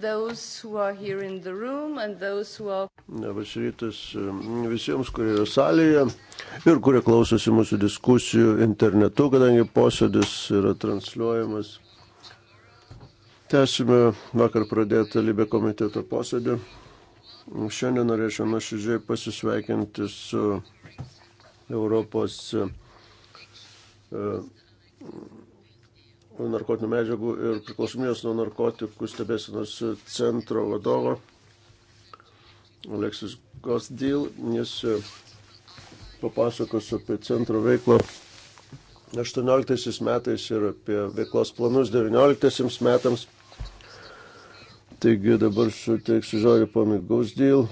those who are here in the room and those who are. Labas rytas visiems, kurie yra salėje ir kurie klausosi mūsų diskusijų internetu, kadangi posėdis yra transliuojamas. Tęsime vakar pradėtą Libė komiteto posėdį. Šiandien norėčiau nuoširdžiai pasisveikinti su Europos uh, narkotinių medžiagų ir priklausomybės nuo narkotikų stebėsinos centro vadovo Aleksis Gosdil. Jis e, papasakos apie centro veiklą 18 metais ir apie veiklos planus 19 metams. Taigi dabar suteiksiu žodį ponui Gosdil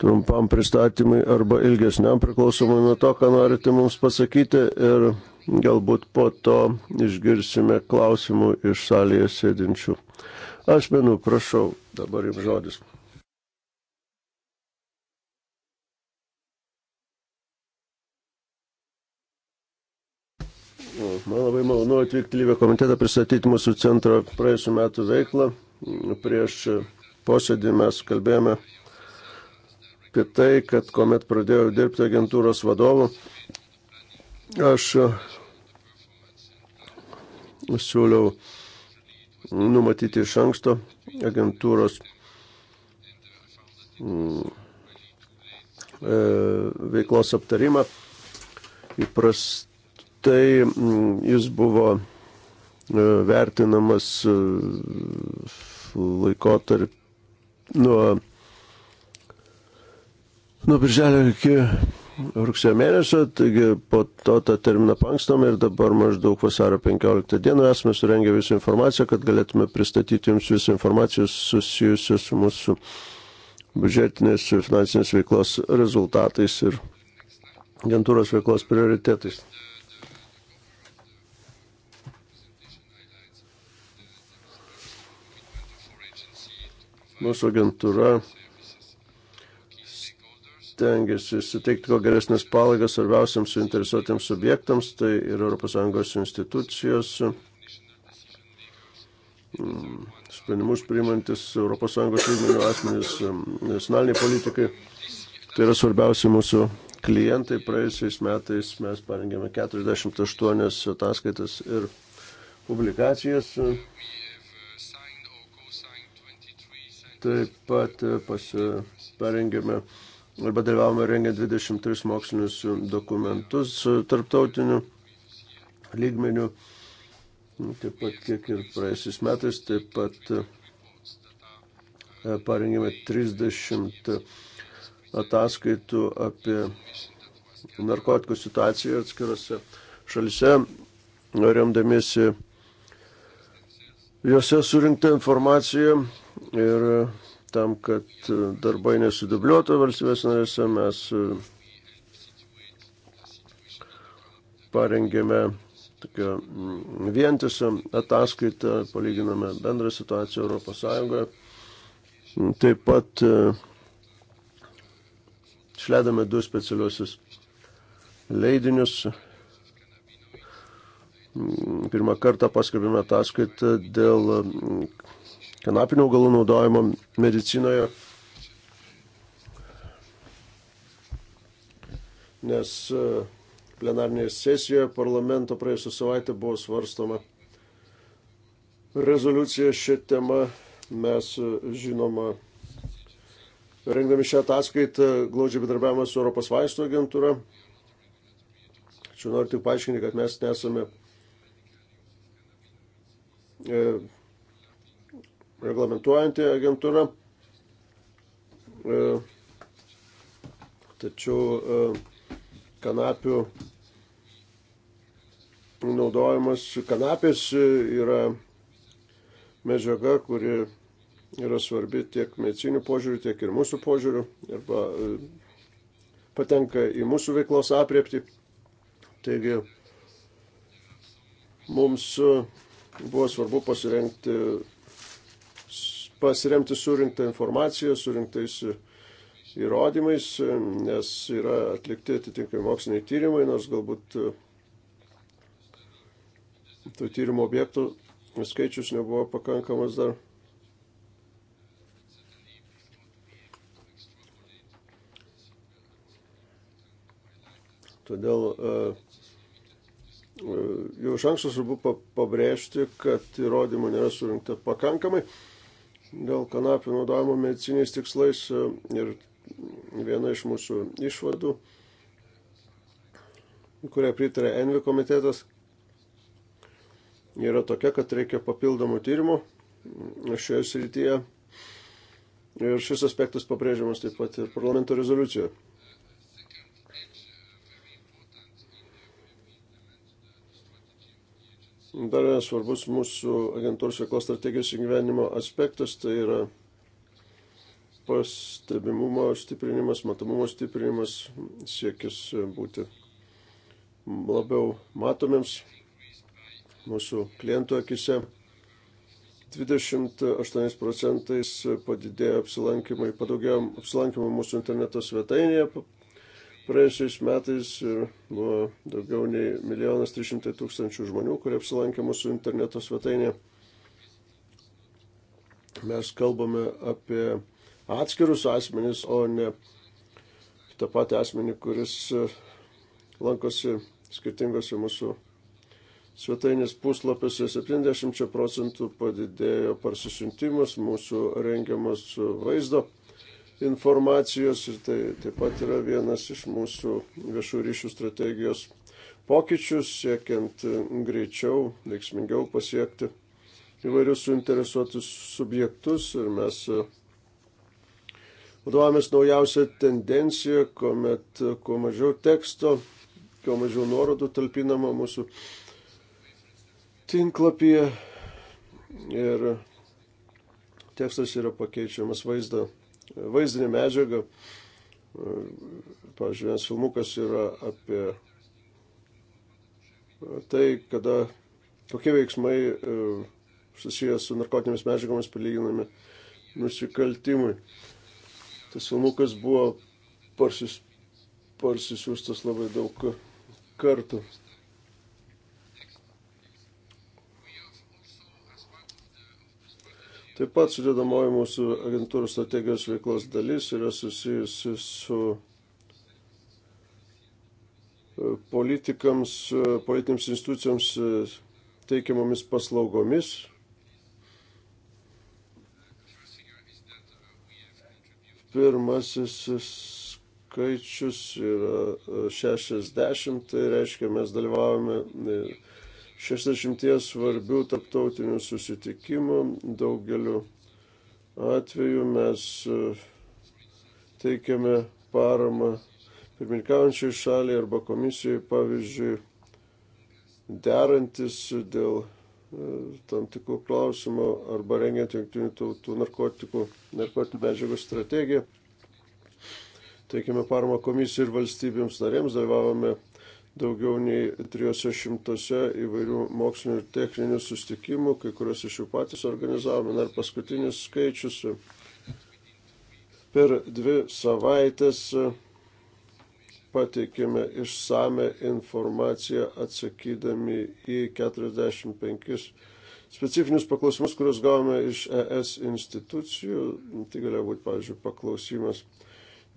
trumpam pristatymui arba ilgesniam priklausomai nuo to, ką norite mums pasakyti. Ir Galbūt po to išgirsime klausimų iš salėje sėdinčių. Asmenų, prašau, dabar jums žodis. Man labai malonu atvykti Lyvę komitetą pristatyti mūsų centro praėjusiu metu veiklą. Prieš posėdį mes kalbėjome apie tai, kad kuomet pradėjau dirbti agentūros vadovu, aš siūliau numatyti iš anksto agentūros mm, e, veiklos aptarimą. Įprastai mm, jis buvo e, vertinamas e, laikotarp nuo, nuo birželio iki rugsėjo mėnesio, taigi po to tą terminą pankstom ir dabar maždaug vasario 15 dieną esame surengę visą informaciją, kad galėtume pristatyti jums visą informaciją susijusią su mūsų biudžetinės ir finansinės veiklos rezultatais ir agentūros veiklos prioritetais. Mūsų agentūra stengiasi suteikti kuo geresnės palagas svarbiausiams suinteresuotiems subjektams, tai ir ES institucijos, mm, sprendimus priimantis ES lygmenių asmenys, mm, nacionaliniai politikai. Tai yra svarbiausi mūsų klientai. Praėjusiais metais mes parengėme 48 ataskaitas ir publikacijas. Taip pat pasirengėme arba dalyvavome rengiant 23 mokslinius dokumentus e, tarptautiniu lygmeniu, nu, taip pat kiek ir praėjusiais metais, taip pat e, parengėme 30 ataskaitų apie narkotikų situaciją atskirose šalise, remdamiesi juose surinktą informaciją ir tam, kad e, darbai nesudubliuotų valstybės narėse, mes e, parengėme tokią vientisą ataskaitą, palyginame bendrą situaciją Europos Sąjungoje. Taip pat e, išleidome du specialiosius leidinius. Pirmą kartą paskelbėme ataskaitą dėl kanapinių augalų naudojimo medicinoje. Nes e, plenarnėje sesijoje parlamento praėjusią savaitę buvo svarstoma rezoliucija šią temą. Mes, e, žinoma, rengdami šią ataskaitą, glaudžiai bedarbiavame su Europos vaistų agentūra. Čia noriu tik paaiškinti, kad mes nesame e, reglamentuojanti agentūra. E, tačiau e, kanapių naudojimas, kanapės yra medžiaga, kuri yra svarbi tiek medicinių požiūrių, tiek ir mūsų požiūrių, arba e, patenka į mūsų veiklos apriepti. Taigi mums buvo svarbu pasirengti pasiremti surinktą informaciją, surinktais įrodymais, nes yra atlikti atitinkami moksliniai tyrimai, nors galbūt e, tų tyrimų objektų skaičius nebuvo pakankamas dar. Todėl e, e, jau iš anksto svarbu pabrėžti, kad įrodymų nėra surinkta pakankamai dėl kanapių naudojimo mediciniais tikslais e, ir viena iš mūsų išvadų, kurią pritarė Envi komitetas, yra tokia, kad reikia papildomų tyrimų šioje srityje. Ir šis aspektas pabrėžiamas taip pat ir parlamento rezoliucijoje. Dar vienas svarbus mūsų agentūros veiklos strategijos įgyvenimo aspektas tai yra pastebimumo stiprinimas, matomumo stiprinimas, siekis būti labiau matomiems mūsų klientų akise. 28 procentais padidėjo apsilankimai, padaugėjo apsilankimų mūsų interneto svetainėje praėjusiais metais ir nuo daugiau nei 1 300 tūkstančių žmonių, kurie apsilankė mūsų interneto svetainėje. Mes kalbame apie atskirus asmenys, o ne tą patį asmenį, kuris e, lankosi skirtingose mūsų svetainės puslapiuose 70 procentų padidėjo parsisiuntimas mūsų rengiamas vaizdo informacijos ir tai taip pat yra vienas iš mūsų viešų ryšių strategijos pokyčius, siekiant e, greičiau, veiksmingiau pasiekti įvairius suinteresuotus subjektus ir mes e, vadovavomės naujausią tendenciją, kuomet e, kuo mažiau teksto, kuo mažiau nuorodų talpinama mūsų tinklapyje ir tekstas yra pakeičiamas vaizdo vaizdinė medžiaga. Pavyzdžiui, vienas filmukas yra apie tai, kada kokie veiksmai e, susijęs su narkotinėmis medžiagomis prilyginami nusikaltimui. Tas filmukas buvo parsis, parsisiųstas labai daug kartų. Taip pat sudėdamoji mūsų agentūrų strategijos veiklos dalis yra susijusi su e, politikams, e, politinėms institucijoms e, teikiamomis paslaugomis. Pirmasis skaičius yra 60, tai reiškia mes dalyvavome 60 svarbių taptautinių susitikimų. Daugeliu atveju mes e, teikiame paramą pirmininkaujančiai šaliai arba komisijai, pavyzdžiui, derantis dėl e, tam tikrų klausimų arba rengiant jungtinių tautų narkotikų, narkotinių medžiagų strategiją. Teikėme paramą komisijai ir valstybėms narėms, dalyvavome daugiau nei 300 įvairių mokslinių ir techninių sustikimų, kai kuriuos iš jų patys organizavome. Ir paskutinis skaičius per dvi savaitės pateikėme išsame informaciją atsakydami į 45 specifinius paklausimus, kuriuos gavome iš ES institucijų. Tai galėjo būti, pavyzdžiui, paklausimas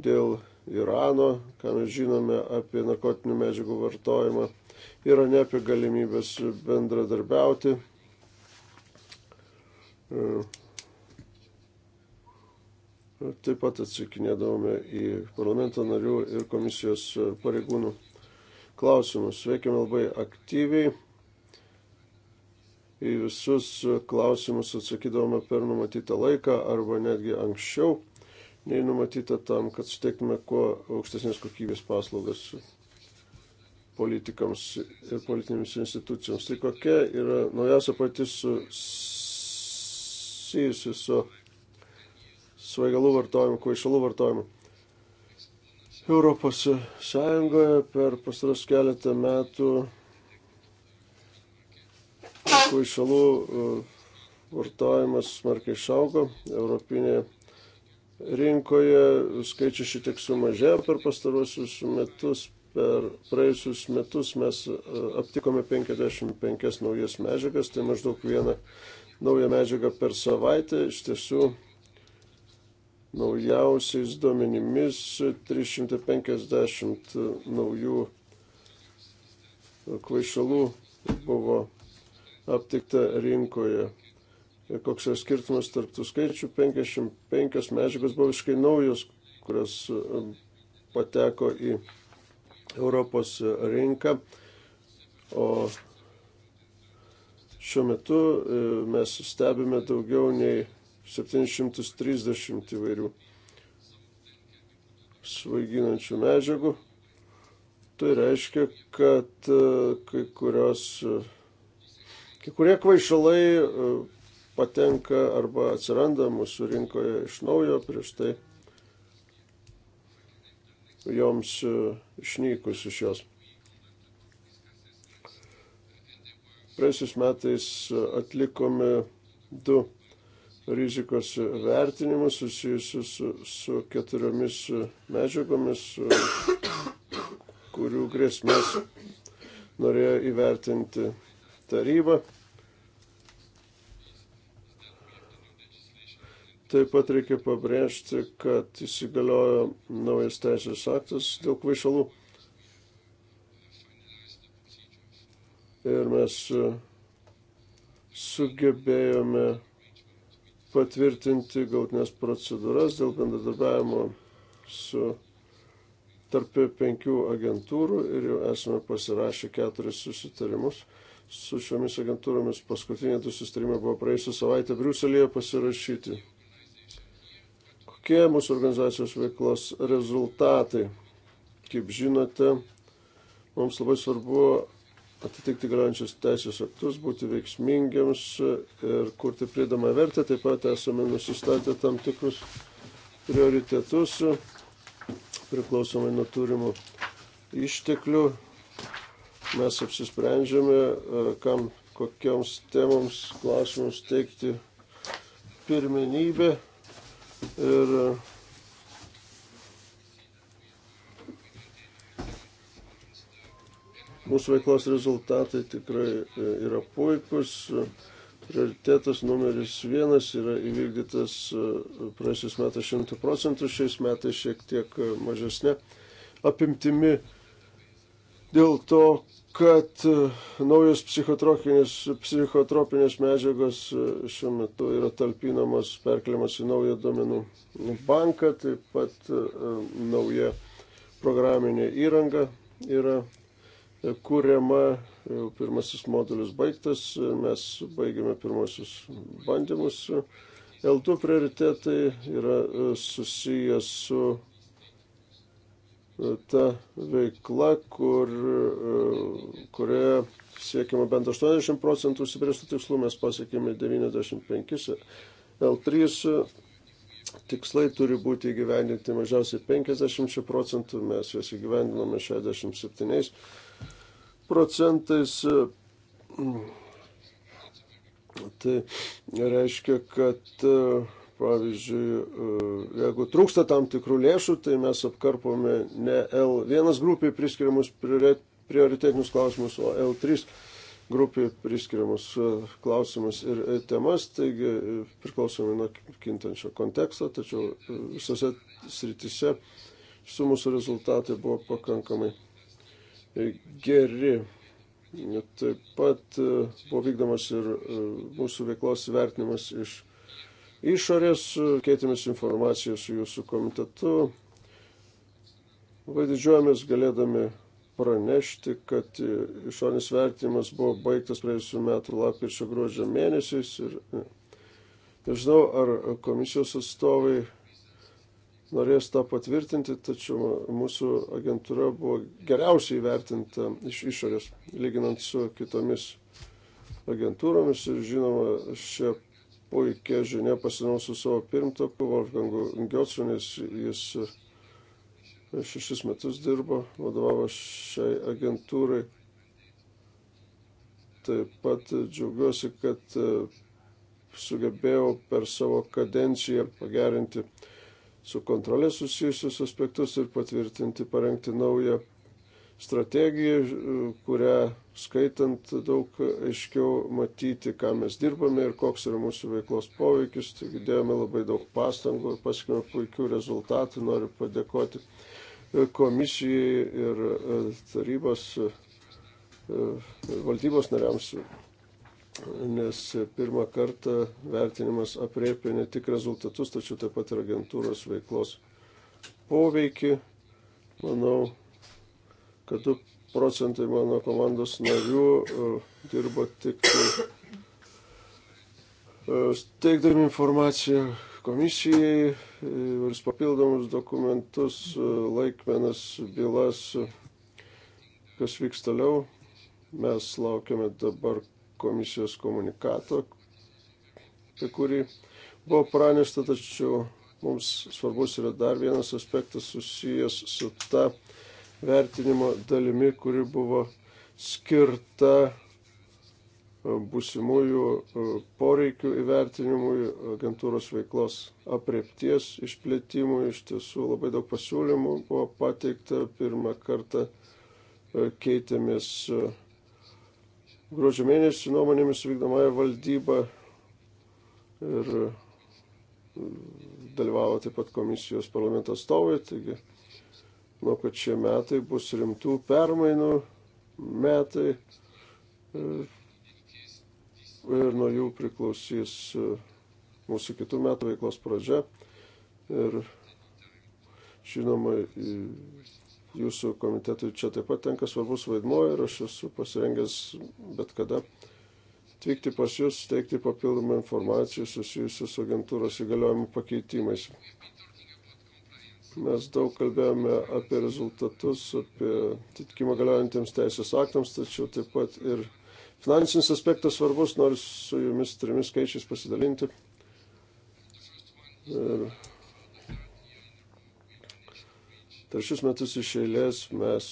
dėl Irano, ką mes žinome apie narkotinių medžiagų vartojimą, yra ne apie galimybės bendradarbiauti. E, taip pat atsakinėdavome į parlamento narių ir komisijos pareigūnų klausimus. Veikiam labai aktyviai. Į visus klausimus atsakydavome per numatytą laiką arba netgi anksčiau nei numatyta tam, kad suteiktume kuo aukštesnės kokybės paslaugas politikams ir politinėms institucijoms. Tai kokia yra naujausia patys susijusi su svaigalų vartojimu, kvaišalų vartojimu. Europos Sąjungoje per pastaros keletą metų kvaišalų uh, vartojimas smarkiai išaugo. Europinė rinkoje skaičius šitiek sumažėjo per pastarosius metus. Per praėjusius metus mes e, aptikome 55 naujas medžiagas, tai maždaug vieną naują medžiagą per savaitę. Iš tiesų, naujausiais duomenimis 350 naujų kvaišalų buvo aptikta rinkoje. Ir koks yra skirtumas tarp tų skaičių, 55 medžiagos buvo visiškai naujos, kurios um, pateko į Europos rinką. O šiuo metu e, mes stebime daugiau nei 730 įvairių svaiginančių medžiagų. Tai reiškia, kad e, kai kurios, e, kai kurie kvaišalai patenka arba atsiranda mūsų rinkoje iš naujo, prieš tai joms e, išnykus iš jos. Praėjusiais metais atlikome du rizikos vertinimus susijusius su, su keturiomis medžiagomis, kurių grėsmės norėjo įvertinti taryba. Taip pat reikia pabrėžti, kad įsigaliojo naujas teisės aktas dėl kvaišalų. Ir mes e, sugebėjome patvirtinti gautinės procedūras dėl bendradarbiavimo su tarp penkių agentūrų ir jau esame pasirašę keturis susitarimus su šiomis agentūromis. Paskutiniai du susitarimai buvo praėjusią savaitę Briuselėje pasirašyti kokie mūsų organizacijos veiklos rezultatai. Kaip žinote, mums labai svarbu atitikti galiojančius teisės aktus, būti veiksmingiams ir kurti pridamą vertę. Taip pat esame nusistatę tam tikrus prioritetus priklausomai nuo turimų išteklių. Mes apsisprendžiame, e, kam kokioms temams, klausimams teikti pirmenybę Ir e, mūsų veiklos rezultatai tikrai e, yra puikus. Prioritetas numeris vienas yra įvykdytas e, praėjusiais metais 100 procentų, šiais metais šiek tiek mažesnė apimtimi dėl to, kad e, naujos psichotropinės, psichotropinės medžiagos e, šiuo metu yra talpinamos, perkeliamas į naują domenų banką, taip pat e, nauja programinė įranga yra kuriama, jau pirmasis modulis baigtas, mes baigėme pirmosius bandymus. L2 prioritetai yra susijęs su ta veikla, kur, e, kurioje siekime bent 80 procentų užsibrėžtų tikslų, mes pasiekėme 95. L3 e, tikslai turi būti įgyvendinti mažiausiai 50 procentų, mes juos įgyvendinome 67 procentais. E, tai reiškia, kad Pavyzdžiui, e, jeigu trūksta tam tikrų lėšų, tai mes apkarpome ne L1 grupiai priskiriamus prioritetinius klausimus, o L3 grupiai priskiriamus e, klausimus ir e, temas, taigi priklausomai nuo kintančio konteksto, tačiau visose sritise su mūsų rezultatai buvo pakankamai geri. Taip pat buvo vykdomas ir mūsų veiklos vertinimas iš išorės, keitėmės informaciją su jūsų komitetu. Labai didžiuojamės galėdami pranešti, kad išorinis vertimas buvo baigtas praėjusiu metu lapkričio gruodžio mėnesiais. Ir nežinau, ar komisijos atstovai norės tą patvirtinti, tačiau mūsų agentūra buvo geriausiai įvertinta iš išorės, lyginant su kitomis agentūromis. Ir žinoma, šie puikia žinia pasinau su savo pirmtaku Wolfgangu Giotsu, nes jis e, šešis metus dirbo, vadovavo šiai agentūrai. Taip pat džiaugiuosi, kad e, sugebėjau per savo kadenciją pagerinti su kontrolė susijusius aspektus ir patvirtinti, parengti naują strategiją, e, kurią skaitant daug aiškiau matyti, ką mes dirbame ir koks yra mūsų veiklos poveikis. Taigi dėjome labai daug pastangų ir pasiekėme puikių rezultatų. Noriu padėkoti e, komisijai ir e, tarybos e, valdybos nariams, nes pirmą kartą vertinimas apriepia ne tik rezultatus, tačiau taip pat ir agentūros veiklos poveikį. Manau, kad du procentai mano komandos narių e, dirbo tik e, e, teikdami informaciją komisijai, vis papildomus dokumentus, laikmenas, bylas, kas vyks toliau. Mes laukiame dabar komisijos komunikato, apie kurį buvo pranešta, tačiau mums svarbus yra dar vienas aspektas susijęs su ta vertinimo dalimi, kuri buvo skirta e, būsimųjų e, poreikių įvertinimui, agentūros veiklos apriepties išplėtimui. Iš tiesų labai daug pasiūlymų buvo pateikta. Pirmą kartą e, keitėmės gruodžio mėnesį nuomonėmis vykdomąją valdybą ir dalyvavo taip pat komisijos parlamento atstovai. Taigi Manau, kad šie metai bus rimtų permainų metai ir nuo jų priklausys e, mūsų kitų metų veiklos pradžia. Ir žinoma, jūsų komitetui čia taip pat tenka svarbus vaidmuo ir aš esu pasirengęs bet kada atvykti pas jūs, teikti papildomą informaciją susijusiu su agentūros įgaliojimų pakeitimais. Mes daug kalbėjome apie rezultatus, apie atitikimą galiojantiems teisės aktams, tačiau taip pat ir finansinis aspektas svarbus, noriu su jumis trimis skaičiais pasidalinti. Ir trečius metus iš eilės mes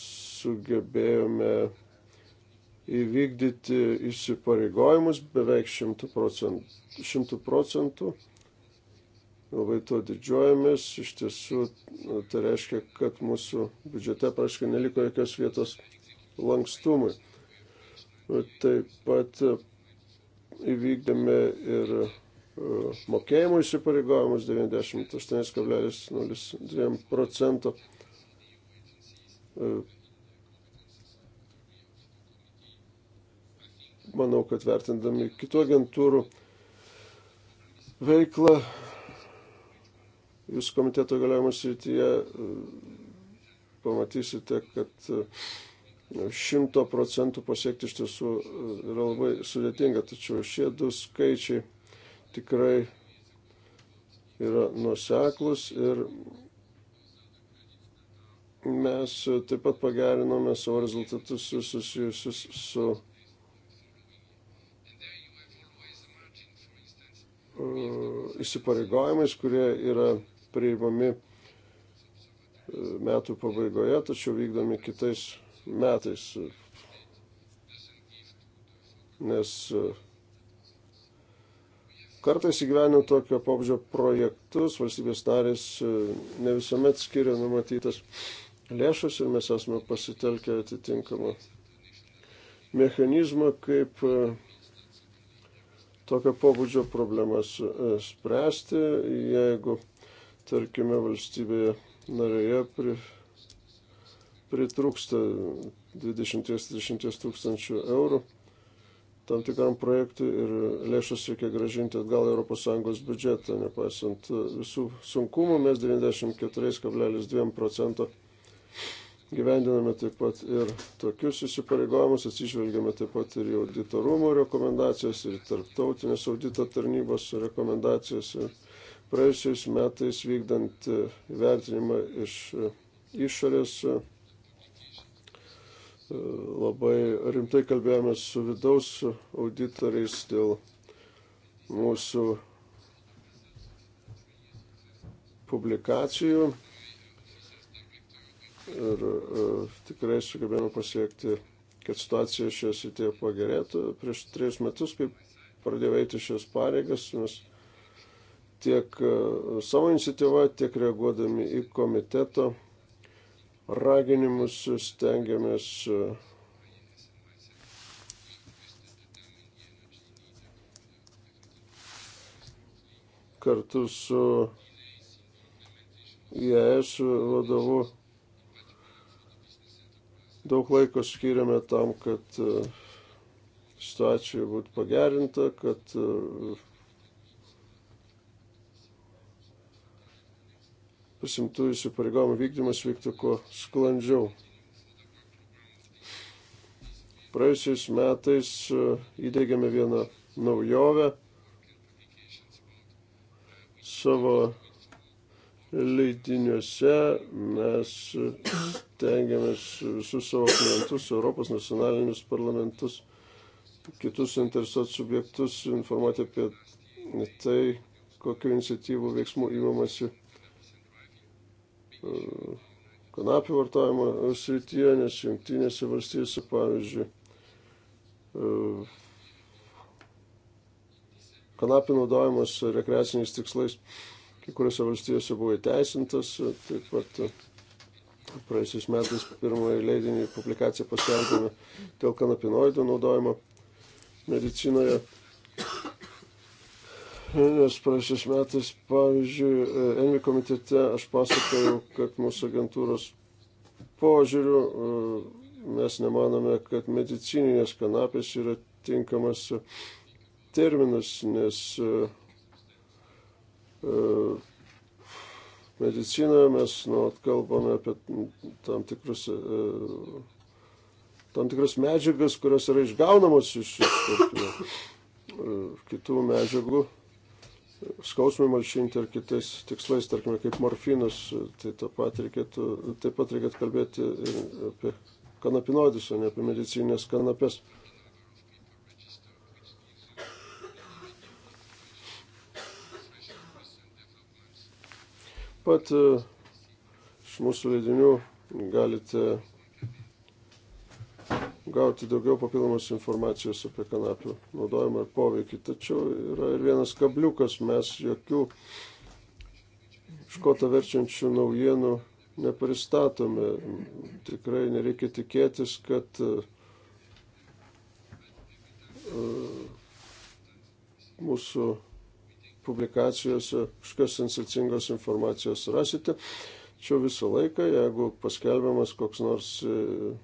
sugebėjome įvykdyti įsipareigojimus beveik šimtų procentų, šimtų procentų labai tuo didžiuojamės. Iš tiesų, tai reiškia, kad mūsų biudžete praškai neliko jokios vietos lankstumui. Taip pat e, įvykdėme ir e, mokėjimų įsipareigojimus 98,02 procento. E, manau, kad vertindami kitų agentūrų veiklą jūs komiteto galiojimo srityje e, pamatysite, kad e, šimto procentų pasiekti iš tiesų e, yra labai sudėtinga, tačiau šie du skaičiai tikrai yra nuseklus ir mes taip pat pagerinome savo rezultatus susijusius su įsipareigojimais, kurie yra priimami e, metų pabaigoje, tačiau vykdomi kitais metais. Nes e, kartais įgyvenint tokio pobūdžio projektus, valstybės narės e, ne visuomet skiria numatytas lėšas ir mes esame pasitelkę atitinkamą mechanizmą, kaip tokio pobūdžio problemas spręsti, jeigu tarkime, valstybėje narėje pri, pritrūksta 20-30 tūkstančių eurų tam tikram projektui ir lėšas reikia gražinti atgal ES biudžetą, nepaisant visų sunkumų, mes 94,2 procento gyvendiname taip pat ir tokius įsipareigojimus, atsižvelgiame taip pat ir į auditorumų rekomendacijas, ir tarptautinės audito tarnybos rekomendacijas. Ir Praėjusiais metais vykdant e, vertinimą iš e, išorės e, labai rimtai kalbėjome su vidaus auditoriais dėl mūsų publikacijų ir tikrai sugebėjome pasiekti, kad situacija šioje srityje pagerėtų. Prieš trejus metus, kai pradėjau eiti šios pareigas, mes tiek e, savo iniciatyva, tiek reaguodami į komiteto raginimus stengiamės e, kartu su JAS e vadovu daug laiko skiriame tam, kad situacija būtų pagerinta, kad uh, pasimtų įsipareigojimų vykdymas vyktų kuo sklandžiau. Praėjusiais metais e, įdėgėme vieną naujovę savo leidiniuose mes tengiamės visus savo klientus, Europos nacionalinius parlamentus, kitus interesuotus subjektus informuoti apie tai, kokiu iniciatyvu veiksmu įmamasi E, kanapių vartojimo srityje, nes jungtinėse valstyje, pavyzdžiui, e, kanapių naudojimas rekreaciniais tikslais kai kuriuose valstijose buvo įteisintas, taip pat e, praėjusiais metais pirmąjį leidinį publikaciją paskelbėme dėl kanapinoidų naudojimo medicinoje. Nes praėjusiais metais, pavyzdžiui, e, Envi komitete aš pasakojau, kad mūsų agentūros požiūrių e, mes nemanome, kad medicininės kanapės yra tinkamas terminas, nes e, medicinoje mes nuolat kalbame apie tam tikrus tam tikras medžiagas, kurios yra išgaunamos iš, iš tarp, kitų medžiagų skausmui malšinti ar kitais tikslais, tarkime, kaip morfinus, tai taip pat reikėtų, taip pat reikėtų kalbėti ir apie kanapinoidus, o ne apie medicinės kanapes. Pat e, iš mūsų leidinių galite gauti daugiau papildomos informacijos apie kanapių naudojimą ir poveikį. Tačiau yra ir vienas kabliukas, mes jokių škotą verčiančių naujienų nepristatome. Tikrai nereikia tikėtis, kad e, mūsų publikacijose kažkas sensacingos informacijos rasite. Čia visą laiką, jeigu paskelbiamas koks nors e,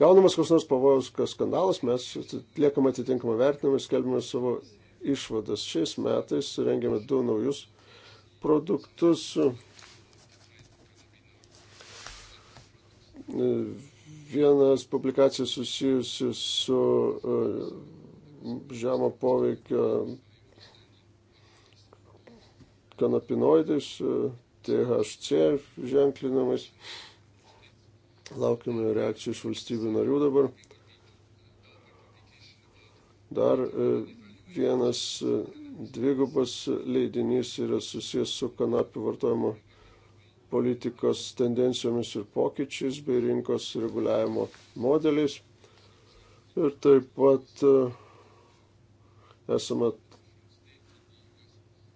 gaunamas koks nors pavojaus skandalas, mes atliekam atitinkamą vertinimą ir skelbime savo išvadas. Šiais metais rengiame du naujus produktus. Vienas publikacija susijusi su e, žemo poveikio kanapinoidais, e, THC ženklinamais. Laukiame reakcijų iš valstybių narių dabar. Dar e, vienas e, dvigubas leidinys yra susijęs su kanapių vartojimo politikos tendencijomis ir pokyčiais bei rinkos reguliavimo modeliais. Ir taip pat e, esame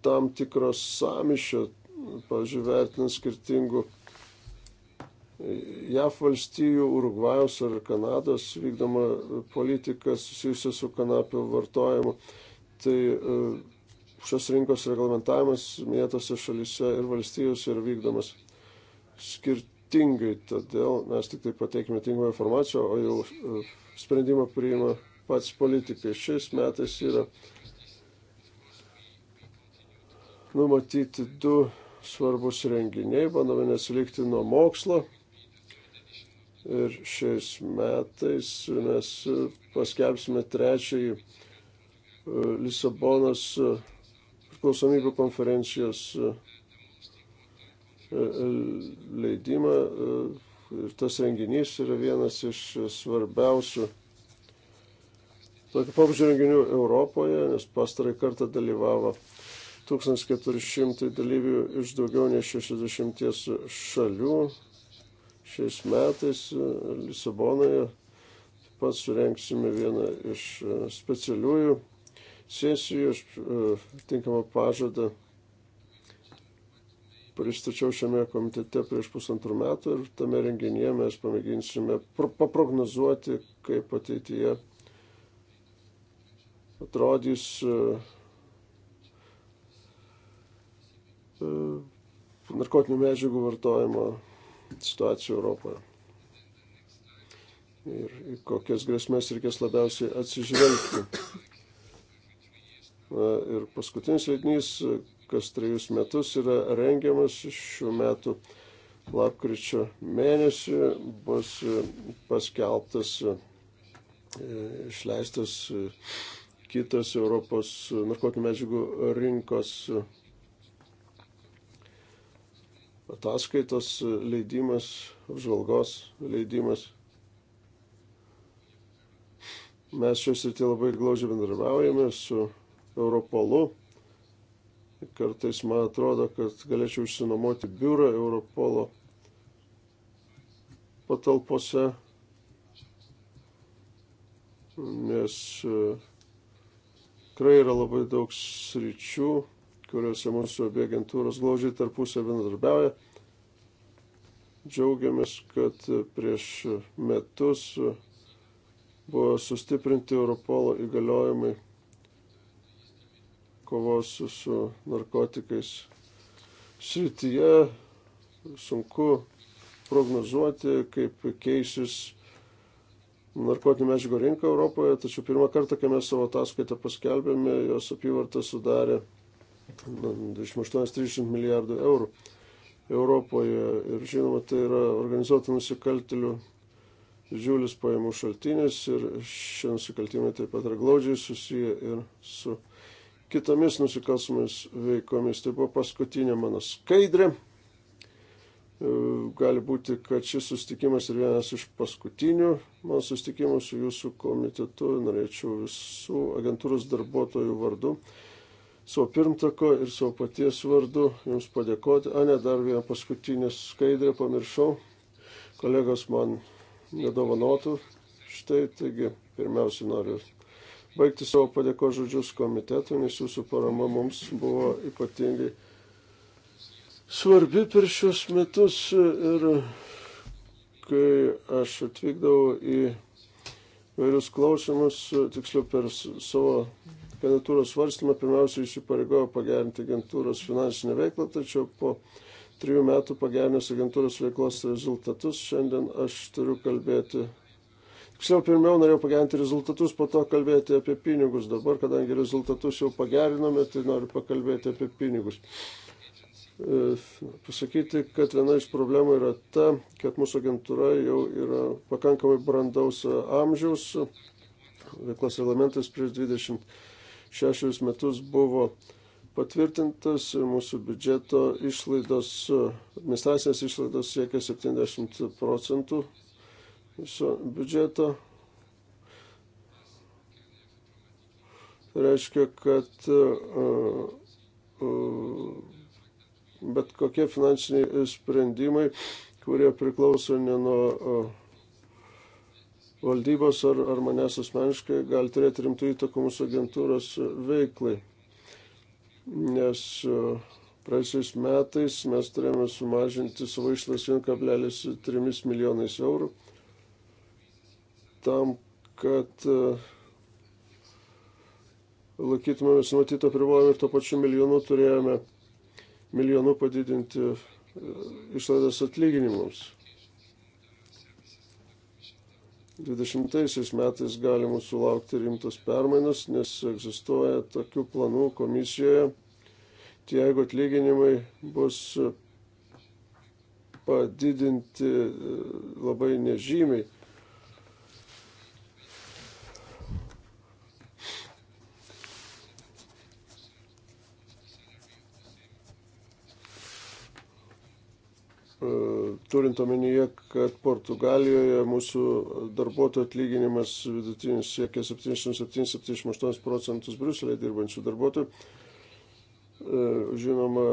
tam tikros samišio, pavyzdžiui, vertinant skirtingų JAF valstijų, Urugvajos ar Kanados vykdoma politika susijusi su kanapio vartojimu. Tai e, šios rinkos reglamentavimas minėtose šalise ir valstijose yra vykdomas skirtingai, todėl mes tik tai pateikime tinkamą informaciją, o jau e, sprendimą priima pats politikai. Šiais metais yra numatyti du svarbus renginiai, bandome nesilikti nuo mokslo Ir šiais metais mes paskelbsime trečiąjį e, Lisabonos e, priklausomybių konferencijos e, leidimą. Ir tas renginys yra vienas iš svarbiausių tokio pabudžio renginių Europoje, nes pastarai kartą dalyvavo 1400 dalyvių iš daugiau nei 60 šalių šiais metais e, Lisabonoje taip pat surenksime vieną iš e, specialiųjų sesijų, aš e, tinkamą pažadą pristačiau šiame komitete prieš pusantrų metų ir tame renginyje mes pamėginsime paprognozuoti, kaip ateityje atrodys narkotinių medžiagų vartojimo situaciją Europoje. Ir kokias grėsmės reikės labiausiai atsižvelgti. Ir paskutinis leidinys, kas trejus metus yra rengiamas šių metų lapkričio mėnesį, bus paskelbtas, išleistas kitas Europos narkotinių medžiagų rinkos ataskaitos leidimas, apžvalgos leidimas. Mes šios rytį labai glaužiai bendravaujame su Europolu. Kartais man atrodo, kad galėčiau išsinomoti biurą Europolo patalpose, nes e, tikrai yra labai daug sričių, kuriuose mūsų abie agentūros glaudžiai tarpusio bendradarbiauja. Džiaugiamės, kad prieš metus buvo sustiprinti Europolo įgaliojimai kovos su narkotikais srityje. Sunku prognozuoti, kaip keisis narkotinių medžiagų rinką Europoje, tačiau pirmą kartą, kai mes savo ataskaitą paskelbėme, jos apyvartą sudarė 28-30 milijardų eurų Europoje. Ir žinoma, tai yra organizuotų nusikaltelių didžiulis pajamų šaltinis ir šie nusikaltimai taip pat yra glaudžiai susiję ir su kitomis nusikalstamomis veikomis. Tai buvo paskutinė mano skaidrė. E, gali būti, kad šis sustikimas yra vienas iš paskutinių mano sustikimų su jūsų komitetu. Norėčiau visų agentūros darbuotojų vardu savo pirmtako ir savo paties vardu Jums padėkoti. A, ne, dar vieną paskutinę skaidrę pamiršau. Kolegos man nedovanotų. Štai, taigi, pirmiausia, noriu baigti savo padėko žodžius komitetui, nes Jūsų parama mums buvo ypatingai svarbi per šios metus ir kai aš atvykdavau į vairius klausimus, tiksliau per savo kandidatūros svarstymą pirmiausia įsipareigojo pagerinti agentūros finansinę veiklą, tačiau po trijų metų pagerinęs agentūros veiklos rezultatus šiandien aš turiu kalbėti. Tiksliau, pirmiau norėjau pagerinti rezultatus, po to kalbėti apie pinigus. Dabar, kadangi rezultatus jau pagerinome, tai noriu pakalbėti apie pinigus e, pasakyti, kad viena iš problemų yra ta, kad mūsų agentūra jau yra pakankamai brandaus amžiaus, veiklos reglamentas prieš 20 šešius metus buvo patvirtintas ir mūsų biudžeto išlaidos, administracinės išlaidos siekia 70 procentų viso biudžeto. Tai reiškia, kad uh, uh, bet kokie finansiniai sprendimai, kurie priklauso ne nuo uh, valdybos ar, ar manęs asmeniškai gali turėti rimtų įtakų mūsų agentūros veiklai. Nes e, praeisiais metais mes turėjome sumažinti savo išlaidas 1,3 milijonais eurų tam, kad e, laikytumėmės numatyto privojimo ir to pačiu milijonu turėjome milijonu padidinti e, išlaidas atlyginimams. 20 metais galima sulaukti rimtos permainos, nes egzistuoja tokių planų komisijoje, tai jeigu atlyginimai bus padidinti e, labai nežymiai, E, turint omenyje, kad Portugalijoje mūsų darbuotojų atlyginimas vidutinis siekia 77-78 procentus Bruselėje dirbančių darbuotojų. E, žinoma,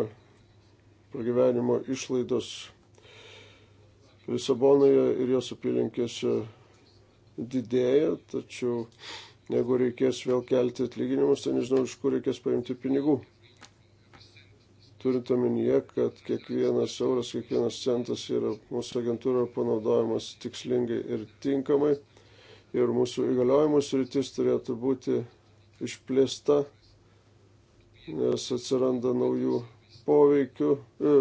pragyvenimo išlaidos Lisabonoje ir jos apylinkėse didėja, tačiau jeigu reikės vėl kelti atlyginimus, tai nežinau, iš kur reikės paimti pinigų turint omenyje, kad kiekvienas euras, kiekvienas centas yra mūsų agentūra panaudojamas tikslingai ir tinkamai. Ir mūsų įgaliojimų sritis turėtų būti išplėsta, nes atsiranda naujų, poveikių, e,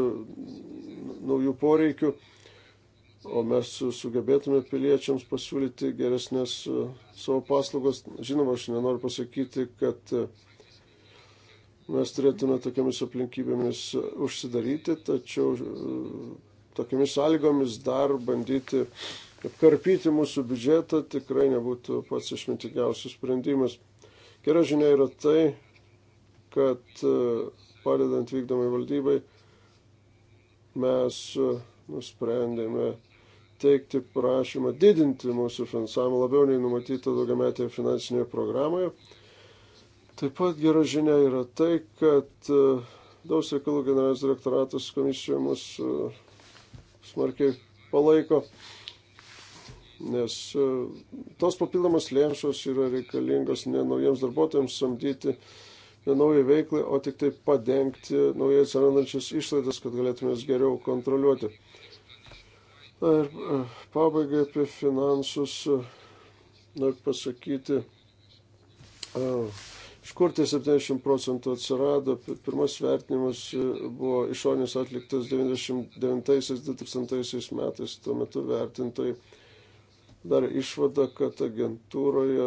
naujų poreikių, o mes sugebėtume piliečiams pasiūlyti geresnės e, savo paslaugas. Žinoma, aš nenoriu pasakyti, kad e, mes turėtume tokiamis aplinkybėmis užsidaryti, tačiau e, tokiamis sąlygomis dar bandyti apkarpyti mūsų biudžetą tikrai nebūtų pats išmintingiausias sprendimas. Gera žinia yra tai, kad e, padedant vykdomai valdybai mes e, nusprendėme teikti prašymą didinti mūsų finansavimą labiau nei numatyta daugiametėje finansinėje programoje. Taip pat gera žinia yra tai, kad e, Daus reikalų generalinis direktoratas komisijoje mus e, smarkiai palaiko, nes e, tos papildomas lėšos yra reikalingos ne naujiems darbuotojams samdyti, ne naujai veiklai, o tik tai padengti naujai atsirandančias išlaidas, kad galėtume jas geriau kontroliuoti. Na ir pabaigai apie finansus noriu pasakyti, Iš kur tai 70 procentų atsirado? Pirmas vertinimas e, buvo išorinis atliktas 99-2000 metais. Tuo metu vertintojai dar išvada, kad agentūroje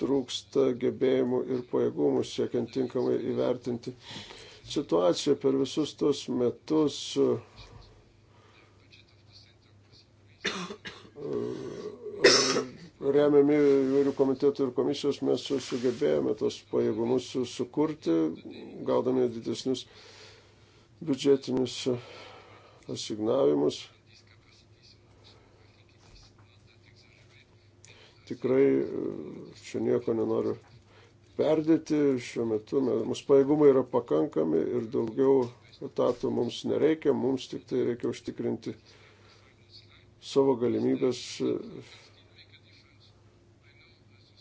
trūksta gebėjimų ir pajėgumų siekiant tinkamai įvertinti situaciją per visus tos metus remiami įvairių komitetų ir komisijos, mes sugebėjome tos pajėgumus sukurti, gaudami didesnius biudžetinius asignavimus. Tikrai čia nieko nenoriu perdėti, šiuo metu mūsų pajėgumai yra pakankami ir daugiau etatų mums nereikia, mums tik tai reikia užtikrinti savo galimybės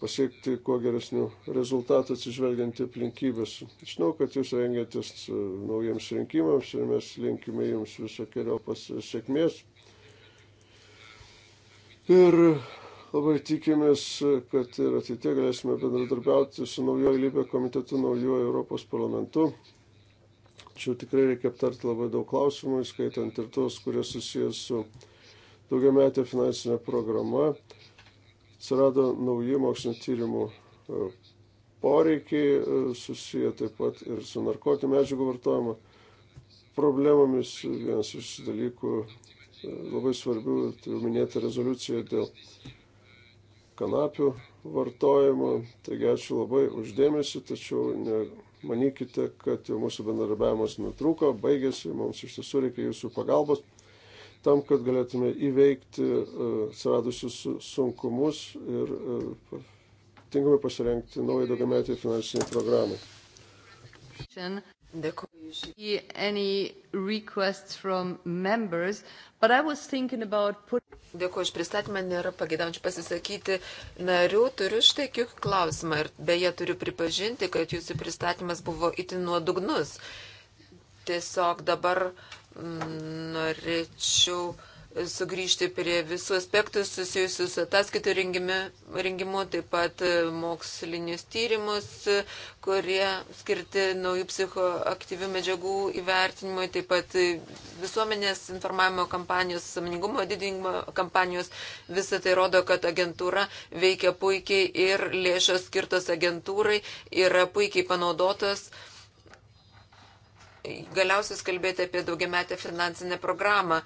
pasiekti kuo geresnių rezultatų atsižvelgiant į aplinkybės. Žinau, kad jūs rengiatės e, naujiems rinkimams ir mes linkime jums visokiojo pasiekmės. Ir labai tikimės, kad ir ateitie galėsime bendradarbiauti su naujoju lygio komitetu, naujoju Europos parlamentu. Čia tikrai reikia aptarti labai daug klausimų, skaitant ir tuos, kurie susijęs su daugiametė finansinė programa atsirado nauji mokslinio tyrimų e, poreikiai e, susiję taip pat ir su narkotinių medžiagų vartojimo problemomis. Vienas iš dalykų e, labai svarbių, turiu minėti rezoliuciją dėl kanapių vartojimo. Taigi ačiū labai uždėmesi, tačiau nemanykite, kad jau mūsų bendradarbiavimas nutrūko, baigėsi, mums iš tiesų reikia jūsų pagalbos tam, kad galėtume įveikti e, atsiradusius sunkumus ir e, tinkamai pasirengti naują daugiametį finansinį programą. Dėkuoju. Dėkuoju už pristatymą, nėra pagėdaujančių pasisakyti narių. Turiu štai kiek klausimą ir beje turiu pripažinti, kad jūsų pristatymas buvo itin nuodugnus. Tiesiog dabar norėčiau sugrįžti prie visų aspektų susijusių su ataskaitų rengimu, rengimu, taip pat mokslinius tyrimus, kurie skirti naujų psichoaktyvių medžiagų įvertinimui, taip pat visuomenės informavimo kampanijos, samoningumo didinimo kampanijos. Visą tai rodo, kad agentūra veikia puikiai ir lėšos skirtos agentūrai yra puikiai panaudotos. Uh, galiausiai kalbėti apie daugiametę finansinę programą.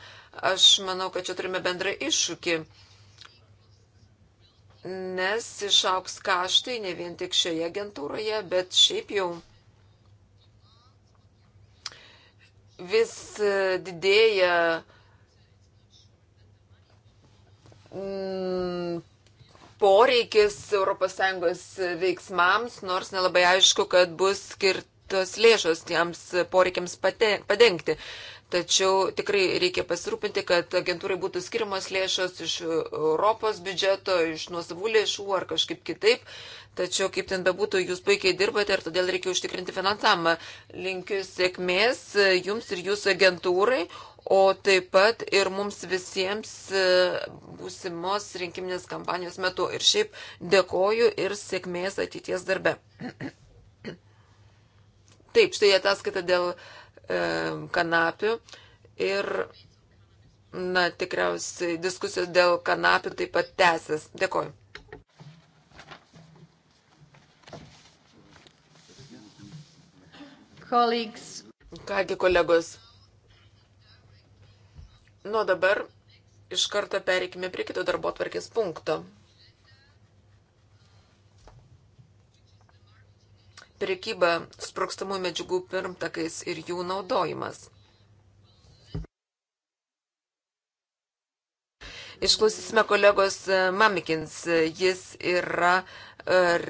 Aš manau, kad čia turime bendrą iššūkį, nes išauks kaštai ne vien tik šioje agentūroje, bet šiaip jau vis didėja mm, poreikis ES veiksmams, nors nelabai aišku, kad bus skirti tos lėšos tiems poreikiams padengti. Tačiau tikrai reikia pasirūpinti, kad agentūrai būtų skirimas lėšos iš Europos biudžeto, iš nuosavų lėšų ar kažkaip kitaip. Tačiau, kaip ten bebūtų, jūs puikiai dirbate ir todėl reikia užtikrinti finansavimą. Linkiu sėkmės jums ir jūsų agentūrai, o taip pat ir mums visiems e, būsimos rinkiminės kampanijos metu. Ir šiaip dėkoju ir sėkmės ateities darbe. Taip, štai ataskaita dėl e, kanapių ir, na, tikriausiai diskusijos dėl kanapių taip pat tęsis. Dėkoju. Colleagues. Kągi kolegos. Nuo dabar iš karto pereikime prie kito darbo tvarkės punkto. prekyba sprokstamų medžiagų pirmtakais ir jų naudojimas. Išklausysime kolegos Mamikins. Jis yra er,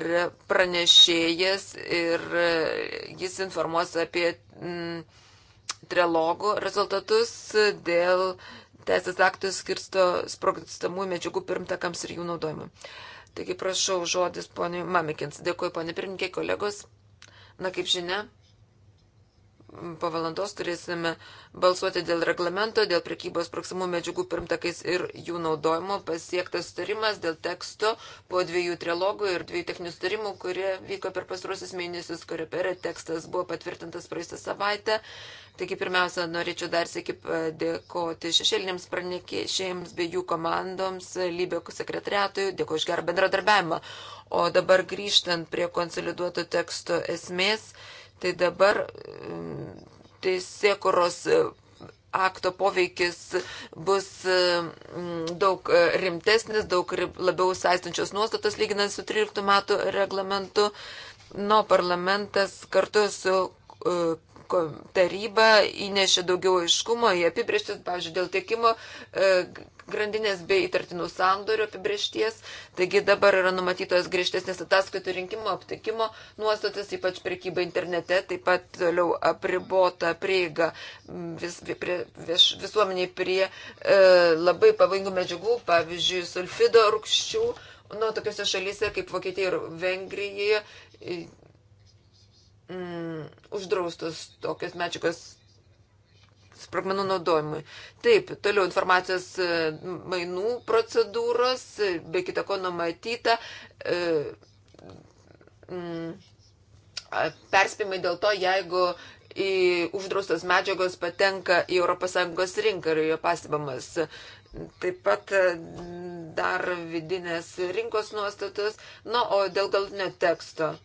pranešėjas ir e, jis informuos apie mm, trilogų rezultatus dėl teisės aktų skirsto sprogstamų medžiagų pirmtakams ir jų naudojimui. Taigi prašau žodis poniai Mamikins. Dėkuoju, poniai pirmininkė, kolegos. Na, kaip žinia, po valandos turėsime balsuoti dėl reglamento, dėl prekybos proksimų medžiagų pirmtakais ir jų naudojimo pasiektas sutarimas dėl teksto po dviejų trilogų ir dviejų techninių sutarimų, kurie vyko per pastaruosius mėnesius, kurio perė tekstas buvo patvirtintas praeistą savaitę. Taigi pirmiausia, norėčiau dar sėki dėkoti šešėlinėms pranešėjams bei jų komandoms, Lybėkų sekretariatui, dėkoju už gerą bendradarbiavimą. O dabar grįžtant prie konsoliduoto teksto esmės. Tai dabar mm, teisėkuros e, akto poveikis bus e, mm, daug e, rimtesnis, daug labiau saistančios nuostatos lyginant su 13 metų reglamentu. Nuo parlamentas kartu su taryba įnešė daugiau aiškumo į apibrieštis, pavyzdžiui, dėl tiekimo e, grandinės bei įtartinų sandorių apibriešties. Taigi dabar yra numatytos griežtesnės ataskaitų rinkimo, aptikimo nuostatas, ypač prekyba internete, taip pat toliau apribota prieiga vis, prie, vis, visuomeniai prie e, labai pavojingų medžiagų, pavyzdžiui, sulfido rūkščių. Nu, tokiuose šalyse kaip Vokietija ir Vengrijoje mm, uždraustos tokios medžiagos sprogmenų naudojimui. Taip, toliau informacijos e, mainų procedūros, e, be kita ko numatyta, e, mm, perspėjimai dėl to, jeigu į uždraustos medžiagos patenka į ES rinką ir jo pastebamas. Taip pat e, dar vidinės rinkos nuostatos. Na, nu, o dėl galutinio teksto.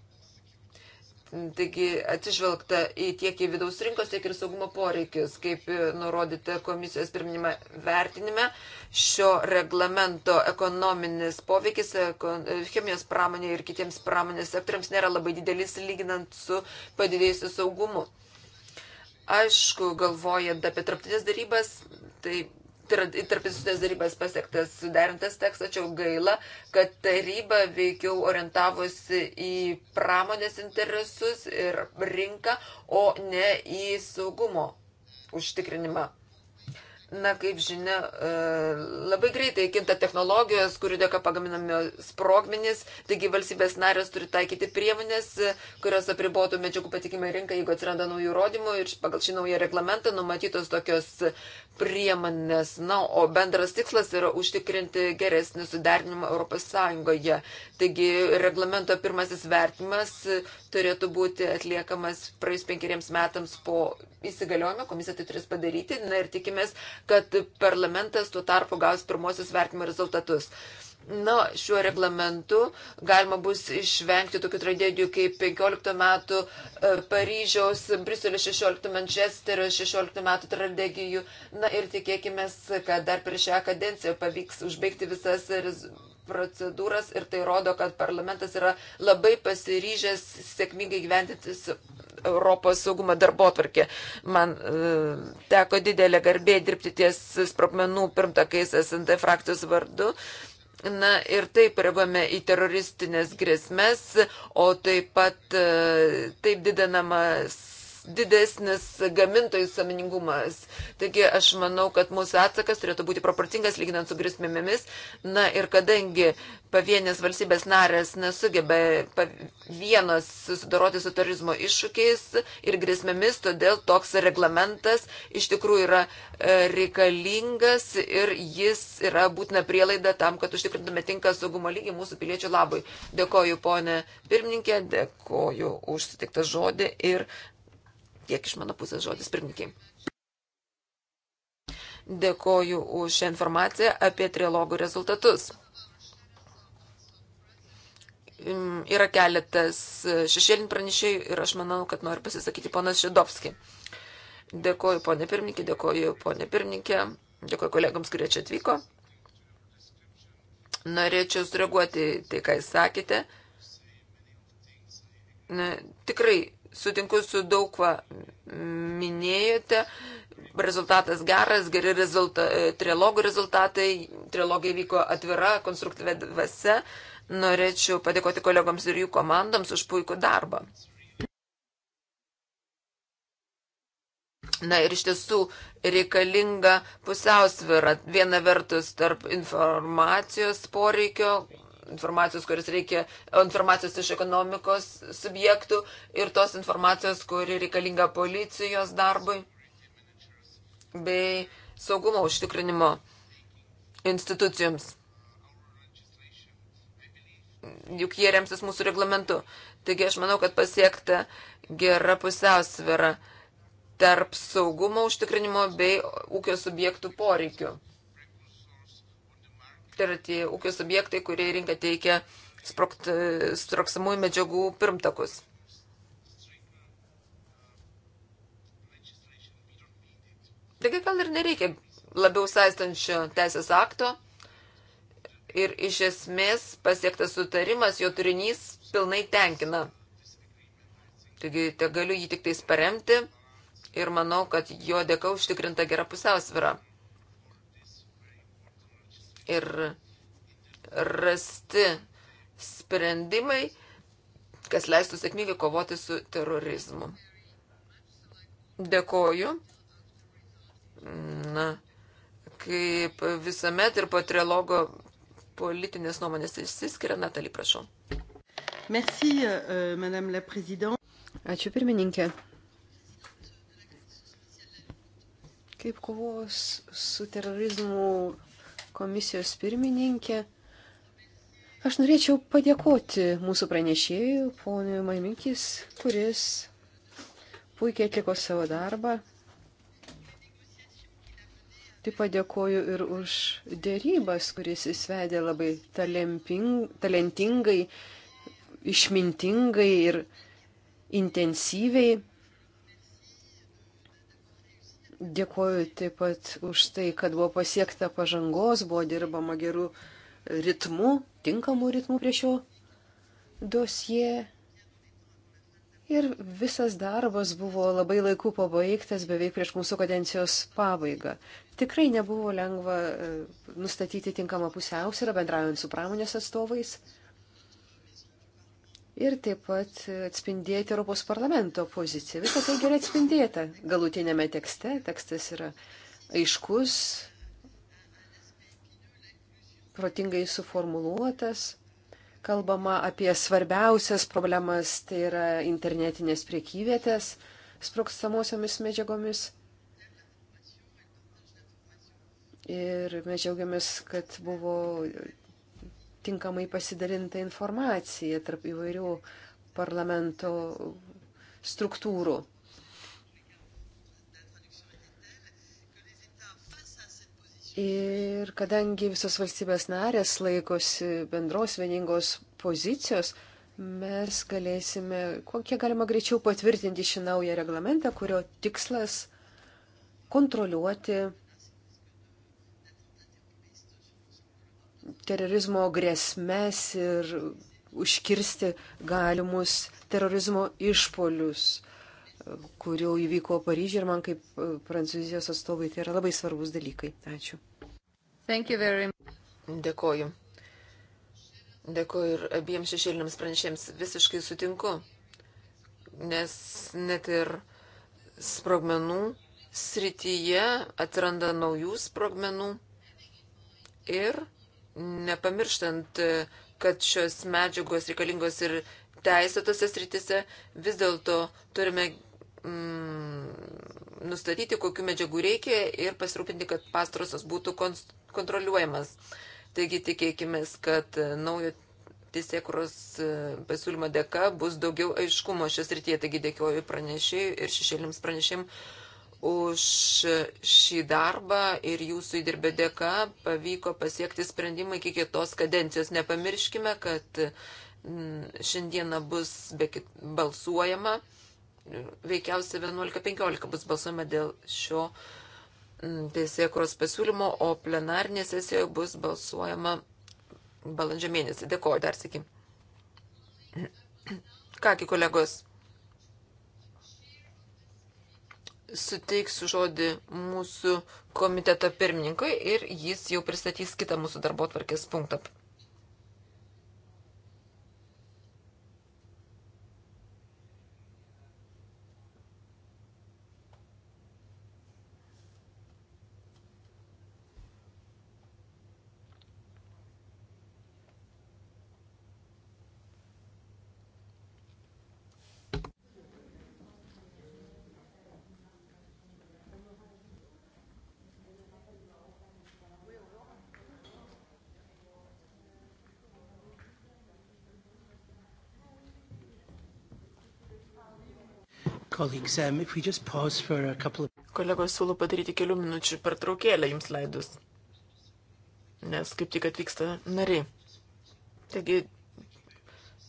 Taigi atsižvelgta į tiek į vidaus rinkos, tiek ir saugumo poreikius, kaip nurodyta komisijos pirminime vertinime, šio reglamento ekonominis poveikis chemijos pramonėje ir kitiems pramonės sektoriams nėra labai didelis lyginant su padidėjusiu saugumu. Aišku, galvojant apie traptinės darybas, tai tarp institucijos darybas pasiektas suderintas tekstas, tačiau gaila, kad taryba veikiau orientavosi į pramonės interesus ir rinką, o ne į saugumo užtikrinimą. Na, kaip žinia, e, labai greitai kinta technologijos, kurių dėka pagaminami sprogmenys, taigi valstybės narės turi taikyti priemonės, e, kurios apribotų medžiagų patikimą rinką, jeigu atsiranda naujų įrodymų ir pagal šį naują reglamentą numatytos tokios priemonės. Na, o bendras tikslas yra užtikrinti geresnį suderinimą ES. Taigi reglamento pirmasis vertimas e, turėtų būti atliekamas praėjus penkeriems metams po įsigaliojimo, komisija tai turės padaryti. Na ir tikimės, kad parlamentas tuo tarpu gaus pirmosius vertimo rezultatus. Na, šiuo reglamentu galima bus išvengti tokių tragedijų kaip 15 metų e, Paryžiaus, Briselio 16, Mančesterio 16 metų tragedijų. Na ir tikėkime, kad dar per šią kadenciją pavyks užbaigti visas procedūras ir tai rodo, kad parlamentas yra labai pasiryžęs sėkmingai gyventintis Europos saugumo darbo atvarkė. Man e, teko didelė garbė dirbti ties sprogmenų pirmtakais SND frakcijos vardu. Na ir taip reaguojame į teroristinės grėsmės, o taip pat e, taip didinamas didesnis gamintojų samoningumas. Taigi aš manau, kad mūsų atsakas turėtų būti proporcingas lyginant su grėsmėmis. Na ir kadangi pavienės valstybės narės nesugeba vienos susidoroti su terorizmo iššūkiais ir grėsmėmis, todėl toks reglamentas iš tikrųjų yra e, reikalingas ir jis yra būtina prielaida tam, kad užtikrintume tinką saugumo lygį mūsų piliečių labui. Dėkoju, ponė pirmininkė, dėkoju už sutiktą žodį ir Tiek iš mano pusės žodis pirmininkiai. Dėkoju už šią informaciją apie trilogų rezultatus. Mm, yra keletas e, šešėlin pranešėjų ir aš manau, kad noriu pasisakyti ponas Šedovski. Dėkoju ponė pirmininkė, dėkoju ponė pirmininkė, dėkoju kolegams, kurie čia atvyko. Norėčiau sureaguoti tai, ką jūs sakėte. Ne, tikrai sutinku su daug kuo minėjote. Rezultatas geras, geri rezulta, trilogų rezultatai. Trilogai vyko atvira, konstruktyvė dvasia. Norėčiau padėkoti kolegoms ir jų komandoms už puikų darbą. Na ir iš tiesų reikalinga pusiausvėra viena vertus tarp informacijos poreikio, informacijos, kuris reikia, informacijos iš ekonomikos subjektų ir tos informacijos, kuri reikalinga policijos darbui bei saugumo užtikrinimo institucijoms. Juk jie remsis mūsų reglamentu. Taigi aš manau, kad pasiekta gera pusiausvėra tarp saugumo užtikrinimo bei ūkio subjektų poreikių tai yra tie ūkio subjektai, kurie rinka teikia sprokt, sproksamųjų medžiagų pirmtakus. Taigi gal ir nereikia labiau saistančio teisės akto ir iš esmės pasiektas sutarimas, jo turinys pilnai tenkina. Taigi te galiu jį tik tais paremti ir manau, kad jo dėka užtikrinta gera pusiausvyra ir rasti sprendimai, kas leistų sėkmingai kovoti su terorizmu. Dėkoju. Na, kaip visuomet ir po trilogo politinės nuomonės išsiskiria. Natalį, prašau. Merci, uh, Madame la Présidente. Ačiū pirmininkė. Kaip kovos su terorizmu komisijos pirmininkė. Aš norėčiau padėkoti mūsų pranešėjui, ponui Maiminkis, kuris puikiai atliko savo darbą. Taip padėkoju ir už dėrybas, kuris įsvedė labai talentingai, išmintingai ir intensyviai. Dėkuoju taip pat už tai, kad buvo pasiekta pažangos, buvo dirbama gerų ritmų, tinkamų ritmų prie šio dosie. Ir visas darbas buvo labai laiku pabaigtas, beveik prieš mūsų kadencijos pabaigą. Tikrai nebuvo lengva e, nustatyti tinkamą pusiausvyrą bendraujant su pramonės atstovais ir taip pat atspindėti Europos parlamento poziciją. Visą tai gerai atspindėta galutinėme tekste. Tekstas yra aiškus, protingai suformuluotas. Kalbama apie svarbiausias problemas, tai yra internetinės priekyvietės sprokstamosiomis medžiagomis. Ir mes džiaugiamės, kad buvo tinkamai pasidalinta informacija tarp įvairių parlamento struktūrų. Ir kadangi visos valstybės narės laikosi bendros vieningos pozicijos, mes galėsime, kokie galima greičiau patvirtinti šį naują reglamentą, kurio tikslas kontroliuoti terorizmo grėsmes ir užkirsti galimus terorizmo išpolius, kurių įvyko Paryžiuje ir man kaip e, prancūzijos atstovai tai yra labai svarbus dalykai. Ačiū. Very... Dėkoju. Dėkoju ir abiems šešėliniams pranešėjams. Visiškai sutinku, nes net ir sprogmenų srityje atranda naujų sprogmenų ir nepamirštant, kad šios medžiagos reikalingos ir teisėtose sritise, vis dėlto turime mm, nustatyti, kokiu medžiagų reikia ir pasirūpinti, kad pastarosios būtų kontroliuojamas. Taigi tikėkime, kad naujo teisėkuros e, pasiūlymo dėka bus daugiau aiškumo šios rytyje. Taigi dėkiuoju pranešėjui ir šešėlims pranešėjim už šį darbą ir jūsų įdirbė dėka pavyko pasiekti sprendimą iki kitos kadencijos. Nepamirškime, kad mm, šiandieną bus kit... balsuojama, veikiausiai 11.15 bus balsuojama dėl šio mm, teisėkuros pasiūlymo, o plenarnė sesijoje bus balsuojama balandžio mėnesį. Dėkoju dar sėkim. Kągi kolegos. suteiksiu žodį mūsų komiteto pirmininkui ir jis jau pristatys kitą mūsų darbo tvarkės punktą. Um, Kolegos siūlau padaryti kelių minučių per traukėlę jums leidus, nes kaip tik atvyksta nariai. Taigi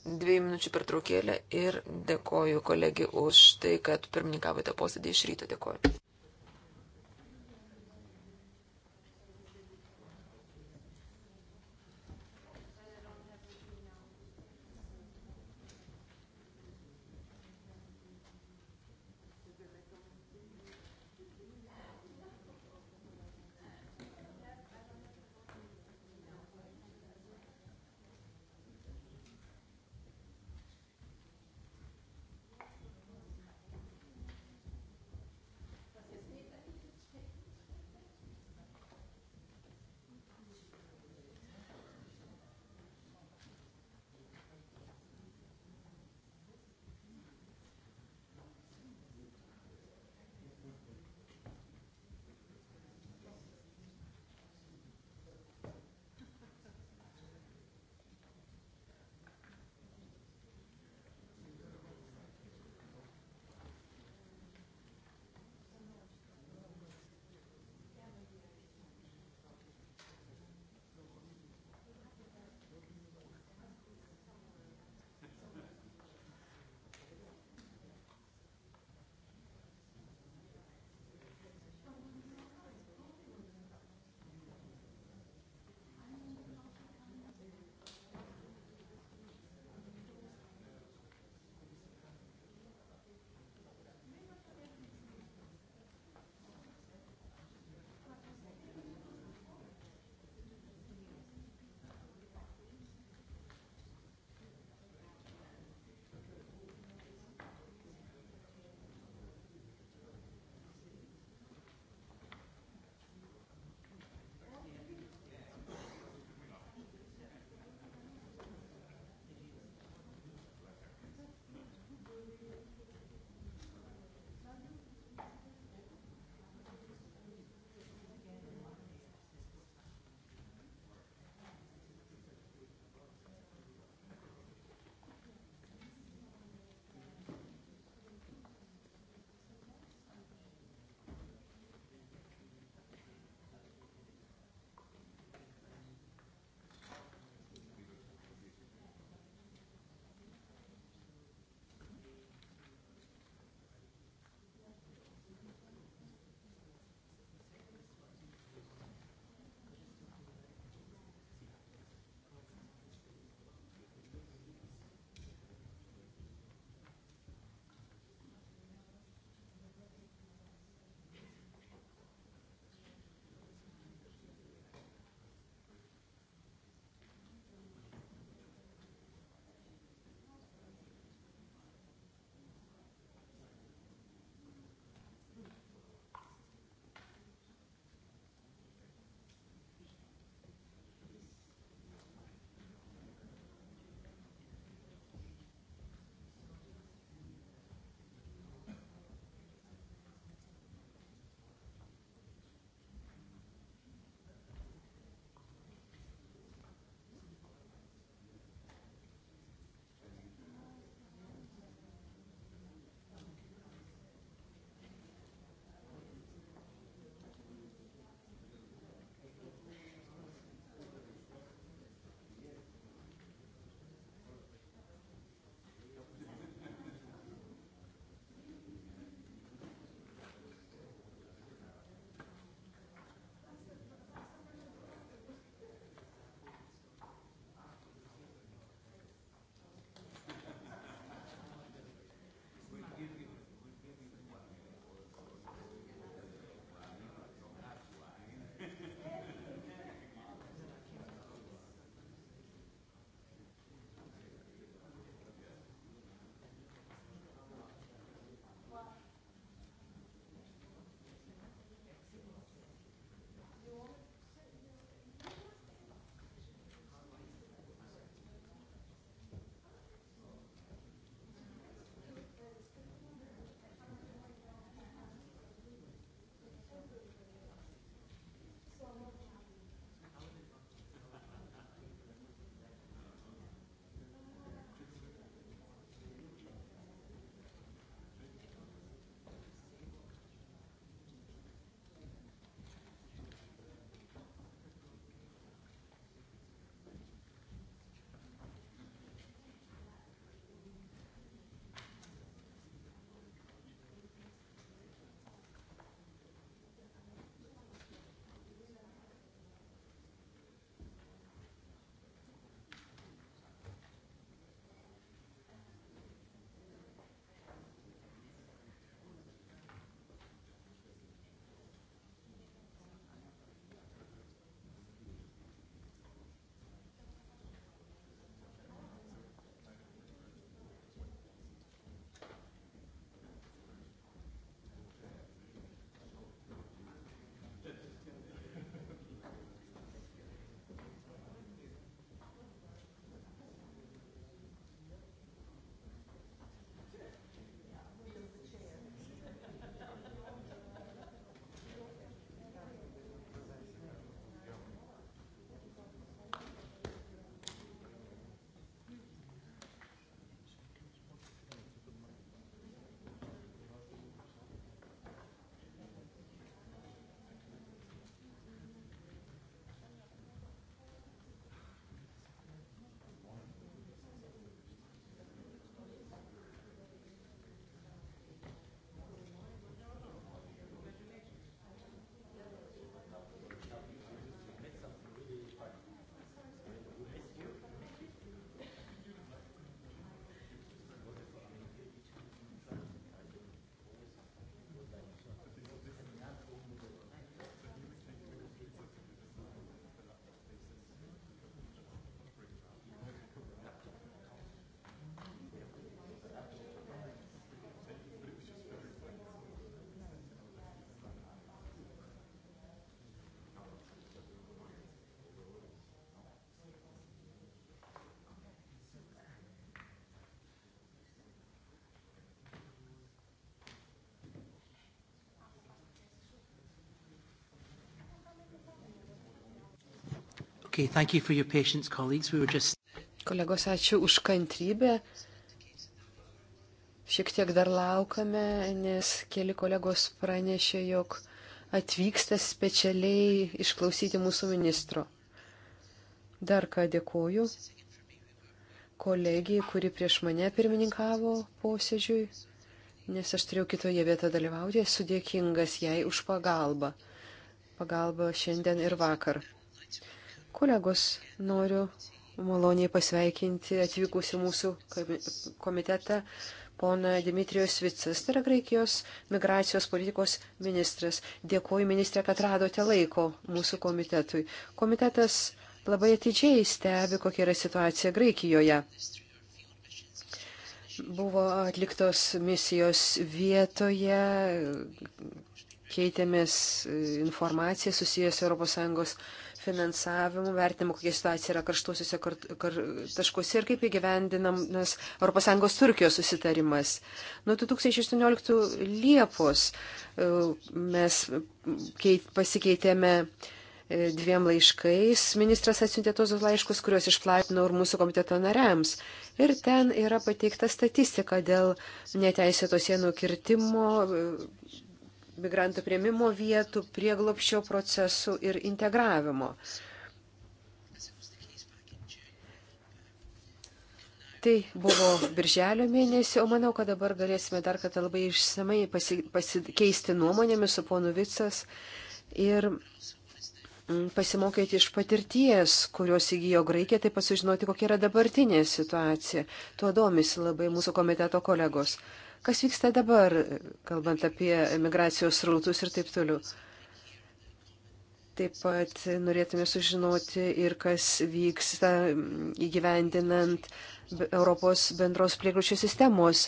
dviejų minučių per traukėlę ir dėkoju kolegi už tai, kad pirmininkavote posėdį iš ryto. Dėkoju. Okay, thank you for your patience, colleagues. We were just... Kolegos, ačiū už kantrybę. Šiek tiek dar laukame, nes keli kolegos pranešė, jog atvyksta specialiai išklausyti mūsų ministro. Dar ką dėkoju kolegijai, kuri prieš mane pirmininkavo posėdžiui, nes aš turėjau kitoje vietoje dalyvauti, esu dėkingas jai už pagalbą. Pagalba šiandien ir vakar. Kolegos, noriu maloniai pasveikinti atvykusi mūsų komitetą pona Dimitrijos Vicas, tai yra Graikijos migracijos politikos ministras. Dėkuoju ministrė, kad radote laiko mūsų komitetui. Komitetas labai atidžiai stebi, kokia yra situacija Graikijoje. Buvo atliktos misijos vietoje, keitėmės informaciją susijęs ES finansavimu, vertinimu, kokia situacija yra karštuosiuose kar, kar, taškuose ir kaip įgyvendinamas ES Turkijos susitarimas. Nuo 2018 Liepos e, mes keit, pasikeitėme e, dviem laiškais. Ministras atsiuntė tos laiškus, kuriuos išplatino ir mūsų komiteto nariams. Ir ten yra pateikta statistika dėl neteisėto sienų kirtimo, migrantų prieimimo vietų, prieglopščio procesų ir integravimo. Tai buvo birželio mėnesį, o manau, kad dabar galėsime dar kartą labai išsamei pasikeisti nuomonėmis su ponu Vicas ir mm, pasimokyti iš patirties, kurios įgyjo Graikija, taip pat sužinoti, kokia yra dabartinė situacija. Tuo domisi labai mūsų komiteto kolegos kas vyksta dabar, kalbant apie migracijos rautus ir taip toliau. Taip pat norėtume sužinoti ir kas vyksta įgyvendinant Europos bendros prieglučių sistemos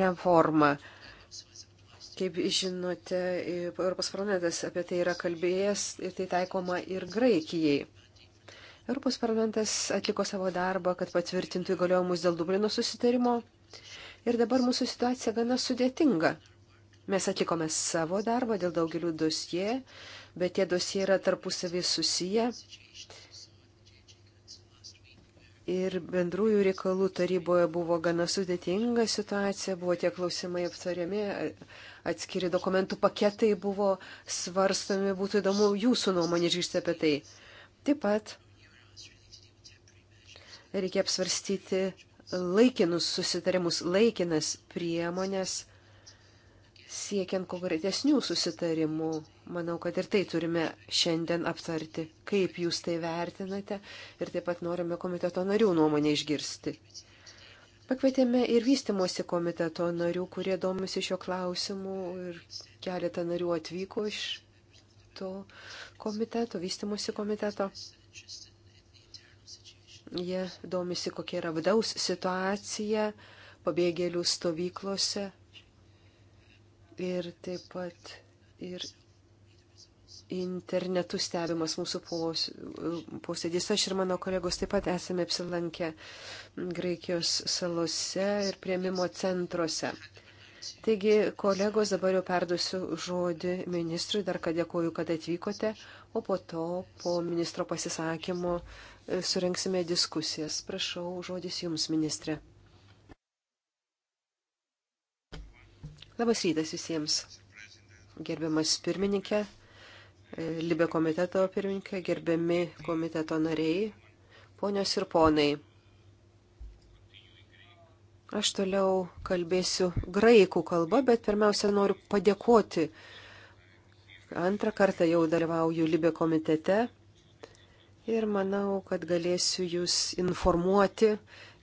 reformą. Kaip žinote, Europos parlamentas apie tai yra kalbėjęs ir tai taikoma ir Graikijai. Europos parlamentas atliko savo darbą, kad patvirtintų įgaliojimus dėl Dublino susitarimo. Ir dabar mūsų situacija gana sudėtinga. Mes atlikome savo darbą dėl daugelių dosie, bet tie dosie yra tarpusavį susiję. Ir bendrųjų reikalų taryboje buvo gana sudėtinga situacija, buvo tie klausimai aptariami, atskiri dokumentų paketai buvo svarstami, būtų įdomu jūsų nuomonė išgirsti apie tai. Taip pat reikia apsvarstyti laikinus susitarimus, laikinas priemonės siekiant konkretesnių susitarimų. Manau, kad ir tai turime šiandien aptarti, kaip jūs tai vertinate ir taip pat norime komiteto narių nuomonę išgirsti. Pakvietėme ir vystimosi komiteto narių, kurie domisi šio klausimu ir keletą narių atvyko iš to komiteto, vystimosi komiteto. Jie domisi, kokia yra vidaus situacija pabėgėlių stovyklose ir taip pat ir internetu stebimas mūsų posėdis. Aš ir mano kolegos taip pat esame apsilankę Graikijos salose ir prieimimo centruose. Taigi, kolegos, dabar jau perduosiu žodį ministrui, dar kad dėkoju, kad atvykote, o po to, po ministro pasisakymo, surinksime diskusijas. Prašau, žodis Jums, ministrė. Labas rytas visiems. Gerbiamas pirmininkė, Libė komiteto pirmininkė, gerbiami komiteto nariai, ponios ir ponai. Aš toliau kalbėsiu graikų kalba, bet pirmiausia noriu padėkoti. Antrą kartą jau dalyvauju Libė komitete ir manau, kad galėsiu jūs informuoti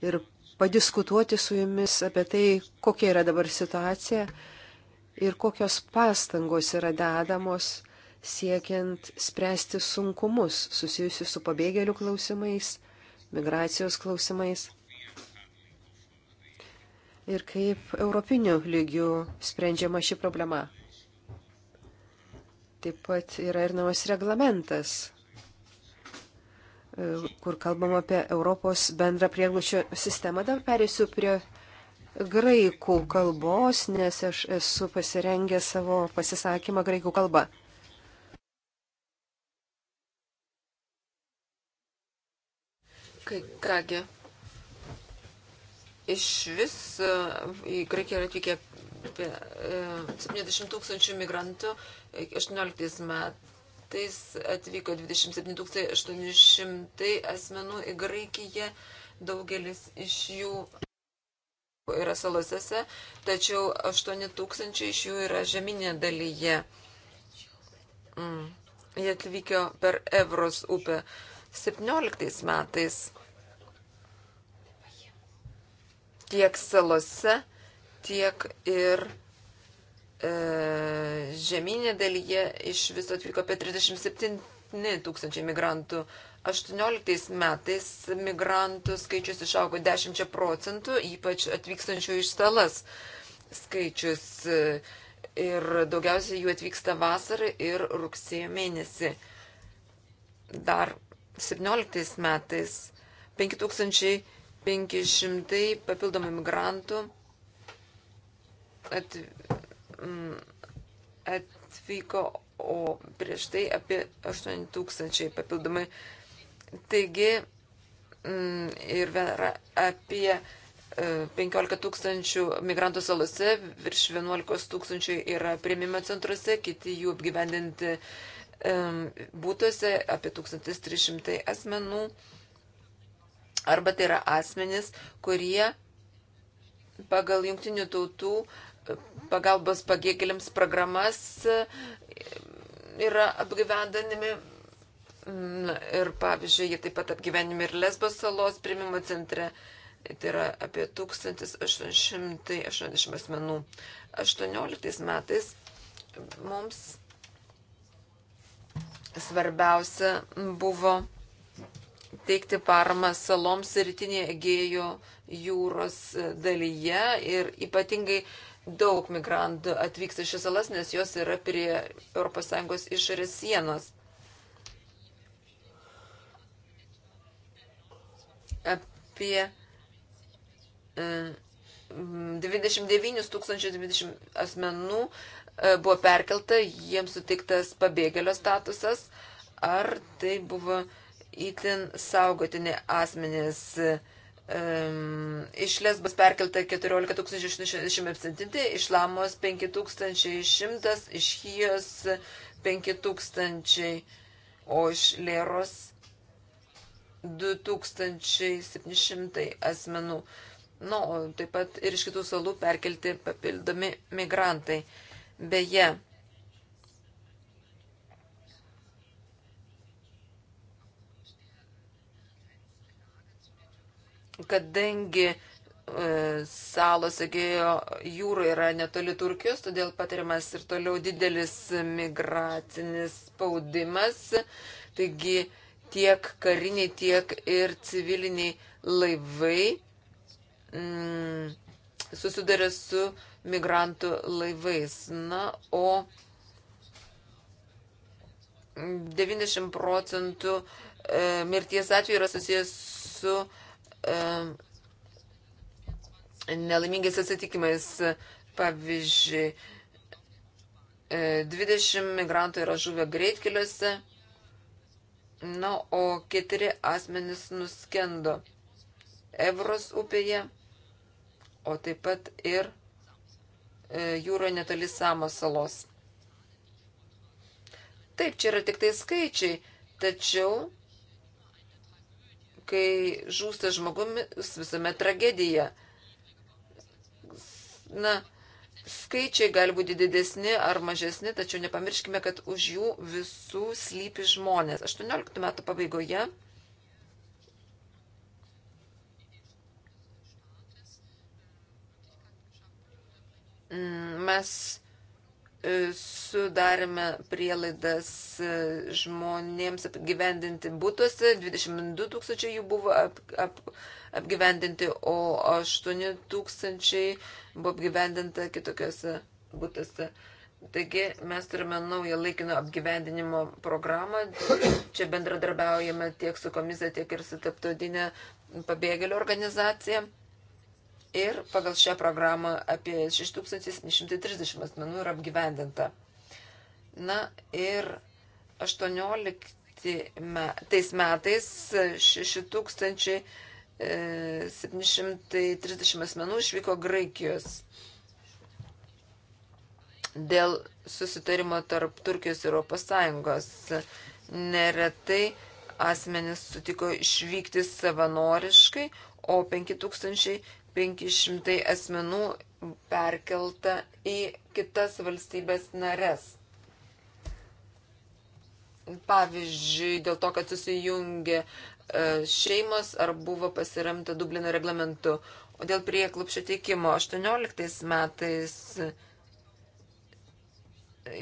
ir padiskutuoti su jumis apie tai, kokia yra dabar situacija ir kokios pastangos yra dedamos siekiant spręsti sunkumus susijusius su pabėgėlių klausimais, migracijos klausimais ir kaip europinių lygių sprendžiama ši problema. Taip pat yra ir naujas reglamentas E, kur kalbam apie Europos bendrą prieglušio sistemą. Dar perėsiu prie graikų kalbos, nes aš esu pasirengęs savo pasisakymą graikų kalbą. Kai, kągi, iš vis e, į Graikiją yra atvykę apie 70 e, tūkstančių migrantų 18 metų metais atvyko 27 800 asmenų į Graikiją, daugelis iš jų yra salose, tačiau 8 tūkstančiai iš jų yra žeminė dalyje. Mm. Jie atvyko per Evros upę 17 metais. Tiek salose, tiek ir E, žemynė dalyje iš viso atvyko apie 37 tūkstančiai migrantų. 18 metais migrantų skaičius išaugo 10 procentų, ypač atvykstančių iš salas skaičius. E, ir daugiausiai jų atvyksta vasarą ir rugsėjo mėnesį. Dar 17 metais 5500 papildomų migrantų atvyko Mm, atvyko, o prieš tai apie 8 tūkstančiai papildomai. Taigi mm, ir apie 15 e, tūkstančių migrantų salose, virš 11 tūkstančių yra prieimimo centruose, kiti jų apgyvendinti e, būtuose, apie 1300 asmenų. Arba tai yra asmenys, kurie pagal jungtinių tautų uh, pagalbos pagėgėliams programas e, yra apgyvendinami. Ir pavyzdžiui, jie taip pat apgyvenimi ir Lesbos salos primimo centre. Tai yra apie 1880 asmenų. 18 metais mums svarbiausia buvo teikti paramą saloms rytinėje Egėjo jūros dalyje ir ypatingai uh, daug migrantų atvyksta šis salas, nes jos yra prie ES išorės sienos. Apie 29 e, 020 asmenų e, buvo perkelta, jiems sutiktas pabėgėlio statusas, ar tai buvo įtin saugotini asmenės. Iš Lesbos perkelta 14667, iš Lamos 5100, iš Hijos 5000, o iš Lėros 2700 asmenų. Nu, taip pat ir iš kitų salų perkelti papildomi migrantai. Beje, kadangi e, salos Egėjo jūra yra netoli Turkijos, todėl patiriamas ir toliau didelis migracinis spaudimas. Taigi tiek kariniai, tiek ir civiliniai laivai mm, susiduria su migrantų laivais. Na, o 90 procentų e, mirties atveju yra susijęs su E, nelaimingais atsitikimais. Pavyzdžiui, 20 e, migrantų yra žuvę greitkeliuose, na, o keturi asmenys nuskendo Evros upėje, o taip pat ir e, jūroje netoli Samos salos. Taip, čia yra tik tai skaičiai, tačiau kai žūsta žmogumis, visuomet tragedija. Na, skaičiai gali būti didesni ar mažesni, tačiau nepamirškime, kad už jų visų slypi žmonės. 18 metų pabaigoje mes E, sudarėme prielaidas e, žmonėms apgyvendinti būtuose, 22 tūkstančiai jų buvo ap, ap, apgyvendinti, o 8 tūkstančiai buvo apgyvendinta kitokiuose būtuose. Taigi mes turime naują laikino apgyvendinimo programą. Čia bendradarbiaujame tiek su komisija, tiek ir su taptautinė pabėgėlių organizacija ir pagal šią programą apie 6730 asmenų yra apgyvendinta. Na ir 18 me, tais metais 6730 e, asmenų išvyko Graikijos. Dėl susitarimo tarp Turkijos ir Europos Sąjungos neretai asmenys sutiko išvykti savanoriškai, o 5000 500 asmenų perkelta į kitas valstybės nares. Pavyzdžiui, dėl to, kad susijungė e, šeimos ar buvo pasiremta Dublino reglamentu. O dėl prieklupščio teikimo 18 metais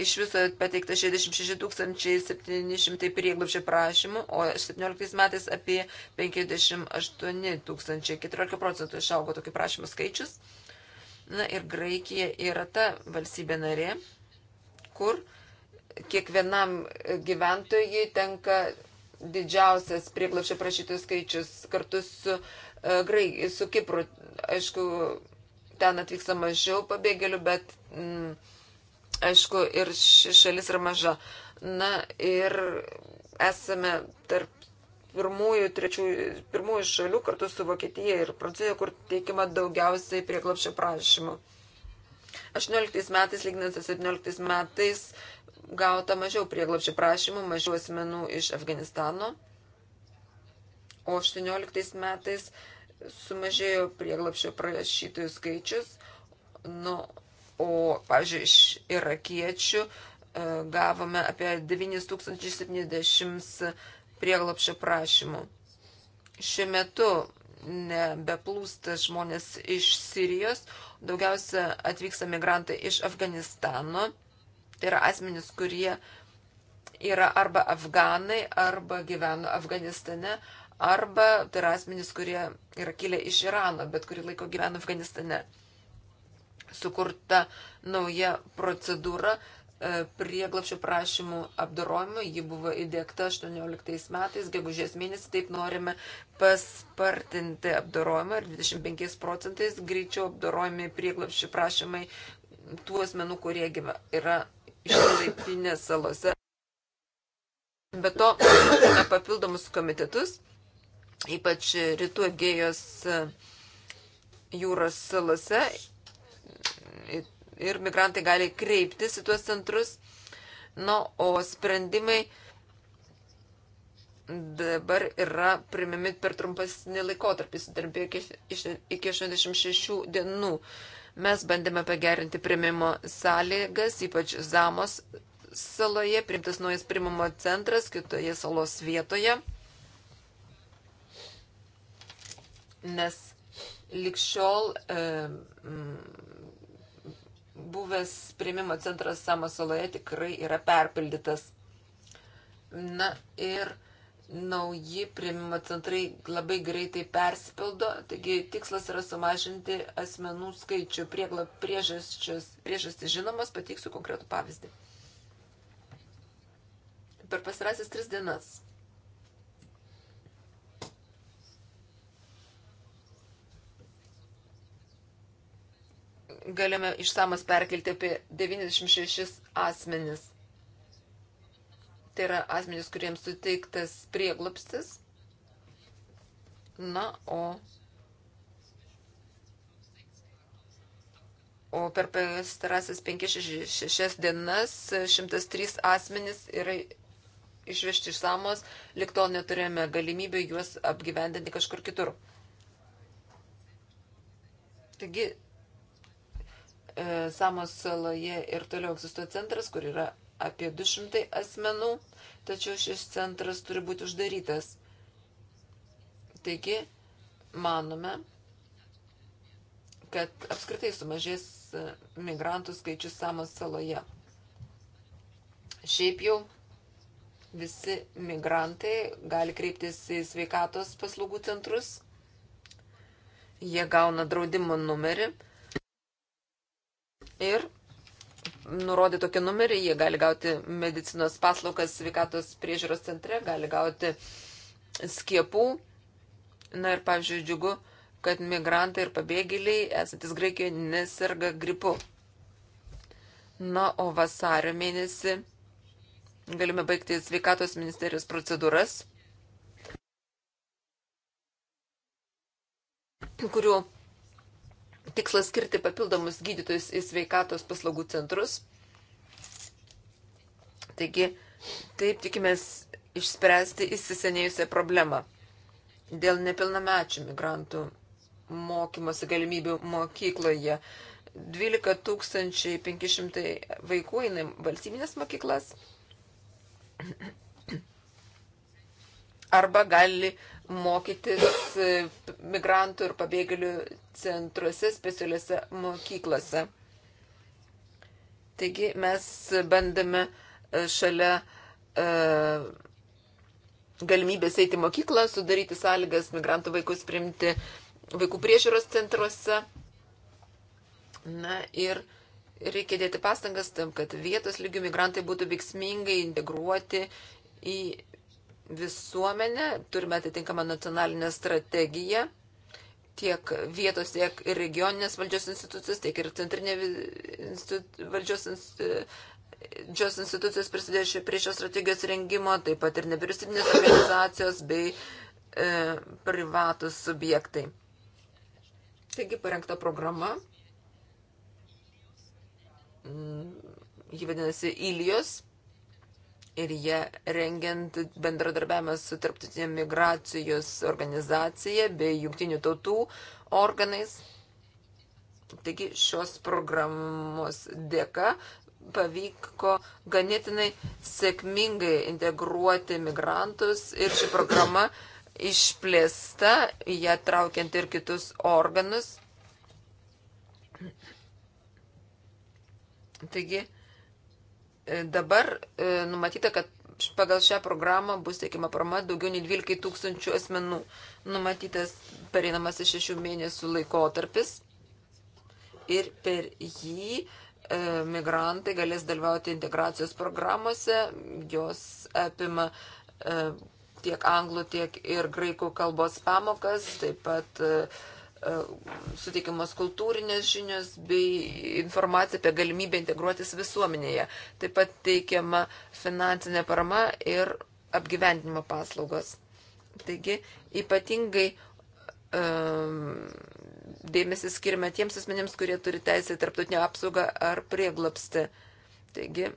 Iš viso pateikta 66 700 prieglobšio prašymų, o 17 metais apie 58 tūkstančiai, 14 procentų išaugo tokių prašymų skaičius. Na ir Graikija yra ta valstybė narė, kur kiekvienam gyventojai tenka didžiausias prieglobšio prašytojų skaičius kartu su, uh, Graik, su Kipru. Aišku, ten atvyksta mažiau pabėgėlių, bet. Mm, Aišku, ir ši šalis yra maža. Na ir esame tarp pirmųjų, trečių, pirmųjų šalių kartu su Vokietija ir Prancūzija, kur teikima daugiausiai prieglapščio prašymų. 18 metais, lyginant su 17 metais, gauta mažiau prieglapščio prašymų, mažiau asmenų iš Afganistano, o 18 metais sumažėjo prieglapščio prašytojų skaičius. Nu, O, pavyzdžiui, iš irakiečių e, gavome apie 9070 prieglopšio prašymų. Šiuo metu nebeplūsta žmonės iš Sirijos, daugiausia atvyksta migrantai iš Afganistano. Tai yra asmenys, kurie yra arba afganai, arba gyveno Afganistane, arba tai yra asmenys, kurie yra kilę iš Irano, bet kurį laiko gyveno Afganistane sukurta nauja procedūra e, prieglapšio prašymų apdarojimui. Ji buvo įdėkta 18 metais, gegužės mėnesį, taip norime paspartinti apdarojimą ir 25 procentais greičiau apdarojami prieglapšio prašymai tų asmenų, kurie yra išsilaipinę salose. Be to, turime papildomus komitetus, ypač rytų Egejos e, jūros salose ir migrantai gali kreiptis į tuos centrus. Na, o sprendimai dabar yra primimi per trumpasnį laikotarpį, sudarbi iki, iki 86 dienų. Mes bandėme pagerinti primimo sąlygas, ypač Zamos saloje, primtas naujas primimo centras kitoje salos vietoje, nes likščiol e, mm, buvęs prieimimo centras Samosoloje tikrai yra perpildytas. Na ir nauji prieimimo centrai labai greitai persipildo, taigi tikslas yra sumažinti asmenų skaičių. Priežastys žinomas, pateiksiu konkretų pavyzdį. Per pasirasis tris dienas galime iš samos perkelti apie 96 asmenis. Tai yra asmenys, kuriems suteiktas prieglopstis. Na, o, o per pastarasis 5-6 dienas 103 asmenys yra išvežti iš samos, liktol neturėjome galimybę juos apgyvendinti kažkur kitur. Taigi E, Samos saloje ir toliau egzistuoja centras, kur yra apie 200 asmenų, tačiau šis centras turi būti uždarytas. Taigi, manome, kad apskritai sumažės e, migrantų skaičius Samos saloje. Šiaip jau visi migrantai gali kreiptis į sveikatos paslaugų centrus. Jie gauna draudimo numerį ir nurodė tokį numerį, jie gali gauti medicinos paslaugas sveikatos priežiūros centre, gali gauti skiepų. Na ir, pavyzdžiui, džiugu, kad migrantai ir pabėgėliai esantis Graikijoje nesirga gripu. Na, o vasario mėnesį galime baigti sveikatos ministerijos procedūras, kurių tikslas skirti papildomus gydytojus į sveikatos paslaugų centrus. Taigi, taip tikimės išspręsti įsisenėjusią problemą dėl nepilnamečių migrantų mokymosi galimybių mokykloje. 12 500 vaikų eina valstybinės mokyklas arba gali mokytis e, migrantų ir pabėgėlių centruose, specialiuose mokyklose. Taigi mes bandame e, šalia uh, galimybės eiti į mokyklą, sudaryti sąlygas migrantų vaikus priimti vaikų priežiūros centruose. Na ir reikia dėti pastangas tam, kad vietos lygių migrantai būtų veiksmingai integruoti į visuomenę, turime atitinkamą nacionalinę strategiją tiek vietos, tiek ir regioninės valdžios institucijos, tiek ir centrinė institu, valdžios institucijos, institucijos prisidėjo prie šios strategijos rengimo, taip pat ir nevyriausybinės organizacijos bei e, privatus subjektai. Taigi parengta programa. Mm, ji vadinasi Ilijos ir jie rengiant bendradarbiavimą su tarptautinė migracijos organizacija bei jungtinių tautų organais. Taigi šios programos dėka pavyko ganėtinai sėkmingai integruoti migrantus ir ši programa išplėsta, ją traukiant ir kitus organus. Taigi, Dabar e, numatyta, kad pagal šią programą bus teikiama parama daugiau nei 12 tūkstančių asmenų. Numatytas pereinamas iš šešių mėnesių laikotarpis ir per jį e, migrantai galės dalyvauti integracijos programuose. Jos apima e, tiek anglų, tiek ir graikų kalbos pamokas, taip pat uh, E, suteikiamos kultūrinės žinios bei informacija apie galimybę integruotis visuomenėje. Taip pat teikiama finansinė parama ir apgyvendinimo paslaugos. Taigi ypatingai um, dėmesį skirime tiems asmenėms, kurie turi teisę į tarptautinę apsaugą ar prieglapsti. Taigi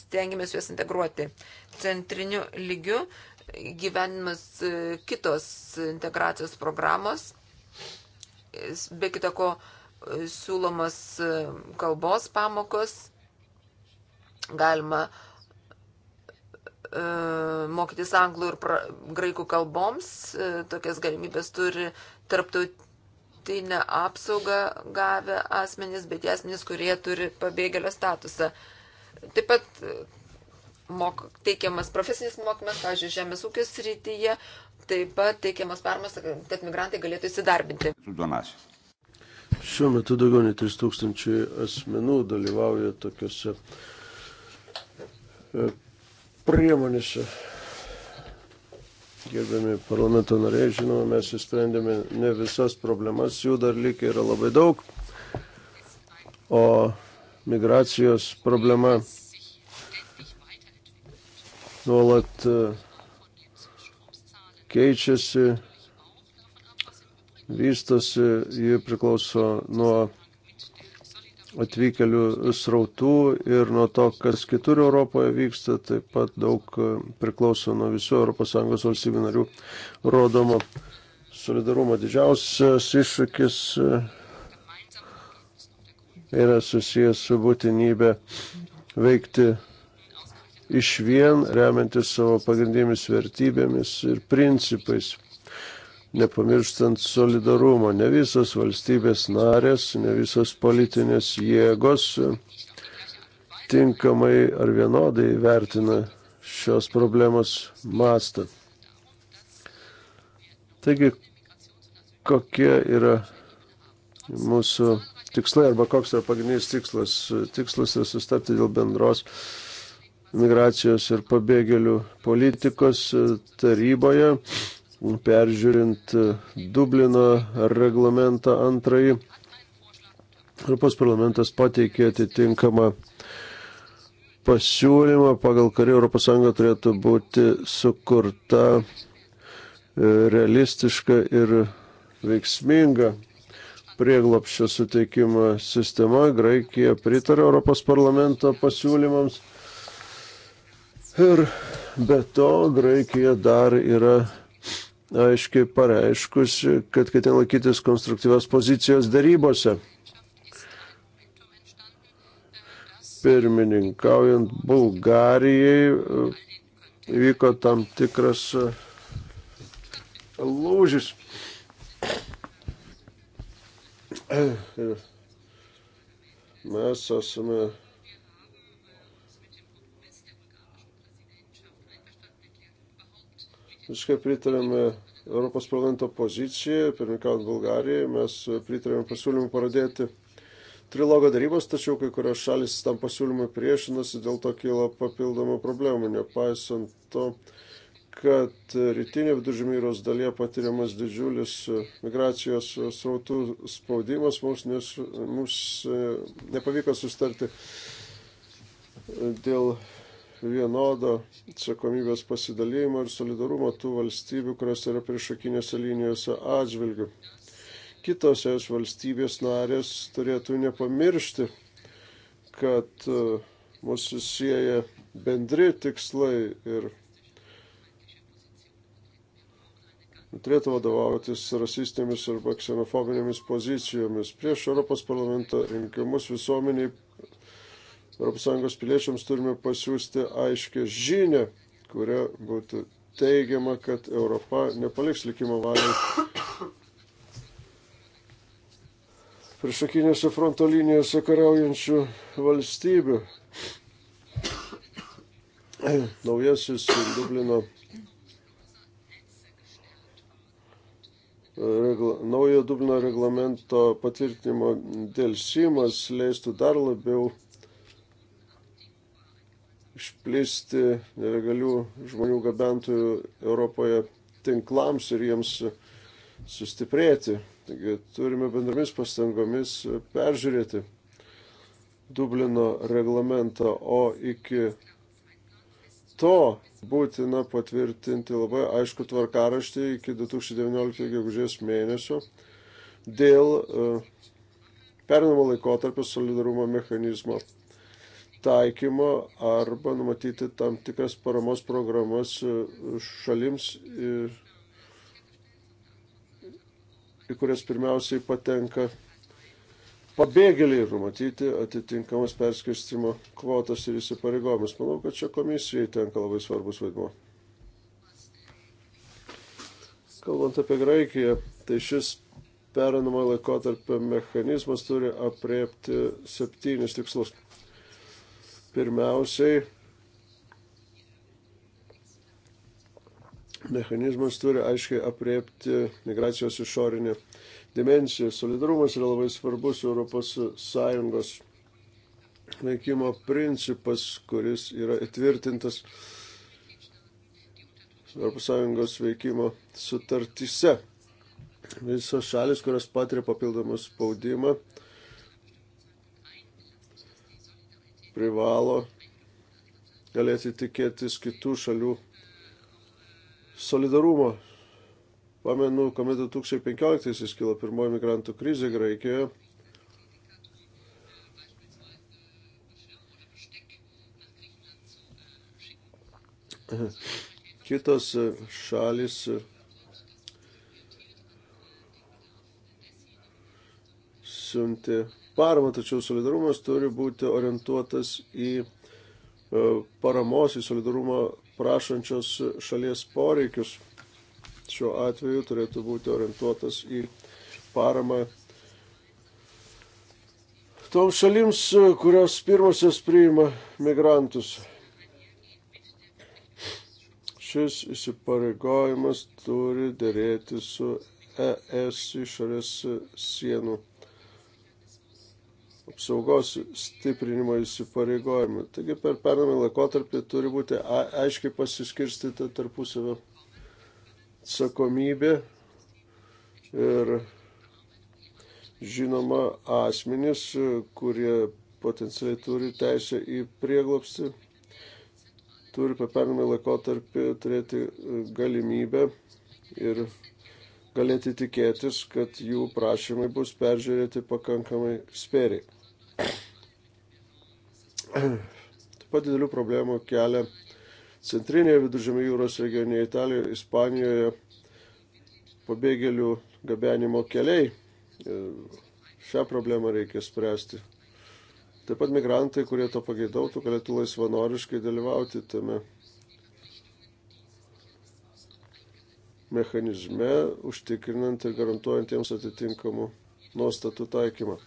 stengiamės juos integruoti. Centriniu lygiu gyvenimas e, kitos integracijos programos be kitako siūlomos e, kalbos pamokos, galima e, mokytis anglų ir pra, graikų kalboms, e, tokias galimybės turi tarptautinę apsaugą gavę asmenys, bet tie asmenys, kurie turi pabėgėlio statusą. Taip pat mok, teikiamas profesinis mokymas, pavyzdžiui, žemės ūkio srityje, taip pat teikiamas permas, kad migrantai galėtų įsidarbinti. Šiuo metu daugiau nei 3000 asmenų dalyvauja tokiuose e, priemonėse. Gerbiami parlamento nariai, žinoma, mes įsprendėme ne visas problemas, jų dar lygiai yra labai daug, o migracijos problema nuolat e, keičiasi, vystosi, ji priklauso nuo atvykelių srautų ir nuo to, kas kitur Europoje vyksta, taip pat daug e, priklauso nuo visų ES valstybių narių rodomo solidarumo. Didžiausias iššūkis e, yra susijęs su būtinybė veikti iš vien, remiantis savo pagrindėmis vertybėmis ir principais, nepamirštant solidarumo. Ne visos valstybės narės, ne visos politinės jėgos tinkamai ar vienodai vertina šios problemos mastą. Taigi, kokie yra mūsų tikslai arba koks yra pagrindinis tikslas? Tikslas yra sustapti dėl bendros migracijos ir pabėgėlių politikos taryboje, peržiūrint Dublino reglamentą antrąjį. Europos parlamentas pateikė atitinkamą pasiūlymą, pagal kurį ES turėtų būti sukurta e, realistiška ir veiksminga prieglopščio suteikimo sistema. Graikija pritarė Europos parlamento pasiūlymams Ir be to Graikija dar yra aiškiai pareiškusi, kad ketina laikytis konstruktyvios pozicijos darybose. Pirmininkaujant Bulgarijai vyko tam tikras e, lūžis. Mes esame Visiškai pritarėme Europos parlamento pozicijai, pirmininkant Bulgarijai, mes pritarėme pasiūlymui pradėti trilogo darybos, tačiau kai kurios šalis tam pasiūlymui priešinasi, dėl to kyla papildomų problemų, nepaisant to, kad rytinė viduržymyros dalyje patiriamas didžiulis migracijos srautų spaudimas, mums, nes, mums e, nepavyko sustarti dėl vienodo atsakomybės pasidalymo ir solidarumo tų valstybių, kurios yra priešakinėse linijose atžvilgių. Kitos es valstybės narės turėtų nepamiršti, kad e, mūsų sieja bendri tikslai ir turėtų vadovautis rasistinėmis arba ksenofobinėmis pozicijomis. Prieš Europos parlamento rinkimus visuomeniai ES piliečiams turime pasiūsti aiškę žinę, kuria būtų teigiama, kad Europa nepaliks likimo valiai priešakinėse fronto linijose kariaujančių valstybių. Naujasis Dublino regla, naujo Dublino reglamento patvirtinimo dėlsimas leistų dar labiau išplisti nelegalių žmonių gabentojų Europoje tinklams ir jiems sustiprėti. Taigi turime bendromis pastangomis peržiūrėti Dublino reglamentą, o iki to būtina patvirtinti labai aišku tvarkaraštį iki 2019 gegužės mėnesio dėl e, pernamo laikotarpio solidarumo mechanizmo taikymo arba numatyti tam tikras paramos programas e, šalims, į kurias pirmiausiai patenka pabėgėliai ir numatyti atitinkamas perskirstimo kvotas ir įsipareigojimus. Manau, kad čia komisijai tenka labai svarbus vaidmo. Kalbant apie Graikiją, tai šis perinamo laikotarpio mechanizmas turi apriepti septynis tikslus. Pirmiausiai, mechanizmas turi aiškiai apriepti migracijos išorinį dimensiją. Solidarumas yra labai svarbus ES veikimo principas, kuris yra įtvirtintas ES veikimo sutartyse. Visos šalis, kurios patiria papildomą spaudimą, privalo galėti tikėtis kitų šalių solidarumo. Pamenu, kuomet 2015-aisiais kilo pirmoji migrantų krizė Graikijoje. Kitos šalis siuntė paramą, tačiau solidarumas turi būti orientuotas į e, paramos, į solidarumą prašančios šalies poreikius. Šiuo atveju turėtų būti orientuotas į paramą toms šalims, kurios pirmosios priima migrantus. Šis įsipareigojimas turi dėrėti su ES išorės sienų apsaugos stiprinimo įsipareigojimų. Taigi per pernamį laikotarpį turi būti aiškiai pasiskirstyta tarpusavio atsakomybė ir žinoma asmenys, kurie potencialiai turi teisę į prieglopstį, turi per pernamį laikotarpį turėti e, galimybę ir galėti tikėtis, kad jų prašymai bus peržiūrėti pakankamai spėriai. Taip pat didelių problemų kelia centrinėje viduržėmio jūros regione Italijoje, Ispanijoje pabėgėlių gabenimo keliai. E, šią problemą reikia spręsti. Taip pat migrantai, kurie to pageidautų, galėtų laisvanoriškai dalyvauti tame mechanizme, užtikrinant ir garantuojant jiems atitinkamų nuostatų taikymą.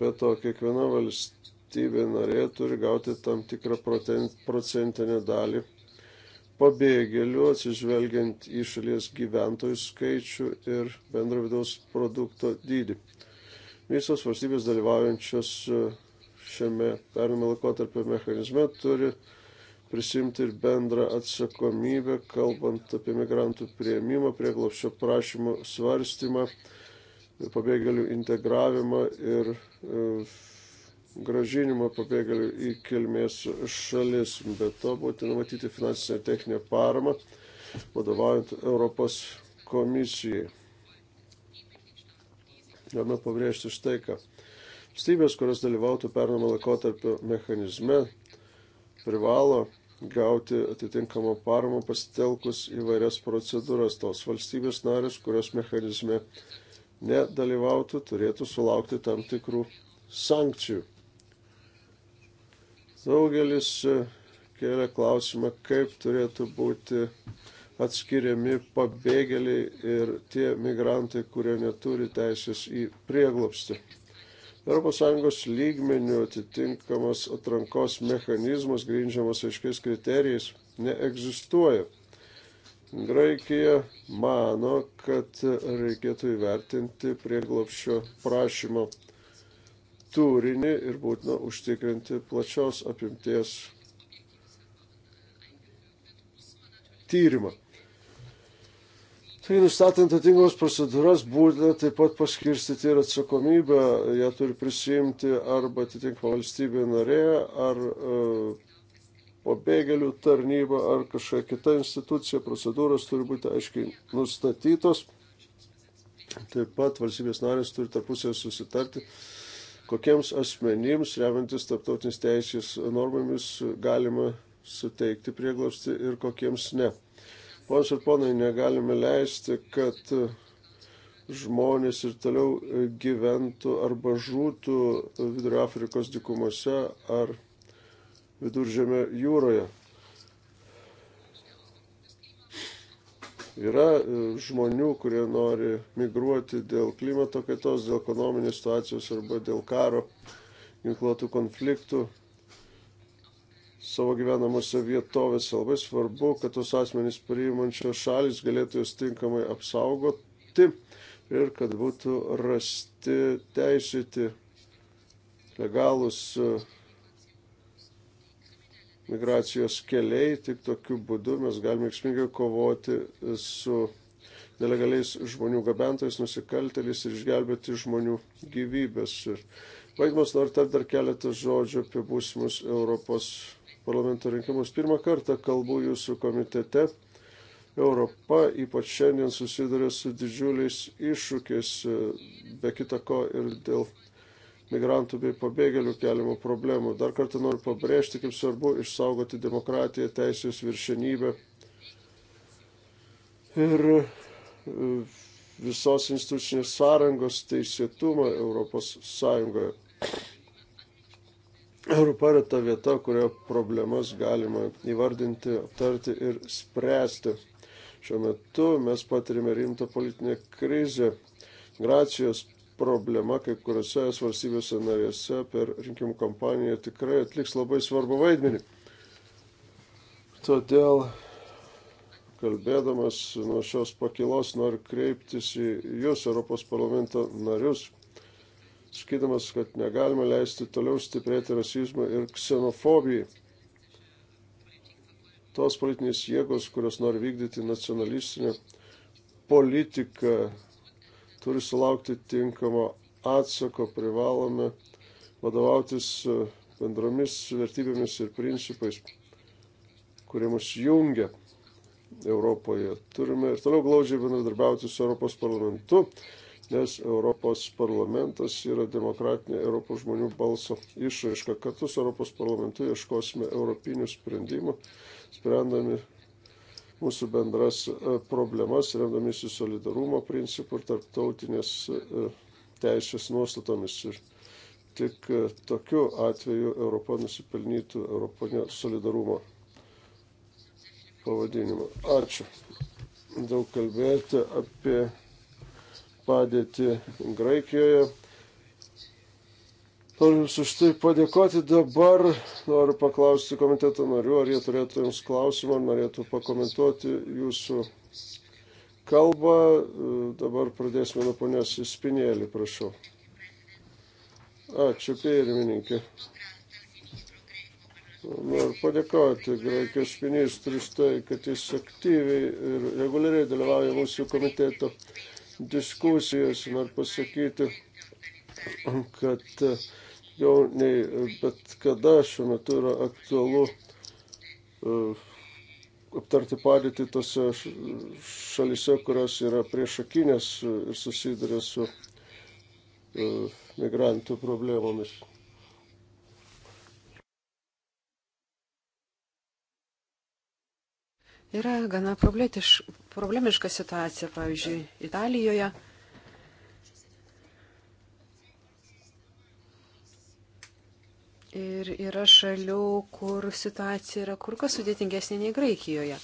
Be to, kiekviena valstybė narė turi gauti tam tikrą procentinę dalį pabėgėlių, atsižvelgiant į šalies gyventojų skaičių ir bendro vidaus produkto dydį. Visos valstybės dalyvaujančios e, šiame pernamo laikotarpio mechanizme turi prisimti ir bendrą atsakomybę, kalbant apie migrantų prieimimą, prieglopščio prašymo svarstymą pabėgėlių integravimą ir e, gražinimą pabėgėlių į kilmės šalis. Be to būtina matyti finansinę techninę paramą, vadovaujant Europos komisijai. Galime pabrėžti štai ką. Stybės, kurios dalyvautų pernamo laikotarpio mechanizme, privalo gauti atitinkamą paramą pasitelkus įvairias procedūras. Tos valstybės narės, kurios mechanizme uh, nedalyvautų, turėtų sulaukti tam tikrų sankcijų. Daugelis e, kelia klausimą, kaip turėtų būti atskiriami pabėgėliai ir tie migrantai, kurie neturi teisės į prieglopstį. ES lygmenių atitinkamas atrankos mechanizmas grindžiamas aiškiais kriterijais neegzistuoja. Graikija mano, kad reikėtų įvertinti prieglopščio prašymo turinį ir būtina užtikrinti plačios apimties tyrimą. Tai nustatant atitinkamos procedūras būtina taip pat paskirstyti ir atsakomybę, ją turi prisimti arba atitinkama valstybė narė, ar uh, pabėgėlių tarnyba ar kažkokia kita institucija, procedūros turi būti aiškiai nustatytos. Taip pat valstybės narės turi tarpusėje susitarti, kokiems asmenims, remiantis tarptautinis teisės normomis, galima suteikti prieglobstį ir kokiems ne. Ponas ir ponai, negalime leisti, kad žmonės ir toliau gyventų arba žūtų Vidurio Afrikos dikumose ar viduržėme jūroje. Yra e, žmonių, kurie nori migruoti dėl klimato kaitos, dėl ekonominės situacijos arba dėl karo, ginkluotų konfliktų savo gyvenamose vietovėse. Labai svarbu, kad tos asmenys priimančios šalis galėtų jūs tinkamai apsaugoti ir kad būtų rasti teisėti legalus e, migracijos keliai, tik tokiu būdu mes galime veiksmingai kovoti su nelegaliais žmonių gabentais, nusikaltelis ir išgelbėti žmonių gyvybės. Baigmas noriu tarti dar keletą žodžių apie būsimus Europos parlamento rinkimus. Pirmą kartą kalbu jūsų komitete. Europa ypač šiandien susiduria su didžiuliais iššūkiais, be kita ko ir dėl migrantų bei pabėgėlių keliamų problemų. Dar kartą noriu pabrėžti, kaip svarbu išsaugoti demokratiją, teisės viršenybę ir e, visos institucinės sąrangos teisėtumą Europos Sąjungoje. Europa yra ta vieta, kurioje problemas galima įvardinti, aptarti ir spręsti. Šiuo metu mes patirime rimtą politinę krizę migracijos problema kai kuriuose valstybėse narėse per rinkimų kampaniją tikrai atliks labai svarbu vaidmenį. Todėl kalbėdamas nuo šios pakilos noriu kreiptis į Jūs, Europos parlamento narius, sakydamas, kad negalima leisti toliau stiprėti rasizmą ir ksenofobiją. Tos politinės jėgos, kurios nori vykdyti nacionalistinę politiką, turi sulaukti tinkamo atsako, privalome vadovautis e, bendromis vertybėmis ir principais, kurie mus jungia Europoje. Turime ir toliau glaudžiai bendradarbiauti su Europos parlamentu, nes Europos parlamentas yra demokratinė Europos žmonių balso išraiška. Kartu su Europos parlamentu ieškosime europinių sprendimų, sprendami mūsų bendras e, problemas, remdamiesi solidarumo principų ir tarptautinės e, teisės nuostatomis. Ir tik e, tokiu atveju Europa nusipelnytų Europinio solidarumo pavadinimą. Ačiū. Daug kalbėjote apie padėtį Graikijoje. Noriu Jums už tai padėkoti. Dabar noriu paklausti komiteto narių, ar jie turėtų Jums klausimą, ar norėtų pakomentuoti Jūsų kalbą. Dabar pradėsime nuo ponios Spinėlį, prašau. Ačiū, pirmininkė. Noriu padėkoti Graikijos ministrui už tai, kad jis aktyviai ir reguliariai dalyvauja mūsų komiteto diskusijose. Noriu pasakyti, kad uh, daugiau nei bet kada šiuo metu yra aktualu e, aptarti padėtį tose šalise, kurios yra priešakinės ir susiduria su e, migrantų problemomis. Yra gana problemiška situacija, pavyzdžiui, Italijoje. Ir yra šalių, kur situacija yra kur kas sudėtingesnė nei Graikijoje.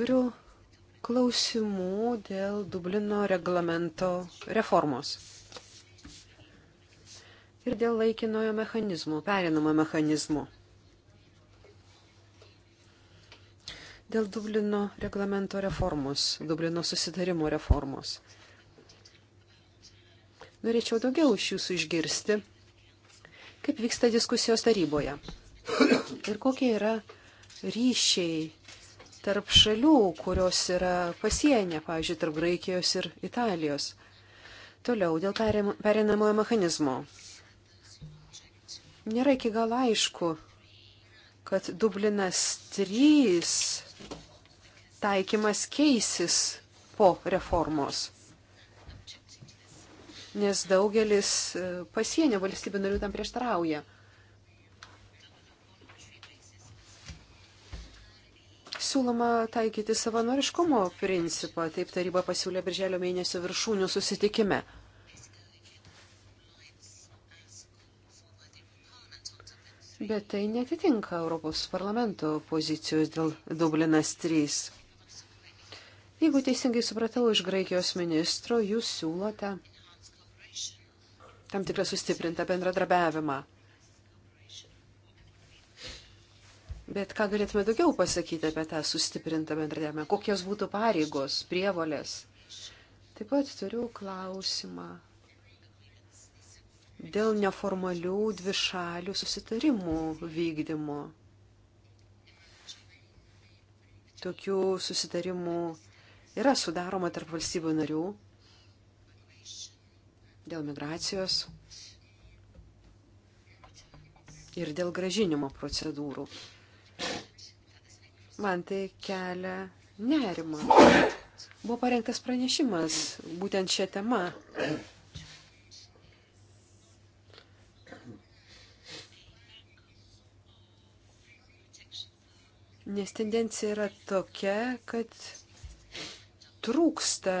Turiu klausimų dėl Dublino reglamento reformos. Ir dėl laikinojo mechanizmo, perinamo mechanizmo. Dėl Dublino reglamento reformos, Dublino susitarimo reformos. Norėčiau daugiau iš jūsų išgirsti Kaip vyksta diskusijos taryboje? Ir kokie yra ryšiai tarp šalių, kurios yra pasienė, pavyzdžiui, tarp Graikijos ir Italijos? Toliau dėl perinamojo mechanizmo. Nėra iki galo aišku, kad Dublinas 3 taikymas keisis po reformos nes daugelis e, pasienio valstybių narių tam prieštarauja. Siūloma taikyti savanoriškumo principą, taip taryba pasiūlė birželio mėnesio viršūnių susitikime. Bet tai netitinka Europos parlamento pozicijos dėl Dublinas 3. Jeigu teisingai supratau iš Graikijos ministro, jūs siūlote tam tikrą sustiprintą bendradarbiavimą. Bet ką galėtume daugiau pasakyti apie tą sustiprintą bendradarbiavimą? Kokios būtų pareigos, prievolės? Taip pat turiu klausimą dėl neformalių dvišalių susitarimų vykdymo. Tokių susitarimų yra sudaroma tarp valstybių narių dėl migracijos ir dėl gražinimo procedūrų. Man tai kelia nerima. Buvo parengtas pranešimas būtent šią temą. Nes tendencija yra tokia, kad trūksta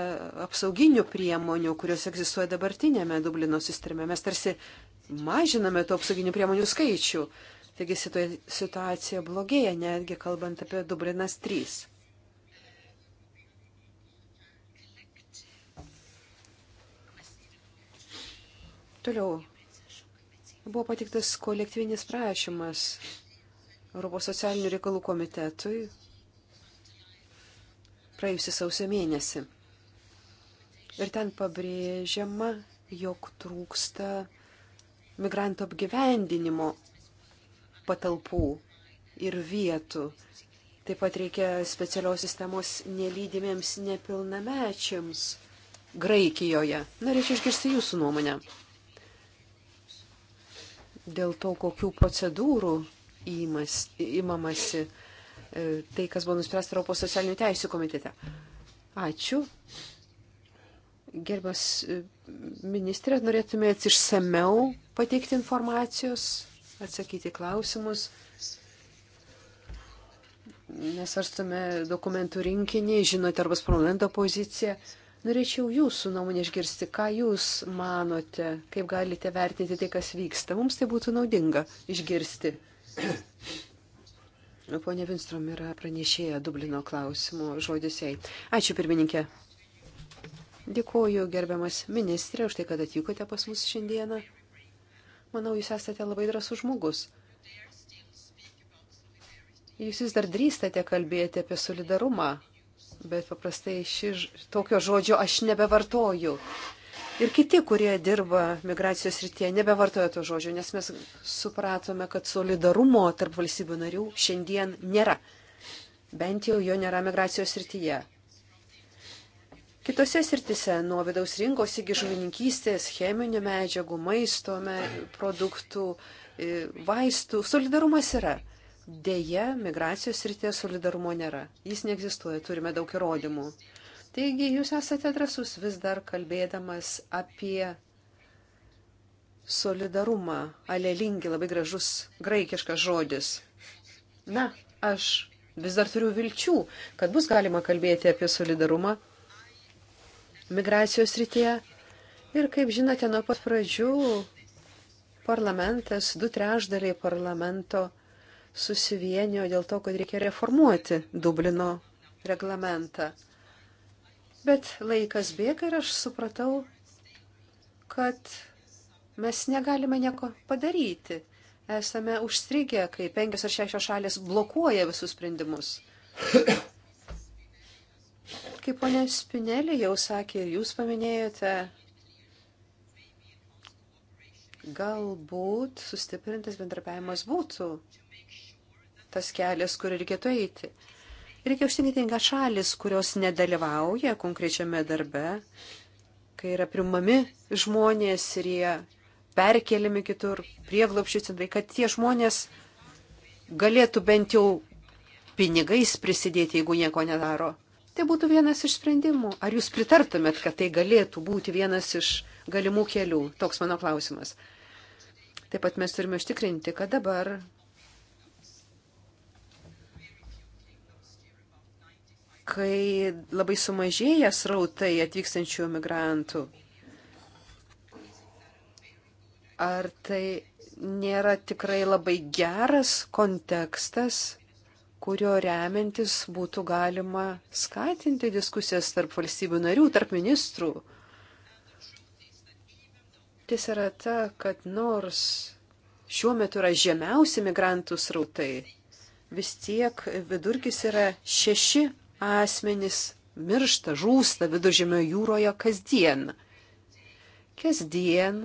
apsauginių priemonių, kurios egzistuoja dabartinėme Dublino sisteme. Mes tarsi mažiname tų apsauginių priemonių skaičių. Taigi situacija blogėja, netgi kalbant apie Dublinas 3. Toliau buvo patiktas kolektyvinis prašymas Europos socialinių reikalų komitetui praėjusi sausio mėnesį. Ir ten pabrėžiama, jog trūksta migrantų apgyvendinimo patalpų ir vietų. Taip pat reikia specialios sistemos nelydimiems nepilnamečiams Graikijoje. Norėčiau išgirsti jūsų nuomonę. Dėl to, kokių procedūrų įmas, įmamasi E, tai, kas buvo nuspręsta Europos socialinių teisų komitete. Ačiū. Gerbės e, ministrė, norėtumėt išsameu pateikti informacijos, atsakyti klausimus. Nesvarstame dokumentų rinkinį, žinote arba parlamento poziciją. Norėčiau jūsų nuomonę išgirsti, ką jūs manote, kaip galite vertinti tai, kas vyksta. Mums tai būtų naudinga išgirsti. Pone Vinstrom yra pranešėja Dublino klausimų žodisiai. Ačiū pirmininkė. Dėkuoju, gerbiamas ministrė, už tai, kad atvykote pas mus šiandieną. Manau, jūs esate labai drąsus žmogus. Jūs vis dar drįstate kalbėti apie solidarumą, bet paprastai ši, tokio žodžio aš nebevartoju ir kiti, kurie dirba migracijos rytyje, nebevartoja to žodžio, nes mes supratome, kad solidarumo tarp valstybių narių šiandien nėra. Bent jau jo nėra migracijos rytyje. Kitose srityse, nuo vidaus rinkos iki žuvininkystės, cheminių medžiagų, maisto produktų, vaistų, solidarumas yra. Deja, migracijos srityje solidarumo nėra. Jis neegzistuoja, turime daug įrodymų. Taigi jūs esate drasus vis dar kalbėdamas apie solidarumą. Alelingi labai gražus graikiškas žodis. Na, aš vis dar turiu vilčių, kad bus galima kalbėti apie solidarumą migracijos rytėje. Ir kaip žinote, nuo pat pradžių parlamentas, du trešdaliai parlamento susivienijo dėl to, kad reikia reformuoti Dublino reglamentą. Bet laikas bėga ir aš supratau, kad mes negalime nieko padaryti. Esame užstrigę, kai penkios ar šešios šalės blokuoja visus sprendimus. Kaip ponė Spinelė jau sakė ir jūs paminėjote, galbūt sustiprintas bendrapiavimas būtų tas kelias, kur reikėtų eiti. Reikia užsiminti, kad šalis, kurios nedalyvauja konkrečiame darbe, kai yra primami žmonės ir jie perkeliami kitur, prieglopščių centrai, kad tie žmonės galėtų bent jau pinigais prisidėti, jeigu nieko nedaro. Tai būtų vienas iš sprendimų. Ar jūs pritartumėt, kad tai galėtų būti vienas iš galimų kelių? Toks mano klausimas. Taip pat mes turime užtikrinti, kad dabar kai labai sumažėja srautai atvykstančių migrantų. Ar tai nėra tikrai labai geras kontekstas, kurio remiantis būtų galima skatinti diskusijas tarp valstybių narių, tarp ministrų? Tiesa yra ta, kad nors šiuo metu yra žemiausi migrantų srautai, vis tiek vidurkis yra šeši asmenys miršta, žūsta viduržėmio jūroje kasdien. Kasdien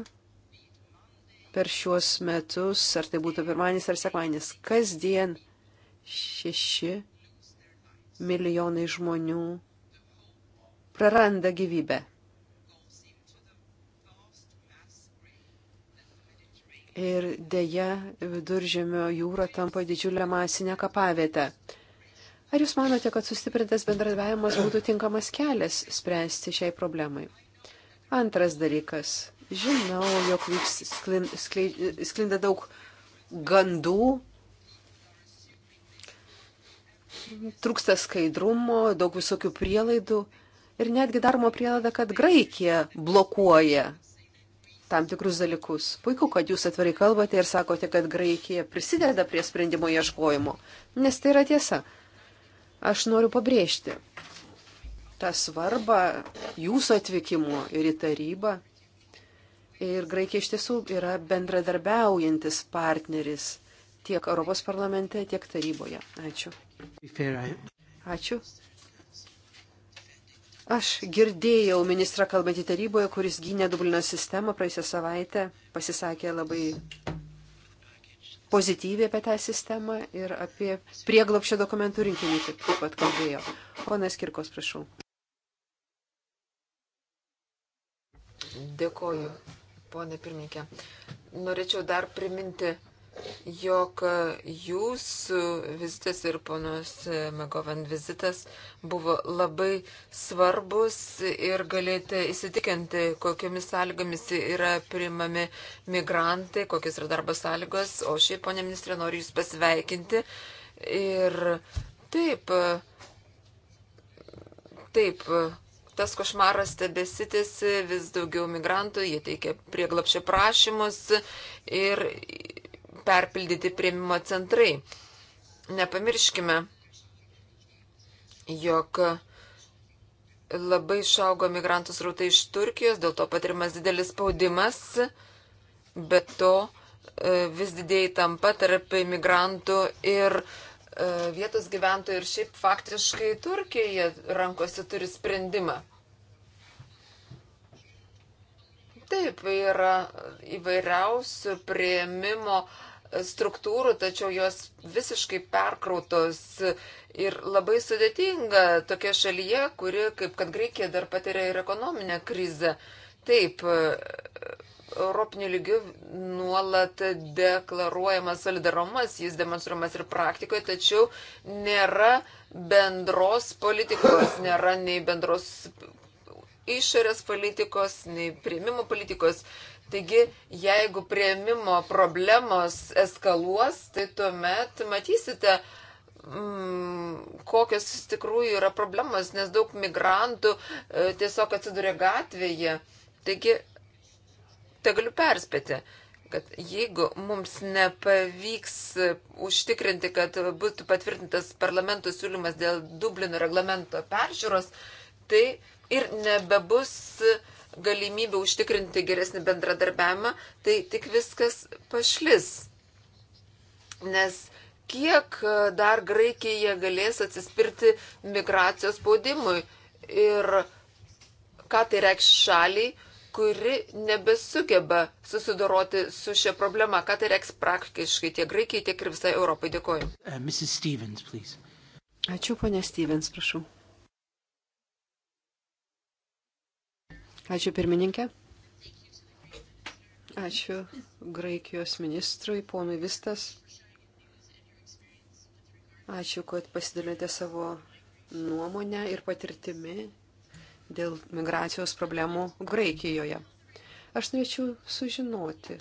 per šiuos metus, ar tai būtų pirmanis ar sekmanis, kasdien šeši milijonai žmonių praranda gyvybę. Ir dėja viduržėmio jūra tampa didžiulę masinę kapavietę. Ar Jūs manote, kad sustiprintas bendradarbiavimas būtų tinkamas kelias spręsti šiai problemai? Antras dalykas. Žinau, jog vyks sklinda daug gandų, trūksta skaidrumo, daug visokių prielaidų ir netgi daroma prielaida, kad Graikija blokuoja tam tikrus dalykus. Puiku, kad jūs atvirai kalbate ir sakote, kad Graikija prisideda prie sprendimo ieškojimo, nes tai yra tiesa. Aš noriu pabrėžti tą svarbą jūsų atvykimo ir į tarybą. Ir Graikija iš tiesų yra bendradarbiaujantis partneris tiek Europos parlamente, tiek taryboje. Ačiū. Ačiū. Aš girdėjau ministrą kalbantį taryboje, kuris gynė Dublino sistemą praėjusią savaitę, pasisakė labai pozityviai apie tą sistemą ir apie prieglopšio dokumentų rinkinį taip pat kalbėjo. Ponas Kirkos, prašau. Dėkoju, ponė pirmininkė. Norėčiau dar priminti jog jūsų vizitas ir ponos Megovan vizitas buvo labai svarbus ir galite įsitikinti, kokiomis sąlygomis yra priimami migrantai, kokios yra darbo sąlygos. O šiaip, ponė ministrė, noriu Jūs pasveikinti. Ir taip, taip, tas košmaras tebesitėsi, vis daugiau migrantų, jie teikia prieglapšio prašymus ir perpildyti prieimimo centrai. Nepamirškime, jog labai išaugo migrantų srautai iš Turkijos, dėl to patirimas didelis spaudimas, bet to e, vis didėjai tampa tarp imigrantų ir e, vietos gyventojų ir šiaip faktiškai Turkija rankose turi sprendimą. Taip, yra įvairiausių prieimimo uh, struktūrų, tačiau jos visiškai perkrautos ir labai sudėtinga tokia šalyje, kuri, kaip kad Graikija, dar patiria ir ekonominę krizę. Taip, Europinių lygių nuolat deklaruojamas solidarumas, jis demonstruojamas ir praktikoje, tačiau nėra bendros politikos, nėra nei bendros išorės politikos, nei prieimimo politikos. Taigi, jeigu prieimimo problemos eskaluos, tai tuomet matysite, mm, kokios iš tikrųjų yra problemos, nes daug migrantų e, tiesiog atsiduria gatvėje. Taigi, tai galiu perspėti kad jeigu mums nepavyks e, užtikrinti, kad būtų patvirtintas parlamento siūlymas dėl Dublino reglamento peržiūros, tai ir nebebus uh, galimybę užtikrinti geresnį bendradarbiavimą, tai tik viskas pašlis. Nes kiek dar Graikija galės atsispirti migracijos spaudimui ir ką tai reikš šaliai, kuri nebesugeba susidoroti su šia problema, ką tai reiks praktiškai tiek Graikijai, tiek ir visai Europai. Dėkoju. Uh, Stevens, please. Ačiū, ponė Stevens, prašau. Ačiū pirmininkė. Ačiū Graikijos ministrui, ponui Vistas. Ačiū, kad pasidalėte savo nuomonę ir patirtimi dėl migracijos problemų Graikijoje. Aš norėčiau sužinoti,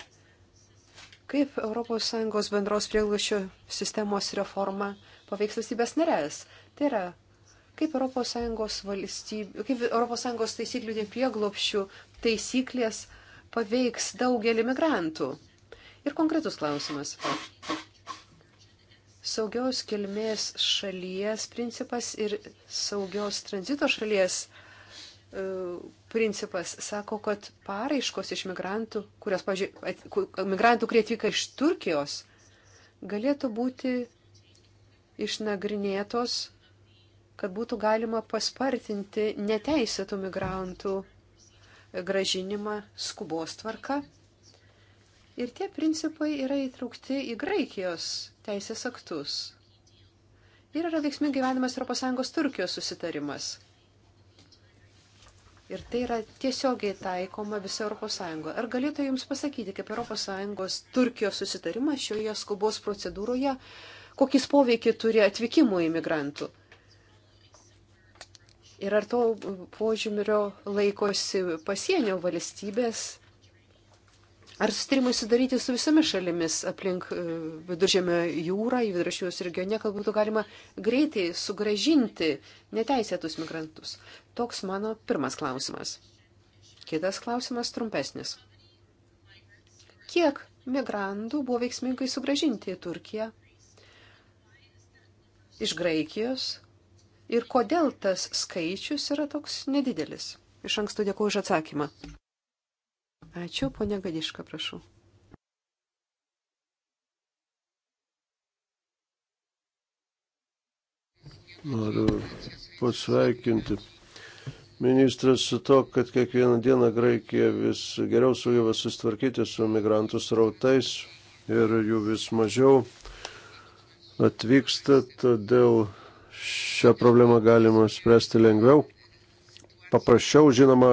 kaip ES bendros prieglušio sistemos reforma paveiks valstybės narės. Tai yra, Kaip ES, valstybių, kaip ES taisyklių dėl prieglopšių taisyklės paveiks daugelį migrantų? Ir konkretus klausimas. Saugios kilmės šalies principas ir saugios tranzito šalies e, principas sako, kad paraiškos iš migrantų, kurios, pažiūrėjau, migrantų, kurie atvyka iš Turkijos, galėtų būti išnagrinėtos kad būtų galima paspartinti neteisėtų migrantų gražinimą skubos tvarka. Ir tie principai yra įtraukti į Graikijos teisės aktus. Ir yra veiksmingai gyvenimas ES Turkijos susitarimas. Ir tai yra tiesiogiai taikoma visą ES. Ar galėtų Jums pasakyti, kaip ES Turkijos susitarimas šioje skubos procedūroje, kokis poveikį turi atvykimo imigrantų? Ir ar to požymirio laikosi pasienio valstybės, ar sustarimai sudaryti su visomis šalimis aplink e, viduržėmio jūrą, į viduržėjus regione, kad būtų galima greitai sugražinti neteisėtus migrantus. Toks mano pirmas klausimas. Kitas klausimas trumpesnis. Kiek migrantų buvo veiksmingai sugražinti į Turkiją iš Graikijos, ir kodėl tas skaičius yra toks nedidelis. Iš anksto dėkuoju už atsakymą. Ačiū, ponia Gadiška, prašau. Noriu pasveikinti ministras su to, kad kiekvieną dieną Graikija vis geriau sugeba sustvarkyti su migrantų srautais ir jų vis mažiau atvyksta, todėl šią problemą galima spręsti lengviau. Paprasčiau, žinoma,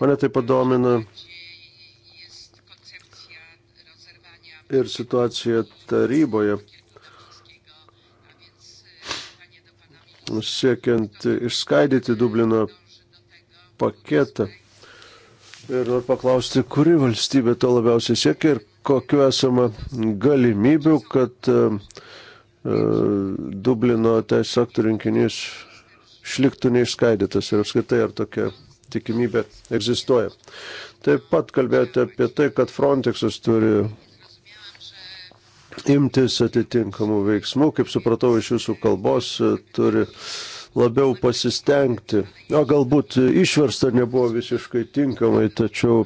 mane tai padomina ir situacija taryboje. Siekiant išskaidyti Dublino paketą. Ir noriu paklausti, kuri valstybė to labiausiai siekia ir kokiu esama galimybių, kad uh, E, Dublino teisės aktų rinkinys išliktų neišskaidytas ir apskaitai ar tokia tikimybė egzistuoja. Taip pat kalbėjote apie tai, kad Frontexas turi imtis atitinkamų veiksmų, kaip supratau iš jūsų kalbos, turi labiau pasistengti. O galbūt išversta nebuvo visiškai tinkamai, tačiau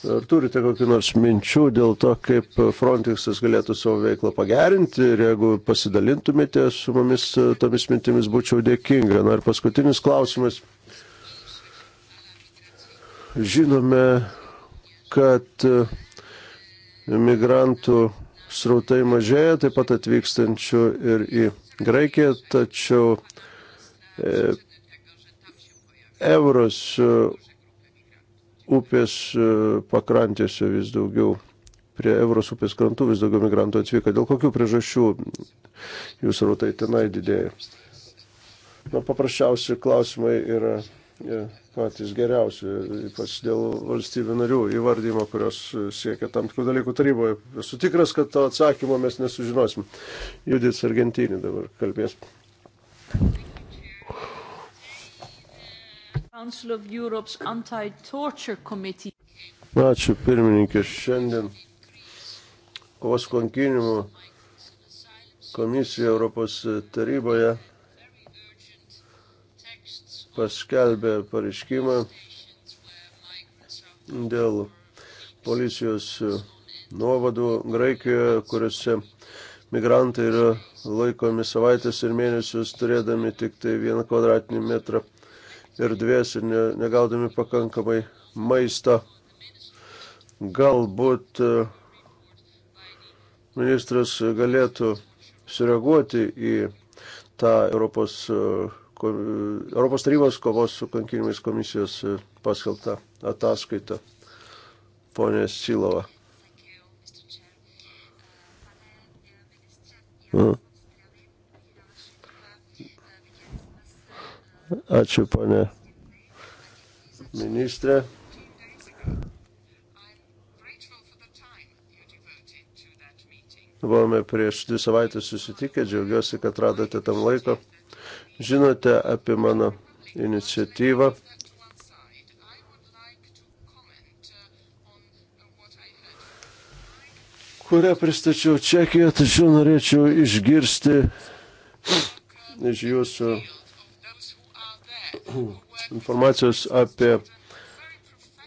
Ar turite kokių nors minčių dėl to, kaip Frontexas galėtų savo veiklą pagerinti ir jeigu pasidalintumėte su mumis e, tomis mintimis, būčiau dėkinga. Na ir paskutinis klausimas. Žinome, kad e, migrantų srautai mažėja, taip pat atvykstančių ir į Graikiją, tačiau e, euros e, upės e, pakrantėse vis daugiau, prie Euros upės krantų vis daugiau migrantų atvyka. Dėl kokių priežasčių jūs rautai tenai didėja? Na, paprasčiausi klausimai yra ja, e, patys geriausi, ypač dėl valstybių narių įvardymo, kurios siekia tam tikrų dalykų taryboje. Esu tikras, kad to atsakymo mes nesužinosim. Judis Argentinį dabar kalbės. Thank you. Ačiū pirmininkė. Šiandien kovos kankinimo komisija Europos taryboje paskelbė pareiškimą dėl policijos nuovadų Graikijoje, kuriuose migrantai yra laikomi savaitės ir mėnesius turėdami tik tai vieną kvadratinį metrą erdvės ir ne, negaudami pakankamai maisto. Galbūt e, ministras galėtų sureaguoti į tą Europos, e, Europos tarybos kovos su kankinimais komisijos e, paskelbtą ataskaitą. Pone Silova. Mhm. Ačiū, ponė ministrė. Buvome prieš dvi savaitės susitikę, džiaugiuosi, kad radote tam laiko. Žinote apie mano iniciatyvą. kurią pristačiau Čekiją, tačiau norėčiau išgirsti iš jūsų informacijos apie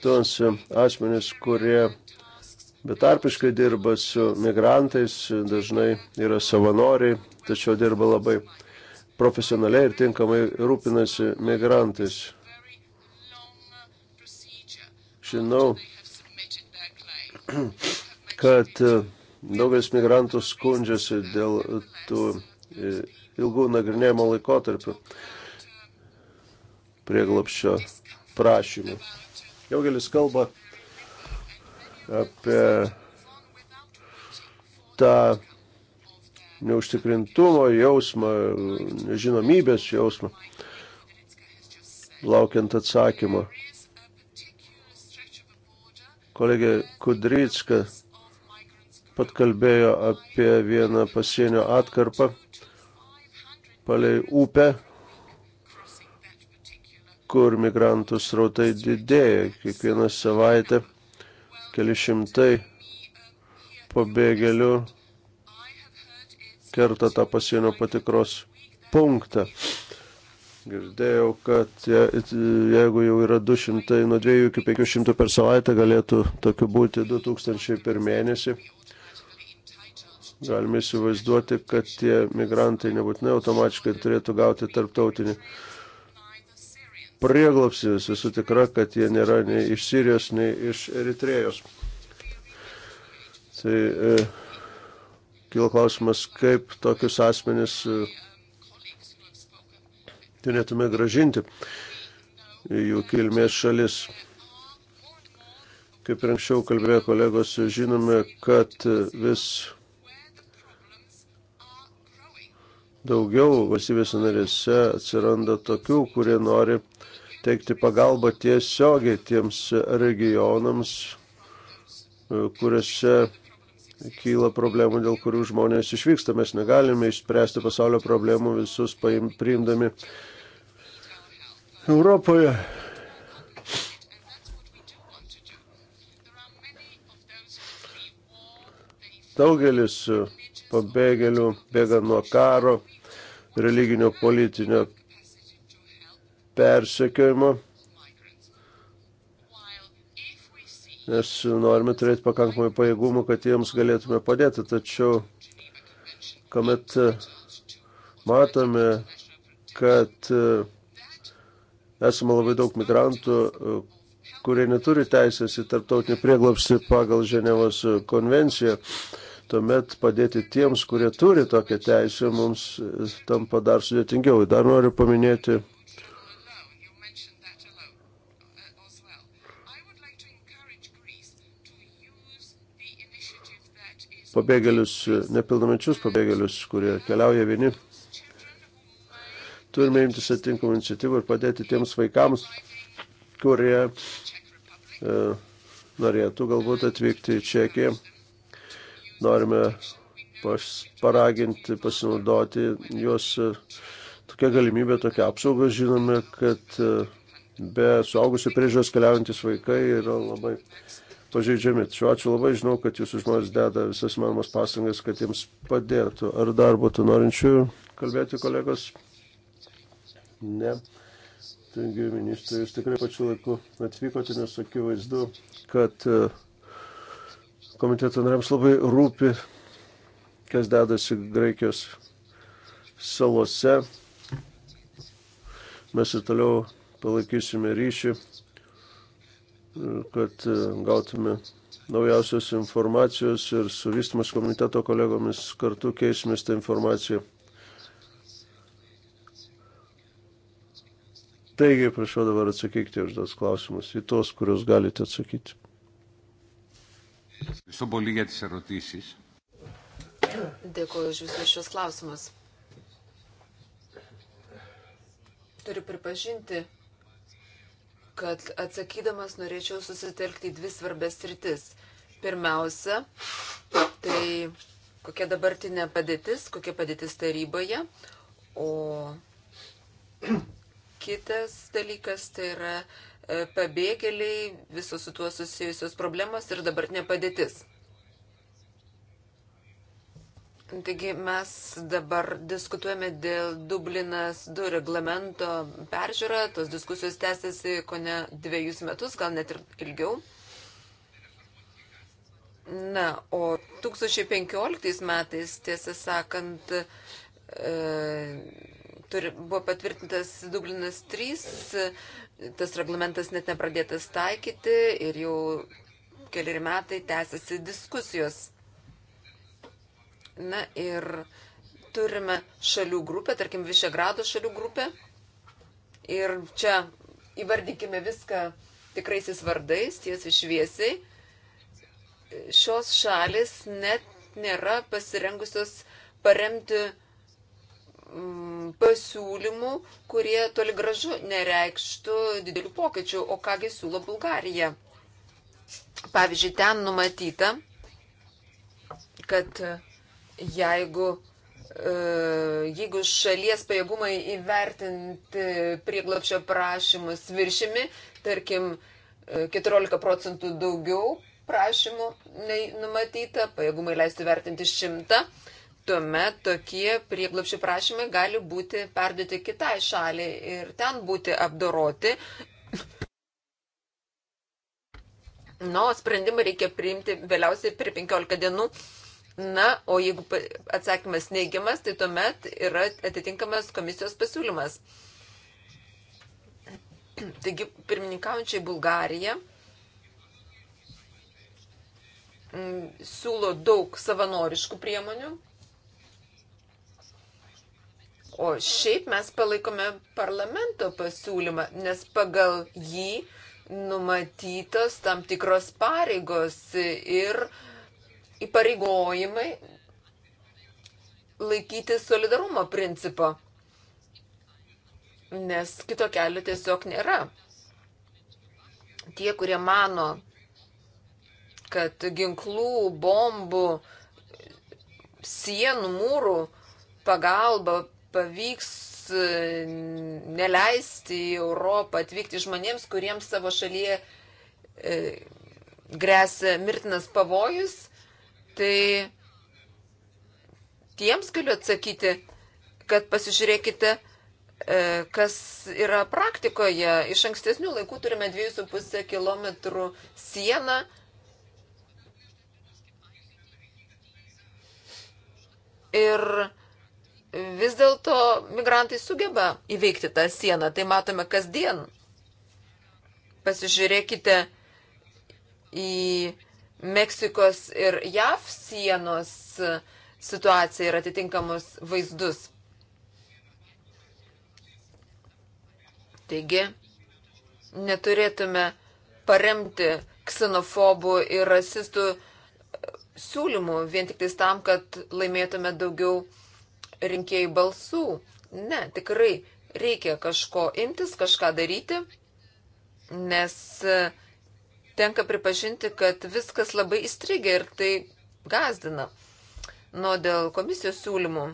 tuos asmenis, kurie betarpiškai dirba su migrantais, dažnai yra savanoriai, tačiau dirba labai profesionaliai ir tinkamai rūpinasi migrantais. Žinau, kad daugelis migrantų skundžiasi dėl tų ilgų nagrinėjimo laikotarpių prieglopščio prašymų. Daugelis kalba apie tą neužtikrintumo jausmą, nežinomybės jausmą, laukiant atsakymą. Kolegė Kudrytska pat kalbėjo apie vieną pasienio atkarpą palei upę, kur migrantų srautai didėja. Kiekvieną savaitę keli šimtai pabėgėlių kerta tą pasienio patikros punktą. Girdėjau, kad je, jeigu jau yra 200, nuo 2 iki 500 per savaitę galėtų tokiu būti 2000 per mėnesį. Galime įsivaizduoti, kad tie migrantai nebūtinai automatiškai turėtų gauti tarptautinį prieglopsį, esu tikra, kad jie nėra nei iš Sirijos, nei iš Eritrėjos. Tai e, kilo klausimas, kaip tokius asmenis e, turėtume gražinti į jų kilmės šalis. Kaip ir anksčiau kalbėjo kolegos, žinome, kad vis daugiau valstybės narėse atsiranda tokių, kurie nori teikti pagalbą tiesiogiai tiems regionams, e, kuriuose kyla problemų, dėl kurių žmonės išvyksta. Mes negalime išspręsti pasaulio problemų visus paim, priimdami Europoje. Daugelis pabėgėlių bėga nuo karo, religinio politinio persekiojimo, nes norime turėti pakankamai pajėgumų, kad jiems galėtume padėti. Tačiau, kuomet e, matome, kad e, esame labai daug migrantų, e, kurie neturi teisės į tarptautinį prieglopsį pagal Ženevos konvenciją, tuomet padėti tiems, kurie turi tokią teisę, mums tampa dar sudėtingiau. Dar noriu paminėti pabėgėlius, nepilnamečius pabėgėlius, kurie keliauja vieni. Turime imtis atinkamų iniciatyvų ir padėti tiems vaikams, kurie e, norėtų galbūt atvykti į Čekiją. Norime pas, paraginti, pasinaudoti juos e, tokia galimybė, tokia apsauga. Žinome, kad e, be suaugusių priežiūros keliaujantis vaikai yra labai e, pažeidžiami. Šiuo ačiū labai, žinau, kad jūsų žmonės deda visas manomas pastangas, kad jiems padėtų. Ar dar būtų norinčių kalbėti kolegos? Ne. Taigi, ministrai, jūs tikrai pačiu laiku atvykote, nes akivaizdu, kad e, komiteto nariams labai rūpi, kas dedasi Graikijos salose. Mes ir toliau palaikysime ryšį kad e, gautume naujausios informacijos ir su vystymas komiteto kolegomis kartu keisimės tą informaciją. Taigi, prašau dabar atsakykite už tos klausimus, į tos, kuriuos galite atsakyti. Viso bolyje atsirotysis. Dėkuoju už visus šios klausimus. Turiu pripažinti, kad atsakydamas norėčiau susitelkti į dvi svarbės rytis. Pirmiausia, tai kokia dabartinė padėtis, kokia padėtis taryboje, o kitas dalykas tai yra e, pabėgėliai, visos su tuo susijusios problemos ir dabartinė padėtis. Taigi mes dabar diskutuojame dėl Dublinas 2 reglamento peržiūrą. Tos diskusijos tęsiasi ko ne dviejus metus, gal net ir ilgiau. Na, o 2015 metais, tiesą sakant, e, turi, buvo patvirtintas Dublinas 3, tas reglamentas net nepradėtas taikyti ir jau keliari metai tęsiasi diskusijos Na ir turime šalių grupę, tarkim, Višegrado šalių grupę. Ir čia įvardykime viską tikraisiais vardais, tiesiai šviesiai. Šios šalis net nėra pasirengusios paremti mm, pasiūlymų, kurie toli gražu nereikštų didelių pokyčių, o kągi siūlo Bulgarija. Pavyzdžiui, ten numatyta, kad jeigu e, jeigu šalies pajėgumai įvertinti prieglapšio prašymus viršimi, tarkim, 14 e, procentų daugiau prašymų nei numatyta, pajėgumai leisti vertinti 100, tuomet tokie prieglapšio prašymai gali būti perduoti kitai šaliai ir ten būti apdoroti. Na, nu, sprendimą reikia priimti vėliausiai per 15 dienų Na, o jeigu atsakymas neigiamas, tai tuomet yra atitinkamas komisijos pasiūlymas. Taigi, pirmininkaujančiai Bulgarija mm, siūlo daug savanoriškų priemonių. O šiaip mes palaikome parlamento pasiūlymą, nes pagal jį numatytos tam tikros pareigos ir uh, įpareigojimai laikyti solidarumo principo, nes kito kelio tiesiog nėra. Tie, kurie mano, kad ginklų, bombų, sienų, mūrų pagalba pavyks e, neleisti į Europą atvykti žmonėms, kuriems savo šalyje e, grėsia mirtinas pavojus, tai tiems galiu atsakyti, kad pasižiūrėkite, e, kas yra praktikoje. Iš ankstesnių laikų turime 2,5 km sieną. Ir vis dėlto migrantai sugeba įveikti tą sieną. Tai matome kasdien. Pasižiūrėkite į Meksikos ir JAV sienos situaciją ir atitinkamus vaizdus. Taigi, neturėtume paremti ksenofobų ir rasistų siūlymų vien tik tais tam, kad laimėtume daugiau rinkėjų balsų. Ne, tikrai reikia kažko imtis, kažką daryti, nes uh, tenka pripažinti, kad viskas labai įstrigė ir tai gazdina. Nuo dėl komisijos siūlymų.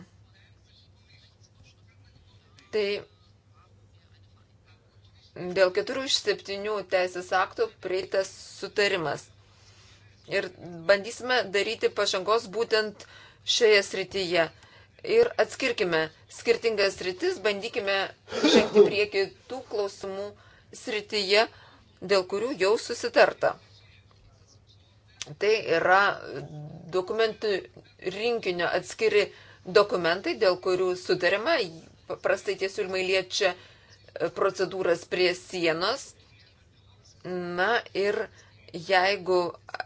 Tai dėl keturių iš septynių teisės aktų prieitas sutarimas. Ir bandysime daryti pažangos būtent šioje srityje. Ir atskirkime skirtingas sritis, bandykime žengti prieki tų klausimų srityje, dėl kurių jau susitarta. Tai yra dokumentų rinkinio atskiri dokumentai, dėl kurių sutarima. Paprastai tie siūlymai liečia e, procedūras prie sienos. Na ir jeigu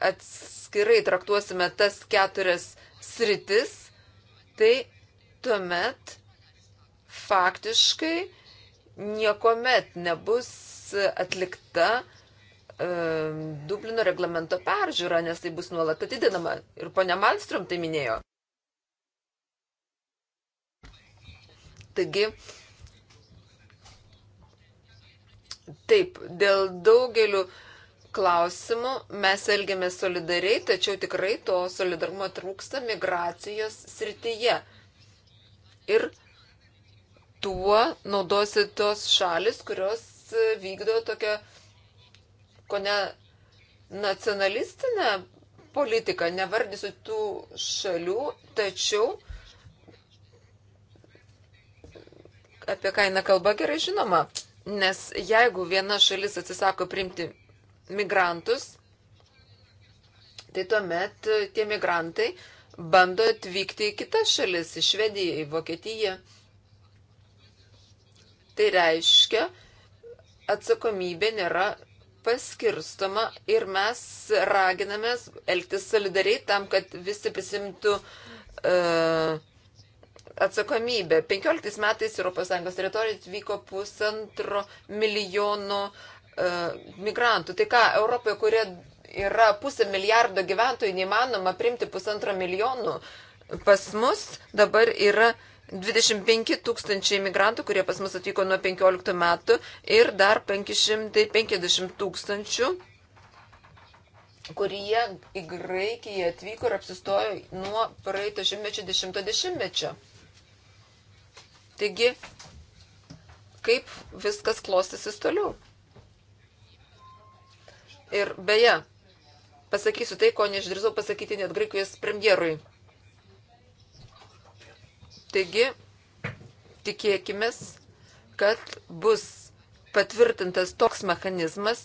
atskirai traktuosime tas keturias sritis, tai tuomet faktiškai niekuomet nebus atlikta e, Dublino reglamento peržiūra, nes tai bus nuolat atidinama. Ir ponia Malmström tai minėjo. Taigi, taip, dėl daugelių klausimų mes elgiamės solidariai, tačiau tikrai to solidarumo trūksta migracijos srityje. Ir tuo naudosi tos šalis, kurios vykdo tokią, ko ne nacionalistinę politiką, nevardysiu tų šalių, tačiau apie kainą kalba gerai žinoma, nes jeigu viena šalis atsisako priimti migrantus, tai tuomet tie migrantai bando atvykti į kitas šalis, į Švediją, į Vokietiją. Tai reiškia, atsakomybė nėra paskirstoma ir mes raginame elgtis solidariai tam, kad visi prisimtų uh, atsakomybę. 15 metais ES teritorijoje atvyko pusantro milijono uh, migrantų. Tai ką, Europoje, kurie yra pusę milijardo gyventojų, neįmanoma priimti pusantro milijonų, pas mus dabar yra 25 tūkstančiai migrantų, kurie pas mus atvyko nuo 15 metų ir dar 550 tūkstančių, kurie į Graikiją atvyko ir apsistojo nuo praeito šimtmečio 10-mečio. Taigi, kaip viskas klostysis toliau? Ir beje, pasakysiu tai, ko neišdrįsau pasakyti net Graikijos premjerui. Taigi, tikėkime, kad bus patvirtintas toks mechanizmas,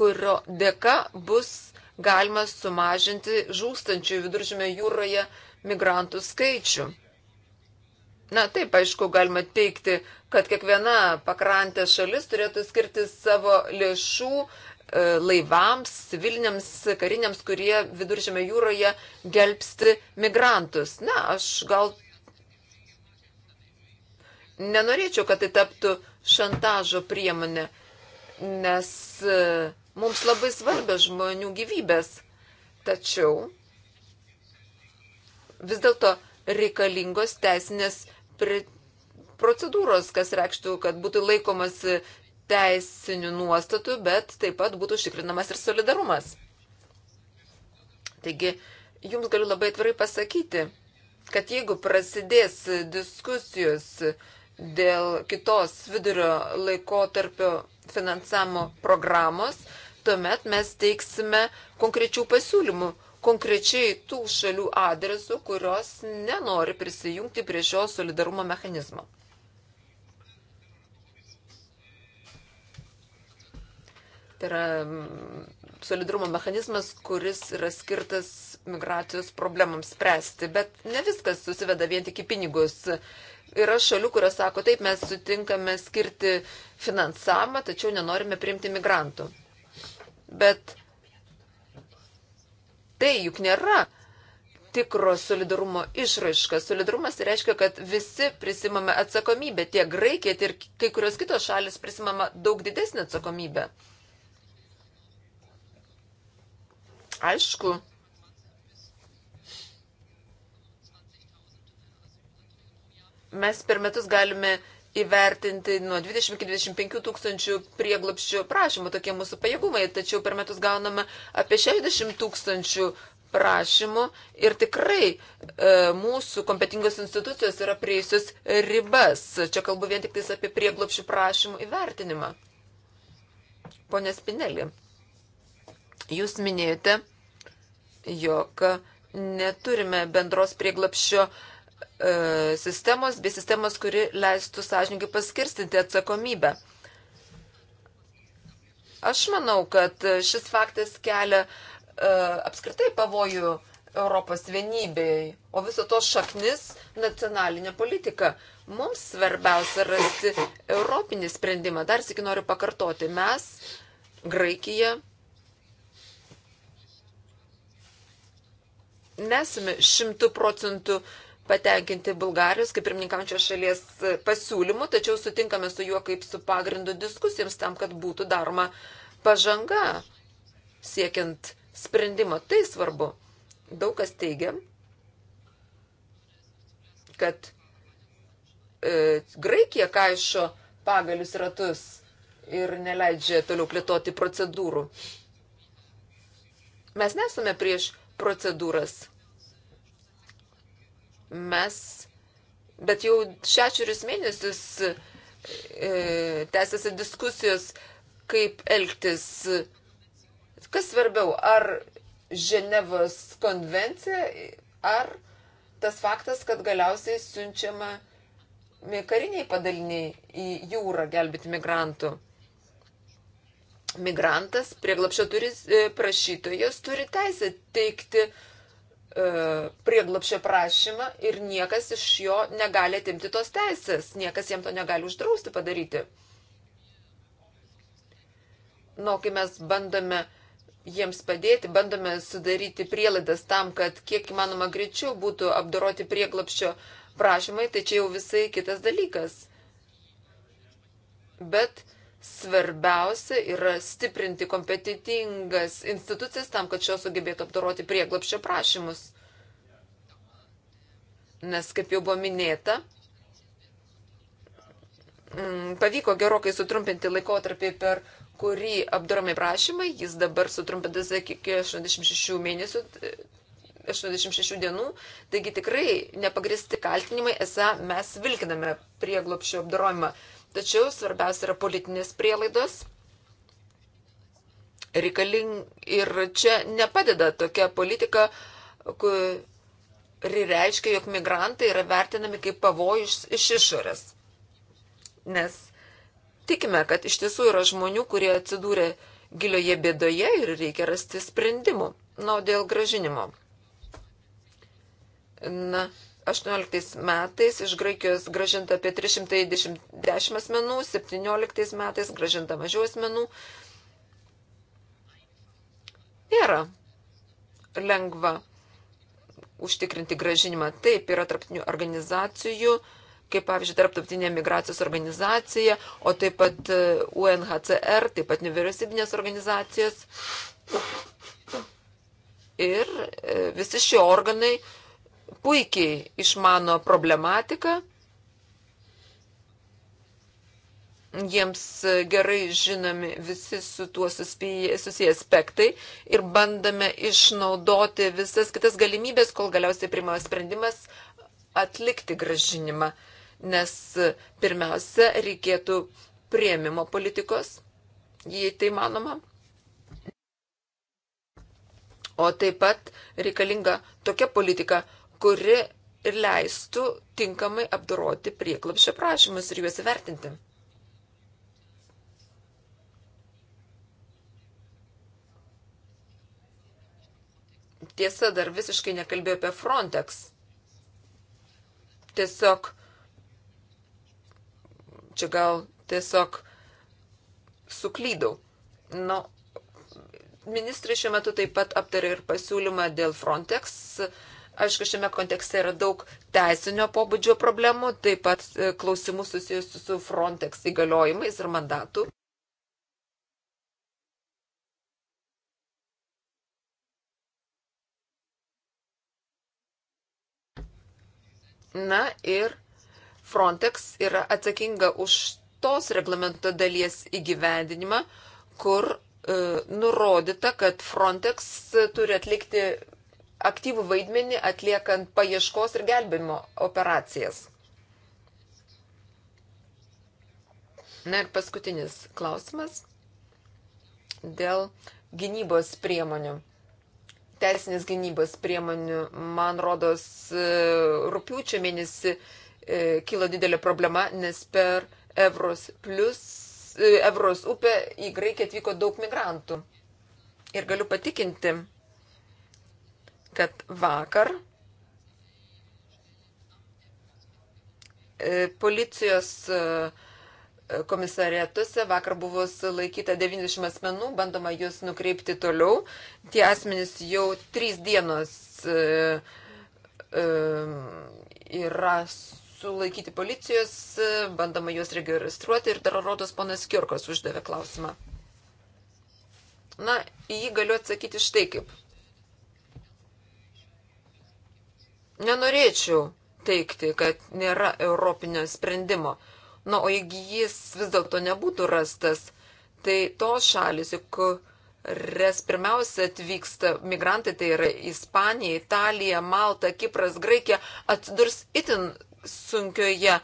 kurio dėka bus galima sumažinti žūstančių viduržėme jūroje migrantų skaičių. Na taip, aišku, galima teikti, kad kiekviena pakrantė šalis turėtų skirti savo lėšų e, laivams, civiliniams, kariniams, kurie viduržėme jūroje gelbsti migrantus. Na, aš gal Nenorėčiau, kad tai taptų šantažo priemonė, nes e, mums labai svarbios žmonių gyvybės. Tačiau vis dėlto reikalingos teisinės procedūros, kas reikštų, kad būtų laikomas teisinių nuostatų, bet taip pat būtų užtikrinamas ir solidarumas. Taigi, jums galiu labai atvirai pasakyti, kad jeigu prasidės diskusijos dėl kitos vidurio laiko tarpio finansavimo programos, tuomet mes teiksime konkrečių pasiūlymų, konkrečiai tų šalių adresų, kurios nenori prisijungti prie šio solidarumo mechanizmo. Tai yra mm, solidarumo mechanizmas, kuris yra skirtas migracijos problemams spręsti, bet ne viskas susiveda vien tik į pinigus yra šalių, kurios sako, taip, mes sutinkame skirti finansavimą, tačiau nenorime priimti migrantų. Bet tai juk nėra tikro solidarumo išraiška. Solidarumas tai reiškia, kad visi prisimame atsakomybę. Tiek Graikija, tiek kai kurios kitos šalis prisimama daug didesnį atsakomybę. Aišku, mes per metus galime įvertinti nuo 20 iki 25 tūkstančių prieglopščių prašymų, tokie mūsų pajėgumai, tačiau per metus gauname apie 60 tūkstančių prašymų ir tikrai e, mūsų kompetingos institucijos yra prieisius ribas. Čia kalbu vien tik apie prieglopšių prašymų įvertinimą. Pone Spinelį, jūs minėjote, jog neturime bendros prieglopščio e, E, sistemos, bei sistemos, kuri leistų sąžininkai paskirstinti atsakomybę. Aš manau, kad šis faktas kelia e, apskritai pavojų Europos vienybei, o viso to šaknis nacionalinė politika. Mums svarbiausia rasti europinį sprendimą. Dar sėki noriu pakartoti. Mes, Graikija, nesame šimtų procentų uh, patenkinti Bulgarijos, kaip pirmininkančios šalies e, pasiūlymu, tačiau sutinkame su juo kaip su pagrindu diskusijams tam, kad būtų daroma pažanga siekiant sprendimo. Tai svarbu. Daug kas teigia, kad e, Graikija kaišo pagalius ratus ir neleidžia toliau plėtoti procedūrų. Mes nesame prieš procedūras mes, bet jau šešerius mėnesius e, tęsiasi diskusijos, kaip elgtis. Kas svarbiau, ar Ženevos konvencija, ar tas faktas, kad galiausiai siunčiama kariniai padaliniai į jūrą gelbėti migrantų. Migrantas, prieglapšio e, prašytojas turi teisę teikti E, prieglapšio prašymą ir niekas iš jo negali atimti tos teisės, niekas jam to negali uždrausti padaryti. Na, nu, kai mes bandome jiems padėti, bandome sudaryti prielaidas tam, kad kiek įmanoma greičiau būtų apdoroti prieglapščio prašymai, tai čia jau visai kitas dalykas. Bet uh, Svarbiausia yra stiprinti kompetitingas institucijas tam, kad šios sugebėtų apdoroti prieglapščio prašymus. Nes, kaip jau buvo minėta, mm, pavyko gerokai sutrumpinti laikotarpį, per kurį apdoromai prašymai, jis dabar sutrumpintas iki 86 mėnesių, 86 dienų, taigi tikrai nepagristi kaltinimai esą mes vilkiname prieglopšio apdorojimą. Tačiau svarbiausia yra politinės prielaidos. Reikaling ir čia nepadeda tokia politika, kuri reiškia, jog migrantai yra vertinami kaip pavojus iš išorės. Nes tikime, kad iš tiesų yra žmonių, kurie atsidūrė gilioje bėdoje ir reikia rasti sprendimų. Na, o dėl gražinimo. Na, 18 metais iš Graikijos gražinta apie 310 asmenų, 17 metais gražinta mažiau asmenų. Nėra lengva užtikrinti gražinimą. Taip, yra tarptinių organizacijų, kaip pavyzdžiui, tarptautinė migracijos organizacija, o taip pat e, UNHCR, taip pat nevyriausybinės organizacijos. Ir e, visi šie organai uh, puikiai išmano problematiką, jiems gerai žinomi visi su tuo susiję aspektai ir bandome išnaudoti visas kitas galimybės, kol galiausiai primamas sprendimas atlikti gražinimą, nes pirmiausia reikėtų prieimimo politikos, jei tai manoma. O taip pat reikalinga tokia politika, kuri ir leistų tinkamai apdoroti prieklapšio prašymus ir juos įvertinti. Tiesa, dar visiškai nekalbėjau apie Frontex. Tiesiog, čia gal tiesiog suklydau. Nu, ministrai šiuo metu taip pat aptarė ir pasiūlymą dėl Frontex. Uh, Aišku, šiame kontekste yra daug teisinio pobūdžio problemų, taip pat e, klausimų susijusių su Frontex įgaliojimais ir mandatu. Na ir Frontex yra atsakinga už tos reglamento dalies įgyvendinimą, kur e, nurodyta, kad Frontex turi atlikti aktyvų vaidmenį atliekant paieškos ir gelbėjimo operacijas. Na ir paskutinis klausimas dėl gynybos priemonių. Teisinės gynybos priemonių, man rodos, e, rūpiučio mėnesį e, kilo didelė problema, nes per Evros, plus, e, Evros upę į Graikiją atvyko daug migrantų. Ir galiu patikinti, kad vakar e, policijos e, komisariatuose vakar buvo sulaikyta 90 asmenų, bandoma juos nukreipti toliau. Tie asmenys jau trys dienos e, yra sulaikyti policijos, bandoma juos registruoti ir dar rodos ponas Kirkos uždavė klausimą. Na, į jį galiu atsakyti štai kaip. Nenorėčiau teikti, kad nėra europinio sprendimo. Na, nu, o jeigu jis vis dėlto nebūtų rastas, tai tos šalis, kurias pirmiausia atvyksta migrantai, tai yra Ispanija, Italija, Malta, Kipras, Graikija, atsidurs itin sunkioje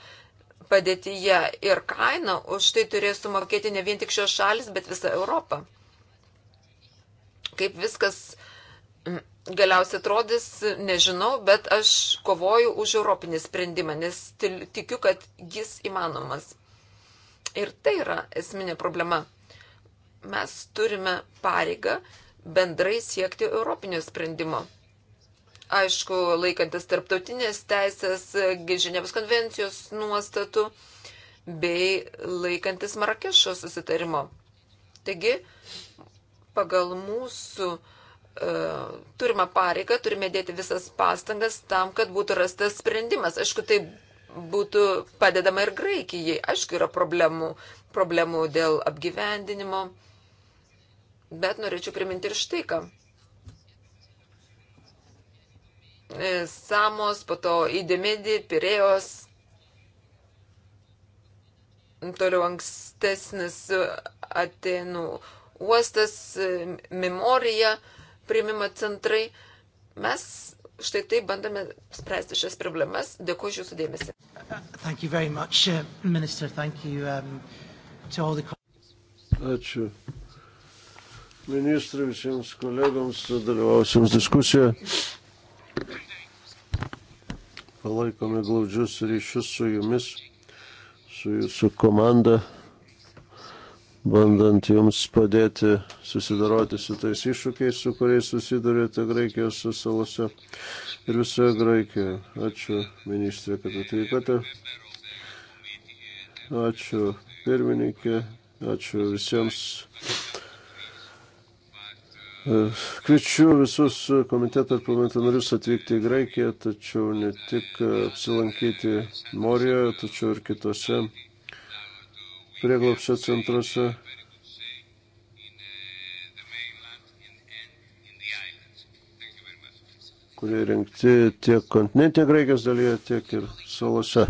padėtyje ir kaina už tai turės sumokėti ne vien tik šios šalis, bet visa Europa. Kaip viskas galiausiai atrodys, nežinau, bet aš kovoju už europinį sprendimą, nes tikiu, kad jis įmanomas. Ir tai yra esminė problema. Mes turime pareigą bendrai siekti europinio sprendimo. Aišku, laikantis tarptautinės teisės, Ženevos konvencijos nuostatų bei laikantis Marakešo susitarimo. Taigi, pagal mūsų uh, E, turime pareigą, turime dėti visas pastangas tam, kad būtų rastas sprendimas. Aišku, tai būtų padedama ir Graikijai. Aišku, yra problemų, problemų dėl apgyvendinimo, bet norėčiau priminti ir štai ką. E, Samos, po to įdėmėdi, Pirėjos, toliau ankstesnis Atenų uostas, e, Memorija. Uh, priimimo centrai. Mes štai taip bandome spręsti šias problemas. Dėkuoju iš jūsų dėmesį. Much, uh, Minister, you, um, the... Ačiū. Ministrui visiems kolegoms dalyvausiems diskusijoje. Palaikome glaudžius ryšius su jumis, su jūsų komanda bandant jums padėti susidaroti su tais iššūkiais, su kuriais susidurėte Graikijos salose ir visoje Graikijoje. Ačiū, ministrė, kad atvykote. Ačiū, pirmininkė. Ačiū visiems. Kviečiu visus komiteto ir parlamento narius atvykti į Graikiją, tačiau ne tik apsilankyti Morijoje, tačiau ir kitose prieglopščio centruose. kurie rinkti tiek kontinentė Graikijos dalyje, tiek ir salose.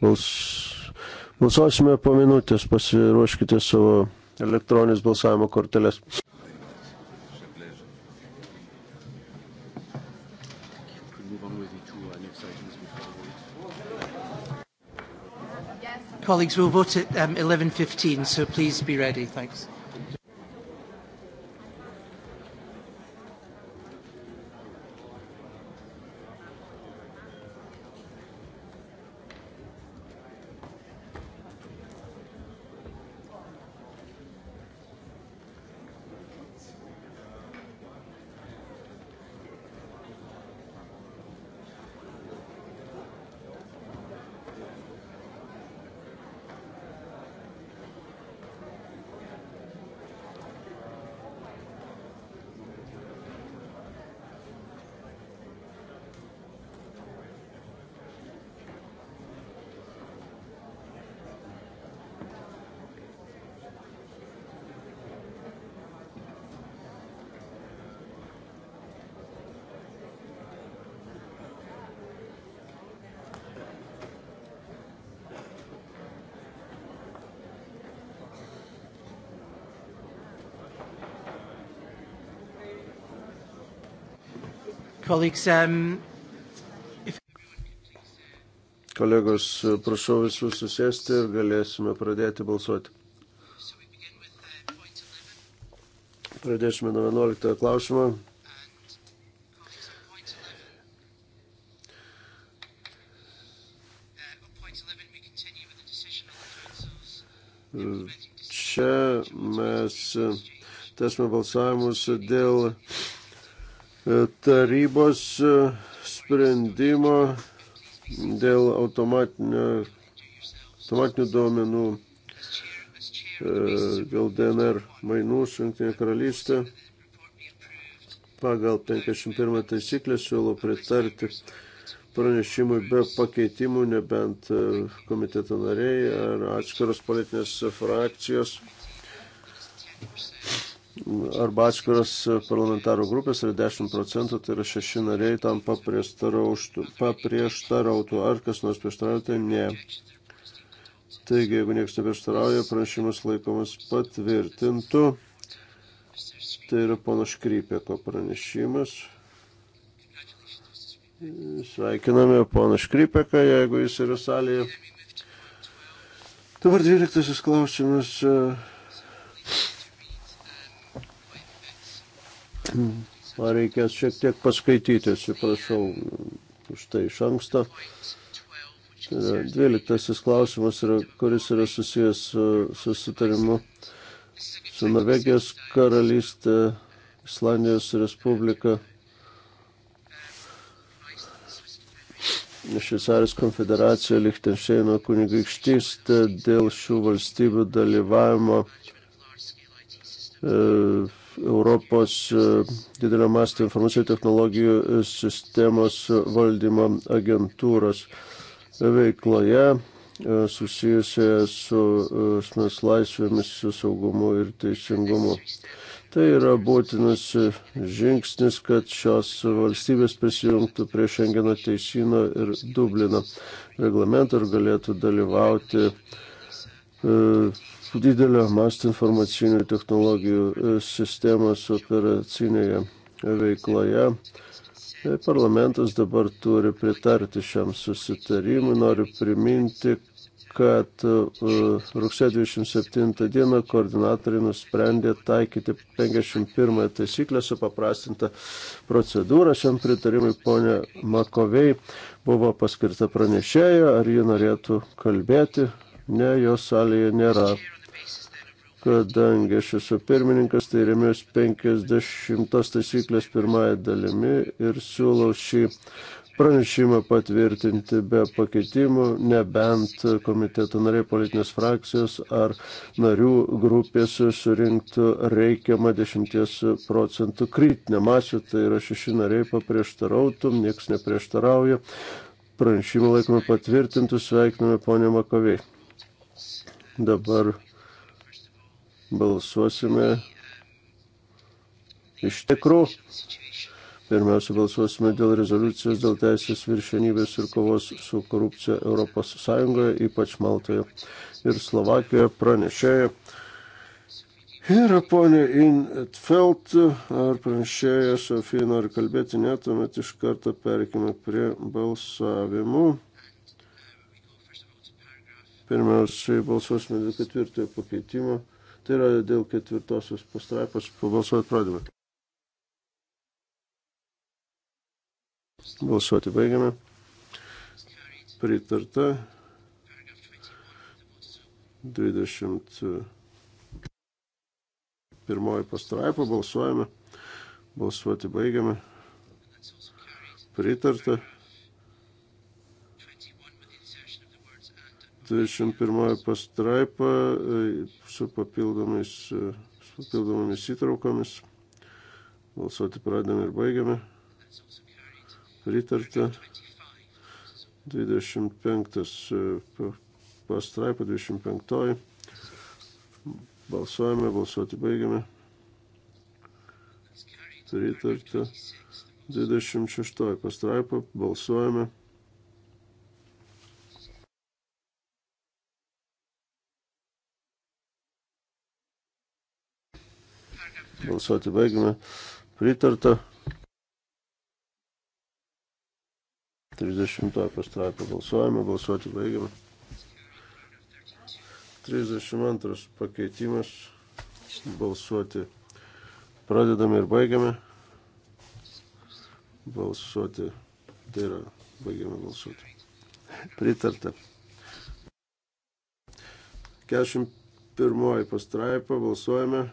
Bals, balsuosime po minutės, pasiruoškite savo elektroninės balsavimo korteles. Colleagues, we'll vote at um, 11.15, so please be ready. Thanks. colleagues, um, if... Kolegos, prašau visus susėsti ir galėsime pradėti balsuoti. Pradėsime nuo 11 klausimą. Čia mes tęsime balsavimus dėl tarybos e, sprendimo dėl automatinio, automatinių duomenų, e, dėl DNR mainų su Junktinė karalystė. Pagal 51 taisyklę siūlau pritarti pranešimui be pakeitimų, nebent e, komiteto nariai ar atskiros politinės frakcijos arba atskiros parlamentarų grupės yra 10 procentų, tai yra šeši nariai tam paprieštarautų. Ar kas nors prieštarauja, tai ne. Taigi, jeigu niekas neprieštarauja, pranešimas laikomas patvirtintų. Tai yra pono Škrypėko pranešimas. Sveikiname pono Škrypėką, jeigu jis yra salėje. Dabar 12 klausimas. Uh, reikės šiek tiek paskaityti, atsiprašau, už tai iš anksto. Tai dvyliktasis klausimas, yra, kuris yra susijęs su susitarimu su Norvegijos karalystė, Islandijos Respublika, Šveicarijos konfederacija, Lichtenšteino kunigaikštystė dėl šių valstybių dalyvavimo e, Europos e, didelio masto informacijų technologijų e, sistemos valdymo agentūros veikloje e, susijusioje su asmens laisvėmis, su saugumu ir teisingumu. Tai yra būtinas žingsnis, kad šios valstybės prisijungtų prie Šengeno teisino ir Dublino reglamento ir galėtų dalyvauti didelio masto informacinių technologijų e, sistemos operacinėje veikloje. E, parlamentas dabar turi pritarti šiam susitarimui. Noriu priminti, kad e, rugsėjo 27 dieną koordinatoriai nusprendė taikyti 51 taisyklę su paprastinta procedūra. Šiam pritarimui ponė Makovei buvo paskirta pranešėja, ar ji norėtų kalbėti. Ne, jos salėje nėra kadangi aš esu pirmininkas, tai remiuos 50 taisyklės pirmąją dalimi ir siūlau šį pranešimą patvirtinti be pakeitimų, nebent komiteto nariai politinės frakcijos ar narių grupės surinktų reikiamą 10 procentų kritinę masę, tai yra šeši nariai paprieštarautum, nieks neprieštarauja. Pranešimą laikome patvirtintų, sveikiname ponę Makovei. Dabar balsuosime iš tikrųjų. Pirmiausia, balsuosime dėl rezoliucijos dėl teisės viršenybės ir kovos su korupcija ES, ypač Maltoje ir Slovakijoje pranešėjo. Yra ponė Intfeld, ar pranešėja Sofija nori kalbėti, ne, tuomet iš karto perkime prie balsavimų. Pirmiausiai balsuosime dėl ketvirtojo pakeitimo. Tai yra dėl ketvirtosios pastraipos pabalsuoti pradėme. Balsuoti baigiame. Pritarta. 21 pastraipą balsuojame. Balsuoti baigiame. Pritarta. 21 pastraipa e, su papildomais, e, su papildomomis įtraukomis. Balsuoti pradėme ir baigiame. Pritarta. 25 e, pastraipa, 25. Balsuojame, balsuoti baigiame. Pritarta. 26 pastraipa, balsuojame. Balsuoti baigime. Pritarta. 30 pastraipą balsuojame, balsuoti baigiame. 32 pakeitimas, balsuoti pradedame ir baigiame. Balsuoti, tai yra, baigiame balsuoti. Pritarta. 41 pastraipą balsuojame.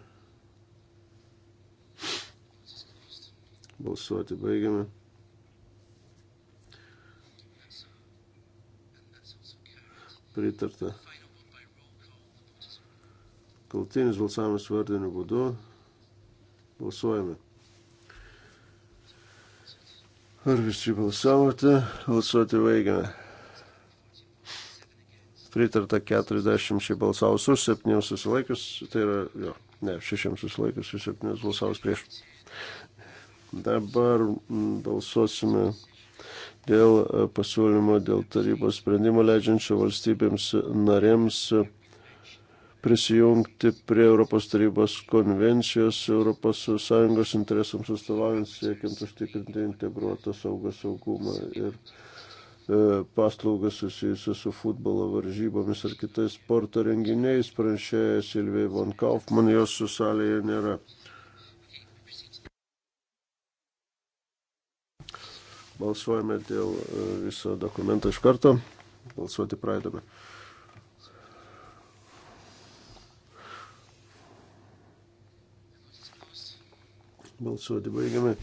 Balsuoti baigiame. Pritarta. Kaltinis balsavimas vardiniu būdu. Balsuojame. Ar visi balsavote? Balsuoti baigiame. Pritarta 40 balsavus už, 7 susilaikius, tai yra, jo, ne, 6 susilaikius, 7 balsavus prieš. Dabar mm, balsuosime dėl e, pasiūlymo, dėl tarybos sprendimo leidžiančio valstybėms narėms prisijungti prie Europos tarybos konvencijos ES interesams atstovaujant siekiant užtikrinti integruotą saugą saugumą ir e, paslaugas susijusias su futbolo varžybomis ar kitais sporto renginiais. Pranešėja Silvija Von Kaufman, jos su salėje nėra. Balsuojame dėl e, viso dokumento iš karto. Balsuoti pradedame. balsuoti baigiame.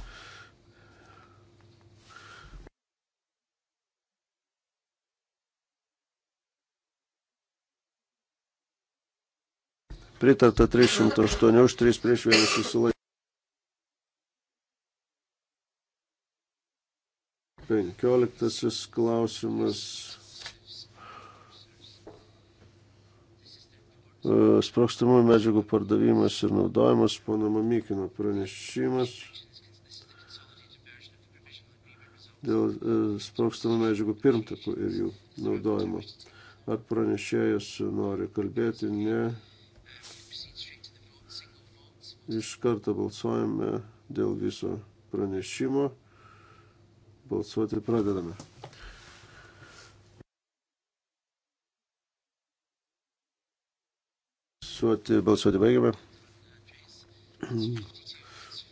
Pritarta 308 už 3 prieš 1 susilaikė. Penkioliktasis klausimas. E, Sprokstamųjų medžiagų pardavimas ir naudojimas, pono Mamykino pranešimas dėl e, sprokstamų medžiagų pirmtakų ir jų naudojimo. Ar pranešėjas nori kalbėti? Ne. Iš karto balsuojame dėl viso pranešimo. Balsuoti pradedame. Balsuoti, balsuoti baigiame.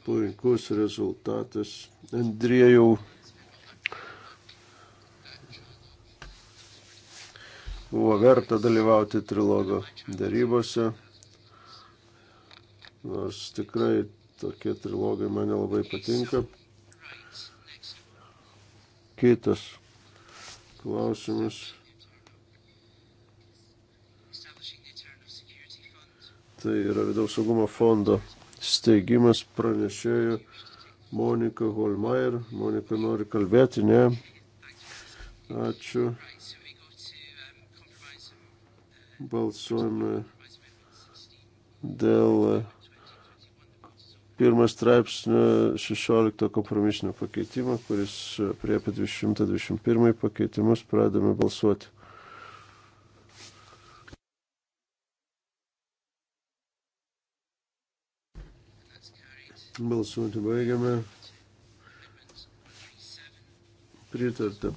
Puikus rezultatas. Andriejau. Buvo verta dalyvauti trilogo darybose, nors tikrai tokie trilogai man nelabai patinka. Kitas klausimas. Tai yra vidaus saugumo fondo steigimas pranešėjų Monika Holmeier. Monika nori kalbėti, ne? Ačiū. Balsuojame dėl pirmas straipsnio 16 kompromisinio pakeitimo, kuris prie apie 221 pakeitimus pradame balsuoti. Balsuoti baigiame. Pritarta.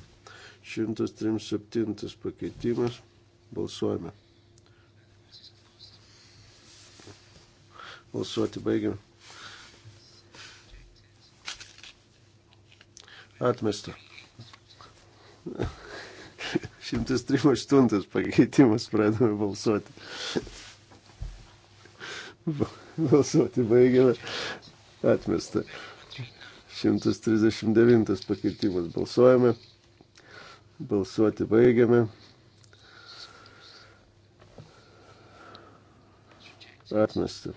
137 pakeitimas. Balsuojame. Balsuoti baigiame. Atmesta. 138 pakeitimas pradame balsuoti. Balsuoti baigiame. Atmesta. 139 pakeitimas balsuojame. Balsuoti baigiame. Atmesta.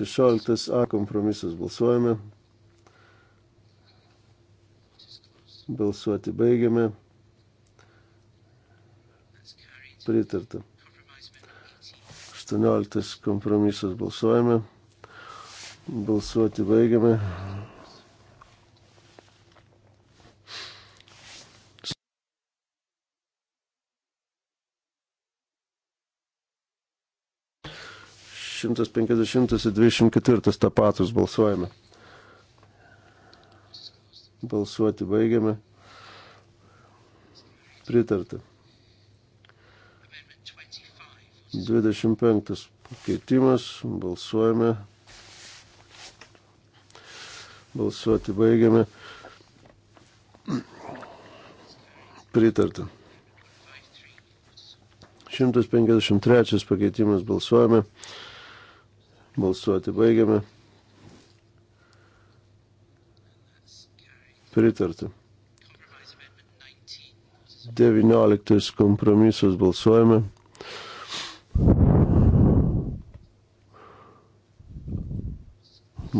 16 A kompromisas balsuojame. Balsuoti baigiame. Pritarta. 18 kompromisas balsuojame. Balsuoti baigiame. Šimtas penkisdešimtas ir dvidešimt ketvirtas tapatus balsuojame. Balsuoti baigiame. Pritarta. 25 pakeitimas. Balsuojame. Balsuoti baigiame. Pritarta. 153 pakeitimas. Balsuojame. Balsuoti baigiame. Pritarta. 19 kompromisas balsuojame.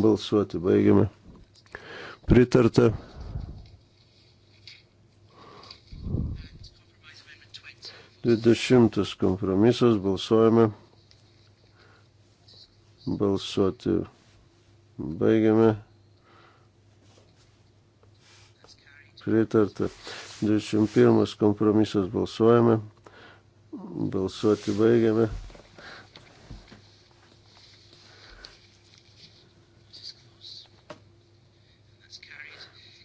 Balsuoti baigiame. Pritarta. Dvidešimtas kompromisas balsuojame. Balsuoti baigiame. pritarta. 21 kompromisas balsuojame. Balsuoti baigiame.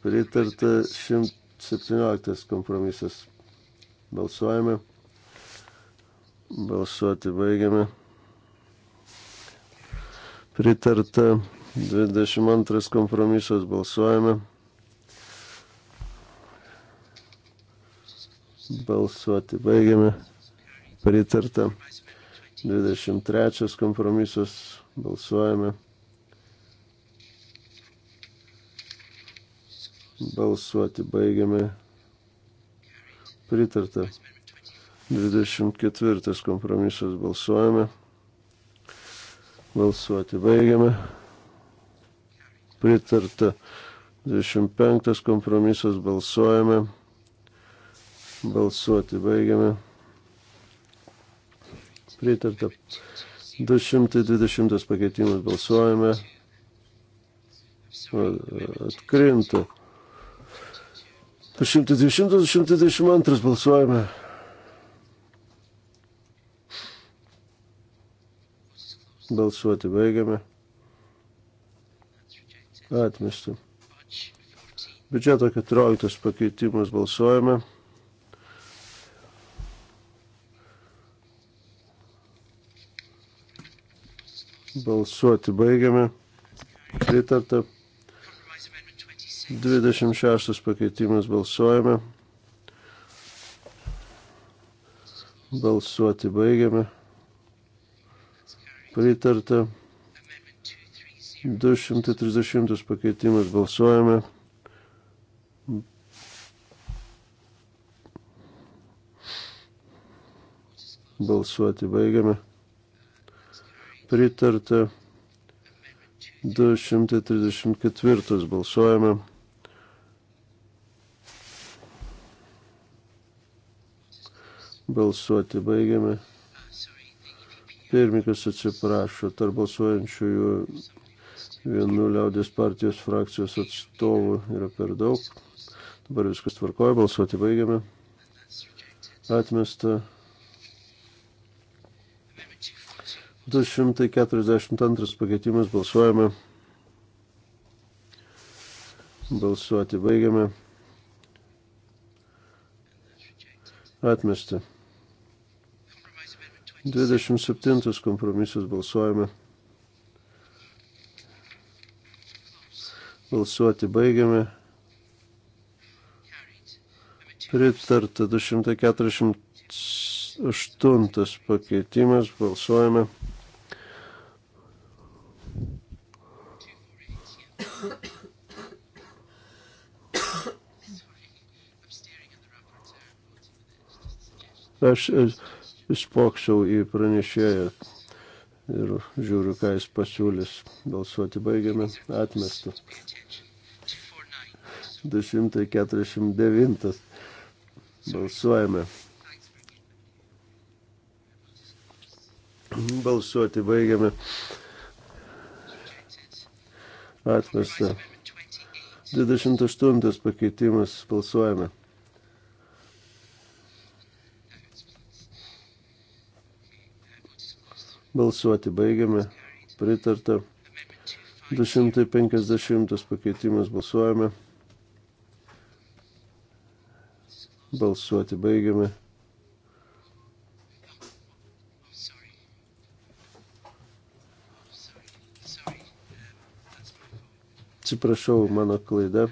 Pritarta 117 kompromisas. Balsuojame. Balsuoti baigiame. Pritarta 22 kompromisas. Balsuojame. Balsuoti baigiame. Pritarta. 23 kompromisas. Balsuojame. Balsuoti baigiame. Pritarta. 24 kompromisas. Balsuojame. Balsuoti baigiame. Pritarta. 25 kompromisas. Balsuojame. Balsuoti baigiame. Pritarta. 220 pakeitimas balsuojame. Atkrinta. 120-122 balsuojame. Balsuoti baigiame. Atmestų. Biudžeto 14 pakeitimas balsuojame. Balsuoti baigiame. Pritarta. 26 pakeitimas balsuojame. Balsuoti baigiame. Pritarta. 230 pakeitimas balsuojame. Balsuoti baigiame pritarta 234 balsuojame. Balsuoti baigiame. Pirmininkas atsiprašo, tarp balsuojančiųjų vienu liaudės partijos frakcijos atstovų yra per daug. Dabar viskas tvarkoja, balsuoti baigiame. Atmesta 242 pakeitimas balsuojame. Balsuoti baigiame. Atmesti. 27 kompromisas balsuojame. Balsuoti baigiame. Pritarta 248 pakeitimas balsuojame. Aš spoksau į pranešėją ir žiūriu, ką jis pasiūlys. Balsuoti baigiame. Atmestų. 249. Balsuojame. Balsuoti baigiame. Atmesta. 28 pakeitimas. Balsuojame. Balsuoti baigiame. Pritarta. 250 pakeitimas balsuojame. Balsuoti baigiame. Atsiprašau, mano klaida.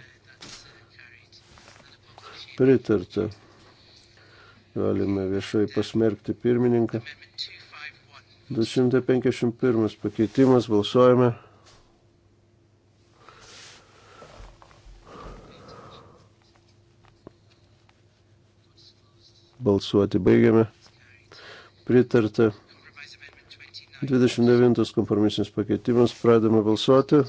Pritarta. Galime viešai pasmerkti pirmininką. 251 pakeitimas, balsuojame. Balsuoti baigiame. Pritarta 29 kompromisinis pakeitimas, pradame balsuoti.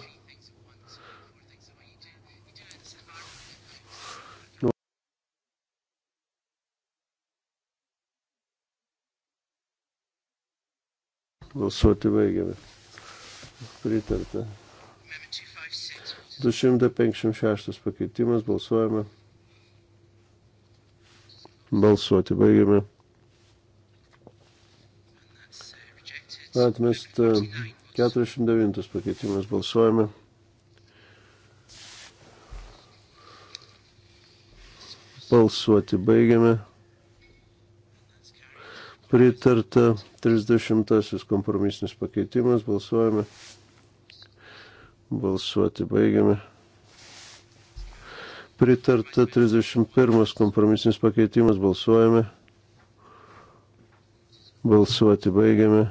Balsuoti baigiame. Pritarta. 256 pakeitimas. Balsuojame. Balsuoti baigiame. Atmesta 49 pakeitimas. Balsuojame. Balsuoti baigiame pritarta 30 kompromisinis pakeitimas, balsuojame. Balsuoti baigiame. Pritarta 31 kompromisinis pakeitimas, balsuojame. Balsuoti baigiame.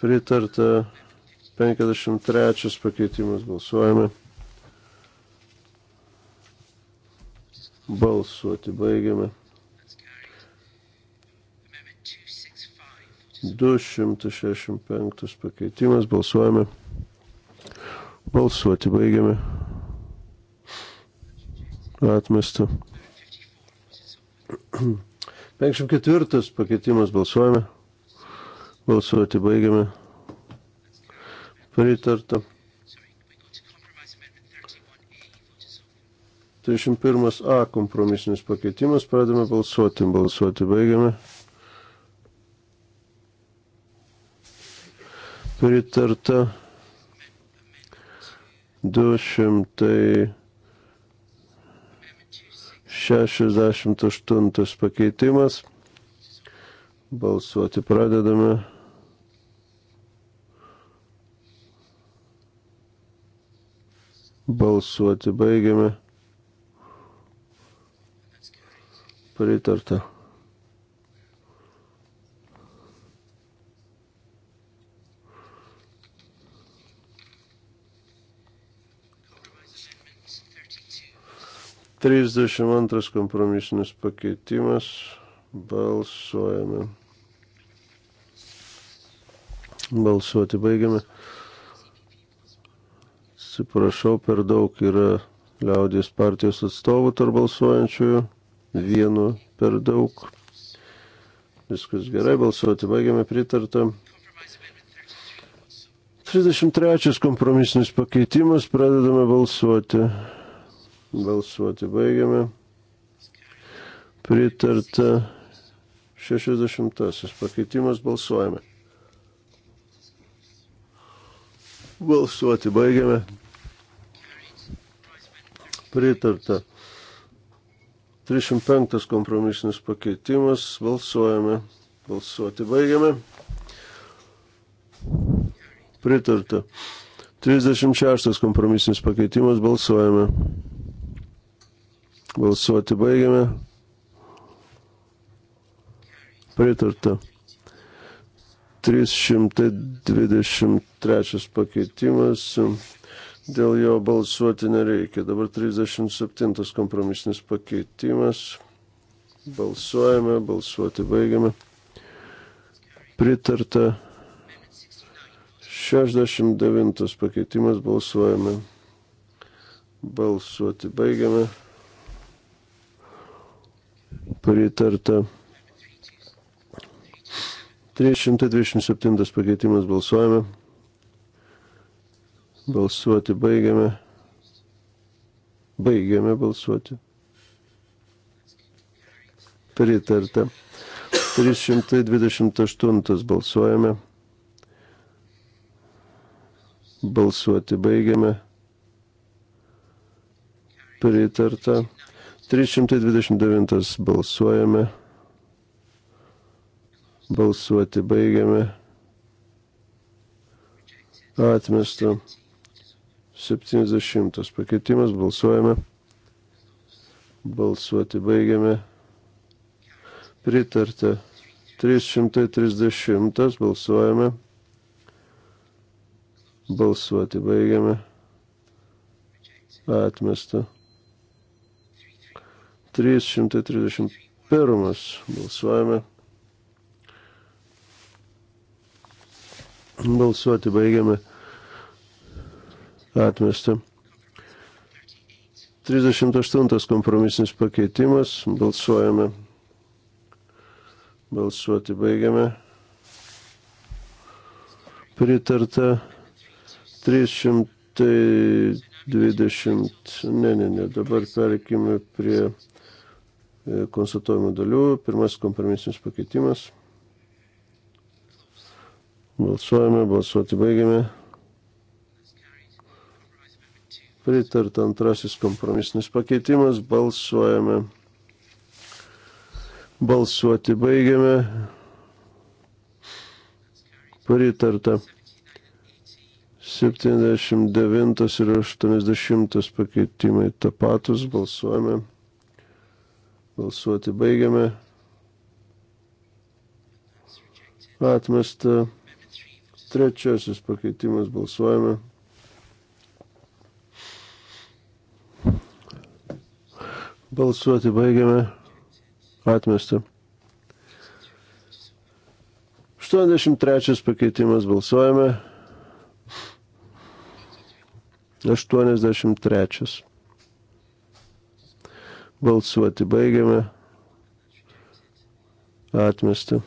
Pritarta 53 pakeitimas, balsuojame. Balsuoti baigiame. 265 pakeitimas. Balsuojame. Balsuoti baigiame. Atmesta. 54 pakeitimas. Balsuojame. Balsuoti baigiame. Pritarta. 31a kompromisinis pakeitimas. Pradame balsuoti. Balsuoti baigiame. pritarta 268 pakeitimas. Balsuoti pradedame. Balsuoti baigiame. Pritarta. 32 kompromisinis pakeitimas. Balsuojame. Balsuoti baigiame. Atsiprašau, per daug yra liaudės partijos atstovų tarp balsuojančiųjų. Vienu per daug. Viskas gerai, balsuoti baigiame pritartą. 33 kompromisinis pakeitimas, pradedame balsuoti. Balsuoti baigiame. Pritarta 60. Pakeitimas balsuojame. Balsuoti baigiame. Pritarta. 305 kompromisinis pakeitimas. Balsuojame. Balsuoti baigiame. Pritarta. 36 kompromisinis pakeitimas. Balsuojame. Balsuoti baigiame. Pritarta. 323 pakeitimas. Dėl jo balsuoti nereikia. Dabar 37 kompromisinis pakeitimas. Balsuojame, balsuoti baigiame. Pritarta. 69 pakeitimas. Balsuojame. Balsuoti baigiame pritarta. 327 pakeitimas balsuojame. Balsuoti baigiame. Baigiame balsuoti. Pritarta. 328 balsuojame. Balsuoti baigiame. Pritarta. 329 balsuojame. Balsuoti baigiame. Atmesta. 70 pakeitimas. Balsuojame. Balsuoti baigiame. Pritarta. 330 balsuojame. Balsuoti baigiame. Atmesta. 331 balsuojame. Balsuoti baigiame. Atmestą. 38 kompromisinis pakeitimas. Balsuojame. Balsuoti baigiame. Pritarta 320. Ne, ne, ne. Dabar perkime prie E, konstatuojamų dalių. Pirmasis kompromisinis pakeitimas. Balsuojame, balsuoti baigiame. Pritarta antrasis kompromisinis pakeitimas. Balsuojame. Balsuoti baigiame. Pritarta. 79 ir 80 pakeitimai tapatus. Balsuojame. Balsuoti baigiame. Atmesta. Trečiasis pakeitimas balsuojame. Balsuoti baigiame. Atmesta. 83 pakeitimas balsuojame. 83. Balsuoti baigiame. Atmesti.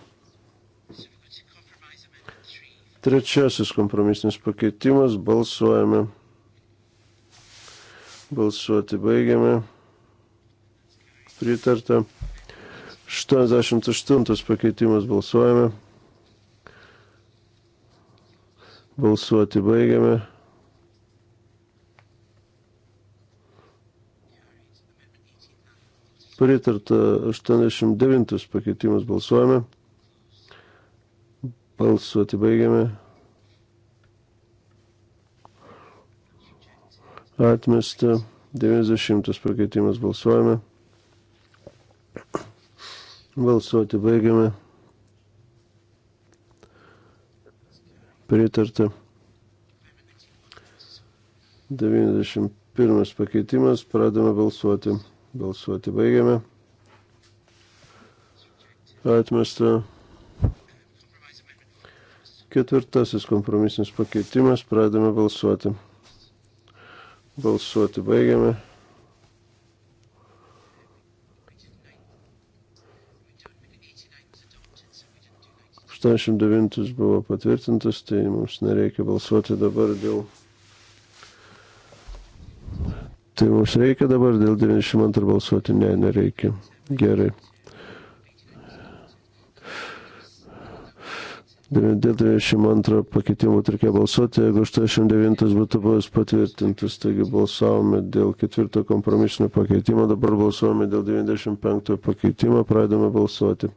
Trečiasis kompromisinis pakeitimas. Balsuojame. Balsuoti baigiame. Pritarta. 88 pakeitimas. Balsuojame. Balsuoti baigiame. Pritarta 89 pakeitimas balsuojame. Balsuoti baigiame. Atmesta 90 pakeitimas balsuojame. Balsuoti baigiame. Pritarta. 91 pakeitimas. Pradame balsuoti. Balsuoti baigiame. Atmesta. Ketvirtasis kompromisinis pakeitimas. Pradame balsuoti. Balsuoti baigiame. Aštuoniasdešimt devintas buvo patvirtintas, tai mums nereikia balsuoti dabar dėl Tai mums reikia dabar dėl 92 balsuoti? Ne, nereikia. Gerai. Dėl 92 pakeitimų reikia balsuoti, jeigu 89 būtų buvęs patvirtintas, taigi balsavome dėl ketvirto kompromisinio pakeitimo, dabar balsuojame dėl 95 pakeitimo, pradame balsuoti.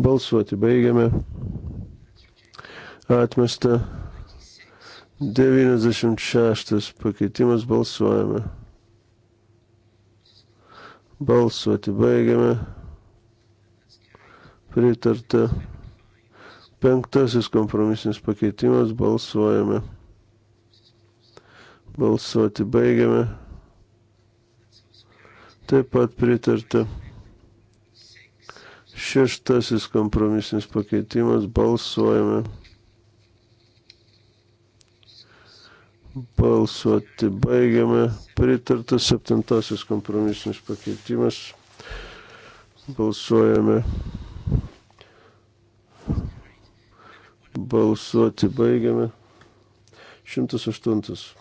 Balsuoti baigiame. Atmesta. 96 pakeitimas balsuojame. Balsuoti baigiame. Pritarta. Penktasis kompromisinis pakeitimas balsuojame. Balsuoti baigiame. Taip pat pritarta. Šeštasis kompromisinis pakeitimas balsuojame. Balsuoti baigiame. Pritartas septintasis kompromisinis pakeitimas. Balsuojame. Balsuoti baigiame. 108.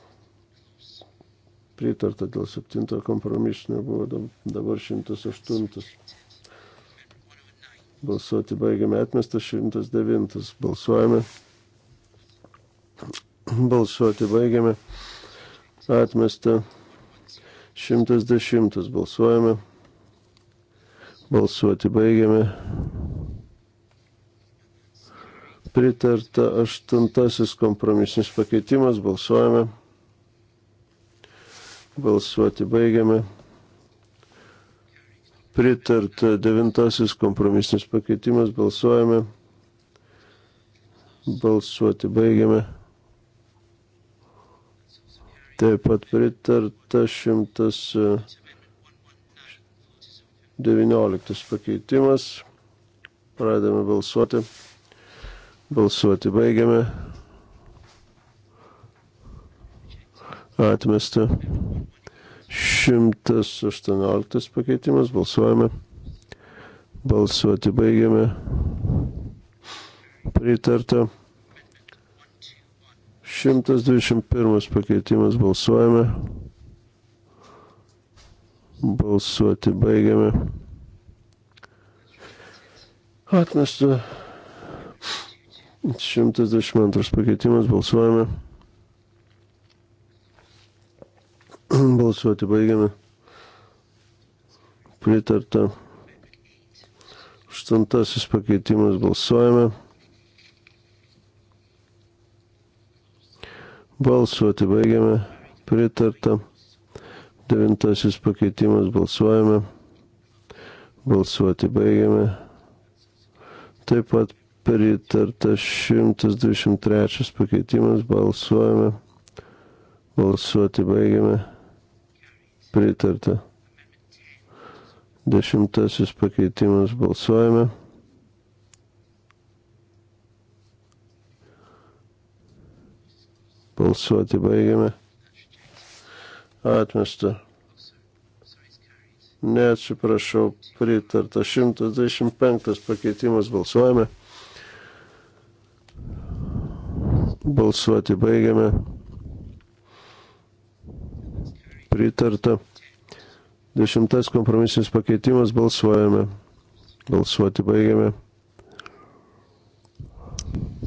Pritarta dėl 7 kompromisinio buvo dabar 108. Balsuoti baigiame atmestas 109. Balsuojame. Balsuoti baigiame. Atmesta. 110 balsuojame. Balsuoti baigiame. Pritarta aštuntasis kompromisinis pakeitimas. Balsuojame. Balsuoti baigiame. Pritarta devintasis kompromisinis pakeitimas. Balsuojame. Balsuoti baigiame. Taip pat pritarta 119 e, pakeitimas. Pradame balsuoti. Balsuoti baigiame. Atmesta. 118 pakeitimas. Balsuojame. Balsuoti baigiame. Pritarta. 121 pakeitimas balsuojame. Balsuoti baigiame. Atmesta. 122 pakeitimas balsuojame. Balsuoti baigiame. Pritarta. Aštuntasis pakeitimas balsuojame. Balsuoti baigiame. Pritarta. Devintasis pakeitimas balsuojame. Balsuoti baigiame. Taip pat pritarta 123 pakeitimas balsuojame. Balsuoti baigiame. Pritarta. Dešimtasis pakeitimas balsuojame. Balsuoti baigiame. Atmesta. Ne, atsiprašau, pritarta. 125 pakeitimas balsuojame. Balsuoti baigiame. Pritarta. Dešimtas kompromisinis pakeitimas balsuojame. Balsuoti baigiame.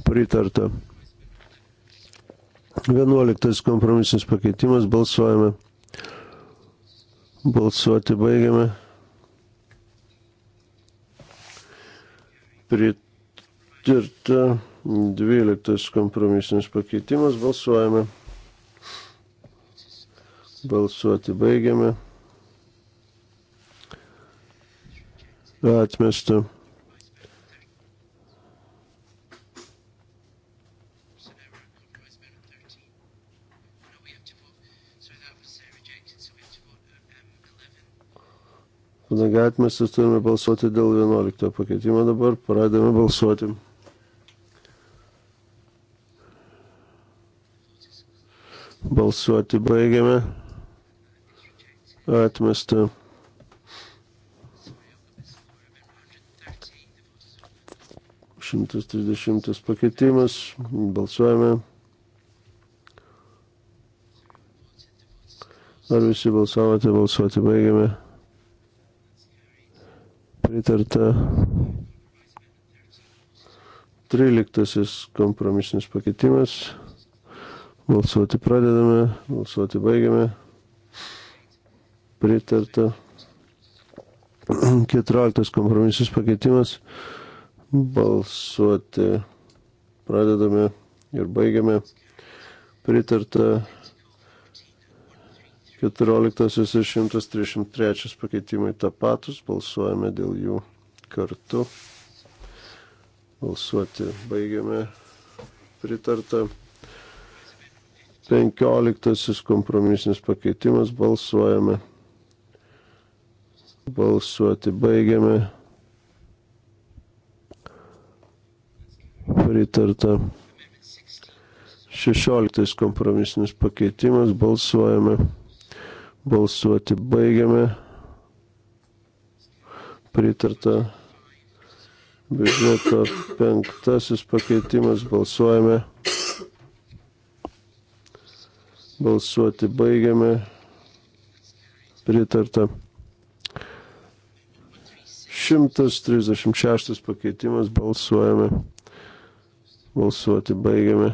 Pritarta. 11 kompromisinis pakeitimas, balsuojame. Balsuoti baigiame. Pritirta 12 kompromisinis pakeitimas, balsuojame. Balsuoti baigiame. Atmesta. Kadangi atmestas turime balsuoti dėl 11 pakeitimo, dabar pradame balsuoti. Balsuoti baigiame. Atmesta. Šimtas trisdešimtas pakeitimas. Balsuojame. Ar visi balsavote? Balsuoti baigiame pritarta. 13 kompromisinis pakeitimas. Balsuoti pradedame, balsuoti baigiame. Pritarta. 14 kompromisinis pakeitimas. Balsuoti pradedame ir baigiame. Pritarta 14 ir 133 pakeitimai tapatus, balsuojame dėl jų kartu. Balsuoti baigiame. Pritarta. 15 kompromisinis pakeitimas, balsuojame. Balsuoti baigiame. Pritarta. 16 kompromisinis pakeitimas, balsuojame Balsuoti baigiame. Pritarta biudžeto penktasis pakeitimas. Balsuojame. Balsuoti baigiame. Pritarta. 136 pakeitimas balsuojame. Balsuoti baigiame.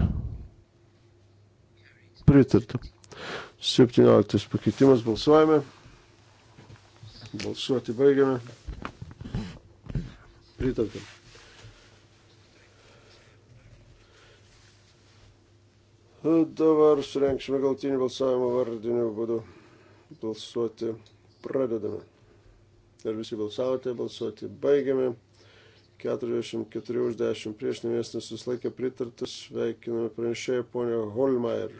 Pritarta. 17 pakeitimas balsuojame. Balsuoti baigiame. Pritartam. Dabar surenkšime galtinį balsavimo vardiniu būdu. Balsuoti pradedame. Ar visi balsavote, balsuoti baigiame. 44 už 10 prieš nemės nesusilaikė pritartas. Sveikiname pranešėją ponio Holmeier.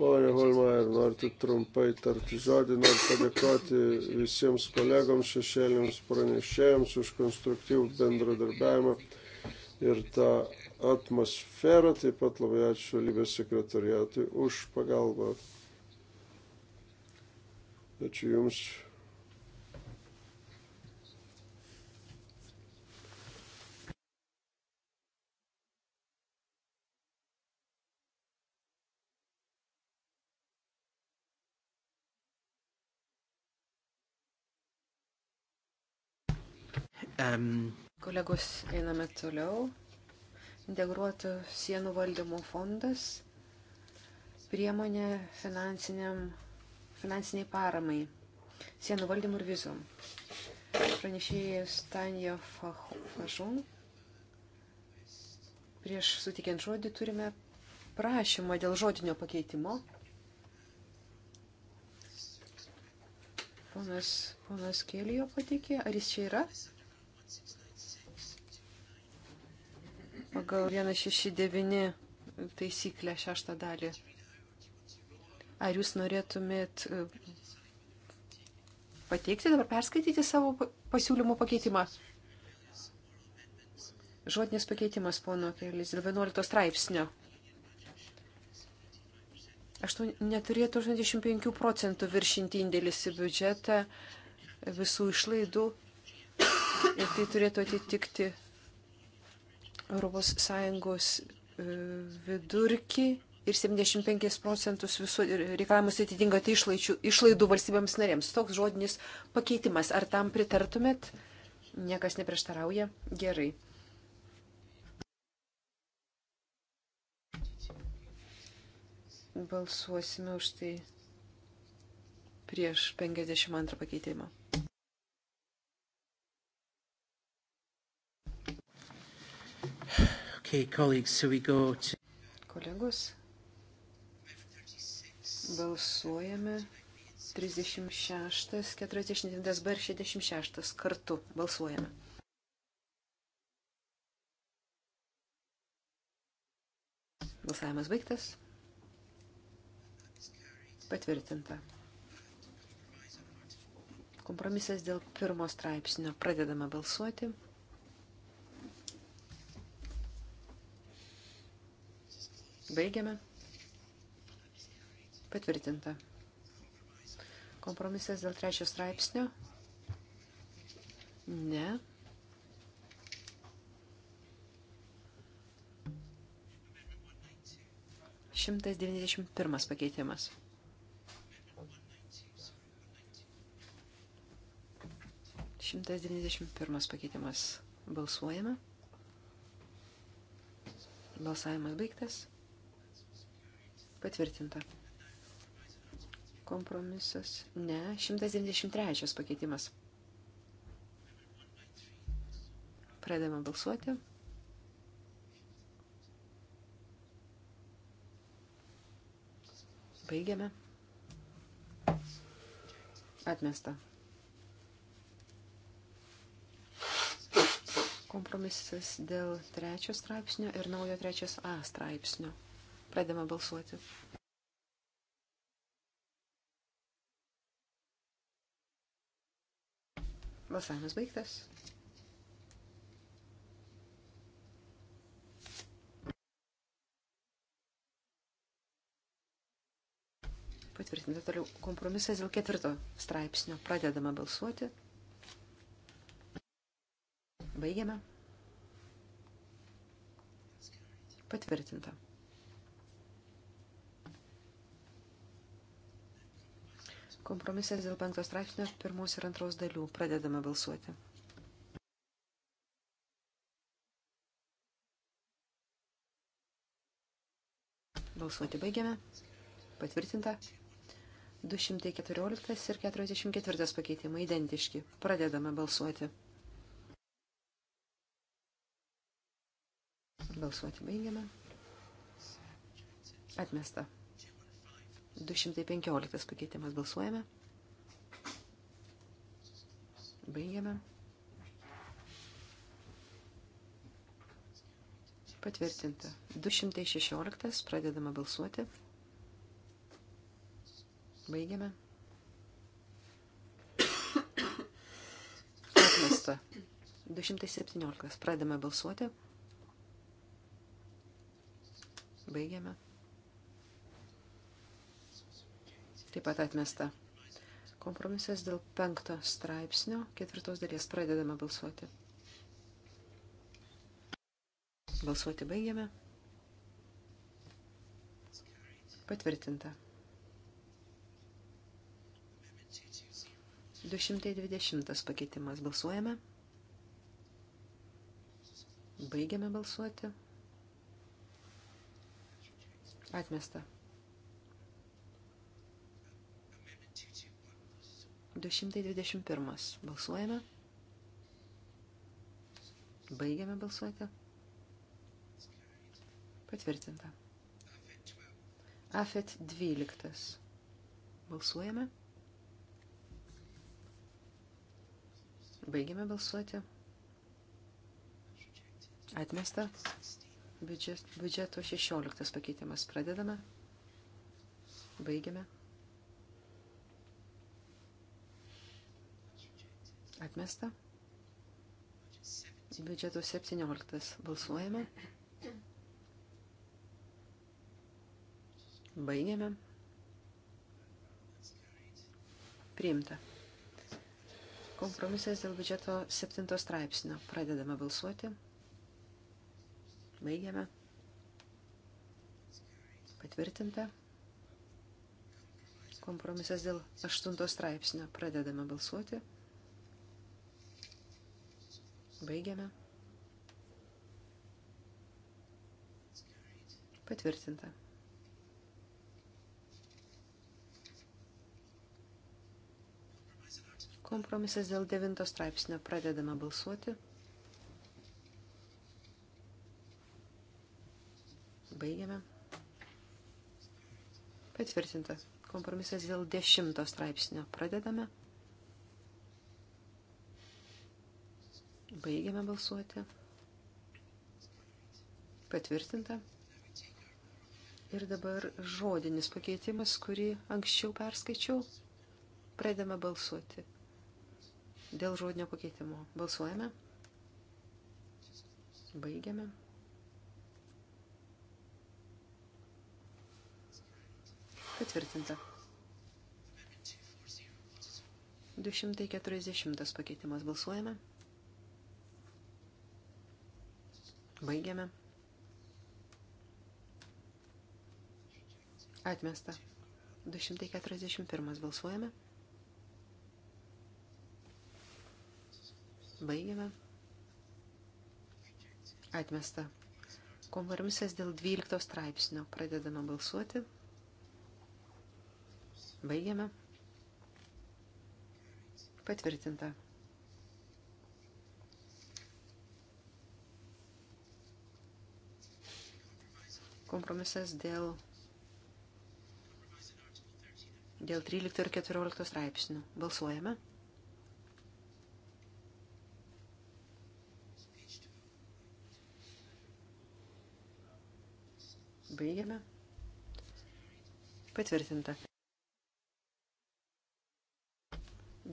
Pone Holmaier, norite trumpai tarti žodį, noriu padėkoti visiems kolegoms, šešėliams pranešėjams už konstruktyvų bendradarbiavimą ir tą atmosferą. Taip pat labai ačiū Lybės sekretariatui už pagalbą. Ačiū Jums. Um. Kolegos, einame toliau. Integruotų sienų valdymo fondas. Priemonė finansiniai paramai. Sienų valdymų ir vizom. Pranešėjas Tanja Fajon. Prieš sutikiant žodį turime prašymą dėl žodinio pakeitimo. Ponas, ponas Kėlijo patikė, ar jis čia yra? Pagal 169 taisyklę šeštą dalį. Ar jūs norėtumėt e, pateikti dabar, perskaityti savo pasiūlymų pakeitimą? Žodinis pakeitimas, pono Kelis, 11 straipsnio. Aštu, neturėtų 85 procentų viršinti indėlis į biudžetą visų išlaidų Ir tai turėtų atitikti ES e, vidurkį ir 75 procentus visų reikalavimus atitinka tai išlaidų, išlaidų valstybėms narėms. Toks žodinis pakeitimas. Ar tam pritartumėt? Niekas neprieštarauja. Gerai. Balsuosime už tai prieš 52 pakeitimą. Okay, colleagues, so we go to... Kolegos, balsuojame 36, 49 bar 66 kartu balsuojame. Balsavimas baigtas. Patvirtinta. Kompromisas dėl pirmo straipsnio. Pradedame balsuoti. Baigiame. Patvirtinta. Kompromisas dėl trečio straipsnio. Ne. Šimtas devyniasdešimt pirmas pakeitimas. Šimtas devyniasdešimt pirmas pakeitimas. Balsuojame. Balsavimas baigtas. Patvirtinta. Kompromisas. Ne. 193 pakeitimas. Pradedame balsuoti. Baigiame. Atmesta. Kompromisas dėl trečio straipsnio ir naujo trečios A straipsnio. Pradėme balsuoti. Balsavimas baigtas. Patvirtinta toliau kompromisas dėl ketvirto straipsnio. Pradedame balsuoti. Baigiame. Patvirtinta. Kompromisas dėl penktos straipsnio pirmos ir antros dalių. Pradedame balsuoti. Balsuoti baigiame. Patvirtinta. 214 ir 44 pakeitimai identiški. Pradedame balsuoti. Balsuoti baigiame. Atmesta. 215 pakeitimas balsuojame. Baigiame. Patvirtinta. 216 pradedama balsuoti. Baigiame. Atmesta. 217 pradedame balsuoti. Baigiame. Taip pat atmesta. Kompromisas dėl penkto straipsnio ketvirtos dalies pradedame balsuoti. Balsuoti baigiame. Patvirtinta. 220 pakeitimas. Balsuojame. Baigiame balsuoti. Atmesta. 221. Balsuojame. Baigiame balsuoti. Patvirtinta. AFET 12. Balsuojame. Baigiame balsuoti. Atmesta. Biudžeto 16 pakeitimas. Pradedame. Baigiame. Atmesta. Biudžeto 17. Balsuojame. Baigiame. Priimta. Kompromisas dėl biudžeto 7 straipsnio. Pradedame balsuoti. Baigiame. Patvirtinta. Kompromisas dėl 8 straipsnio. Pradedame balsuoti. Baigiame. Patvirtinta. Kompromisas dėl devinto straipsnio. Pradedame balsuoti. Baigiame. Patvirtinta. Kompromisas dėl dešimto straipsnio. Pradedame. Baigiame balsuoti. Patvirtinta. Ir dabar žodinis pakeitimas, kurį anksčiau perskaičiau. Pradame balsuoti. Dėl žodinio pakeitimo. Balsuojame. Baigiame. Patvirtinta. 240 pakeitimas. Balsuojame. Baigiame. Atmesta. 241 balsuojame. Baigiame. Atmesta. Kompromisas dėl 12 straipsnio. Pradedame balsuoti. Baigiame. Patvirtinta. kompromisas dėl, dėl 13 ir 14 straipsnių. Balsuojame. Baigiame. Patvirtinta.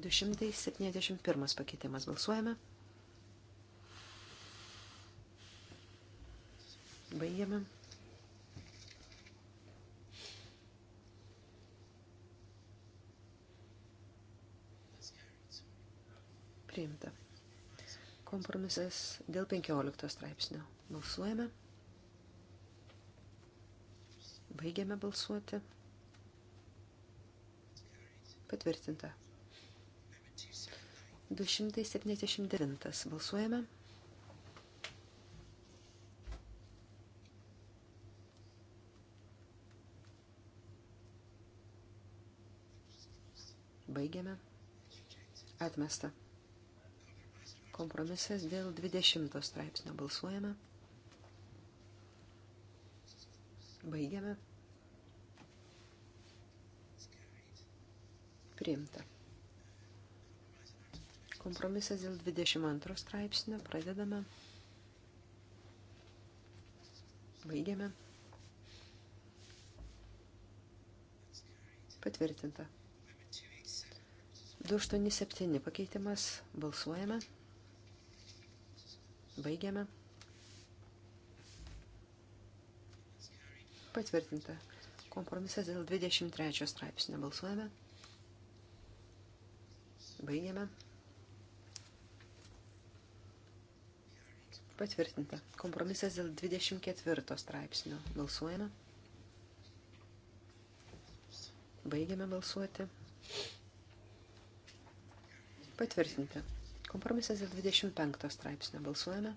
271 pakeitimas. Balsuojame. Baigiame. priimta. Kompromisas dėl 15 straipsnio. Balsuojame. Baigiame balsuoti. Patvirtinta. 279. Balsuojame. Baigiame. Atmesta. Kompromisas dėl 20 straipsnio balsuojame. Baigiame. Priimta. Kompromisas dėl 22 straipsnio pradedame. Baigiame. Patvirtinta. 287 pakeitimas. Balsuojame. Baigiame. Patvirtinta. Kompromisas dėl 23 straipsnio. Balsuojame. Baigiame. Patvirtinta. Kompromisas dėl 24 straipsnio. Balsuojame. Baigiame balsuoti. Patvirtinta. Kompromisas ir 25 straipsnio balsuojame.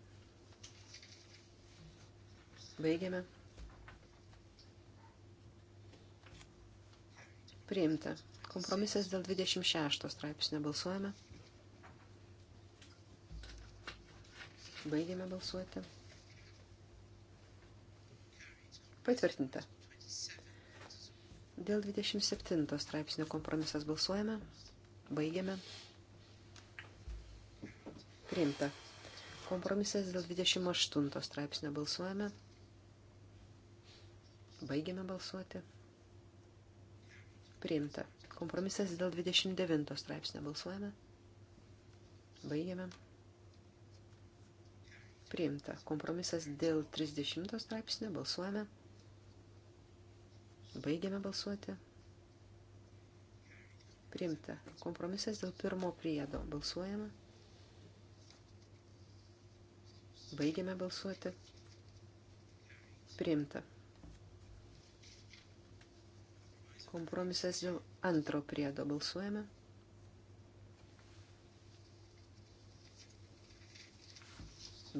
Baigiame. Priimta. Kompromisas dėl 26 straipsnio balsuojame. Baigėme balsuoti. Patvirtinta. Dėl 27 straipsnio kompromisas balsuojame. Baigėme priimta. Kompromisas dėl 28 straipsnio balsuojame. Baigiame balsuoti. Priimta. Kompromisas dėl 29 straipsnio balsuojame. Baigiame. Priimta. Kompromisas dėl 30 straipsnio balsuojame. Baigiame balsuoti. Priimta. Kompromisas dėl pirmo priedo balsuojame. Baigiame balsuoti. Priimta. Kompromisas dėl antro priedo balsuojame.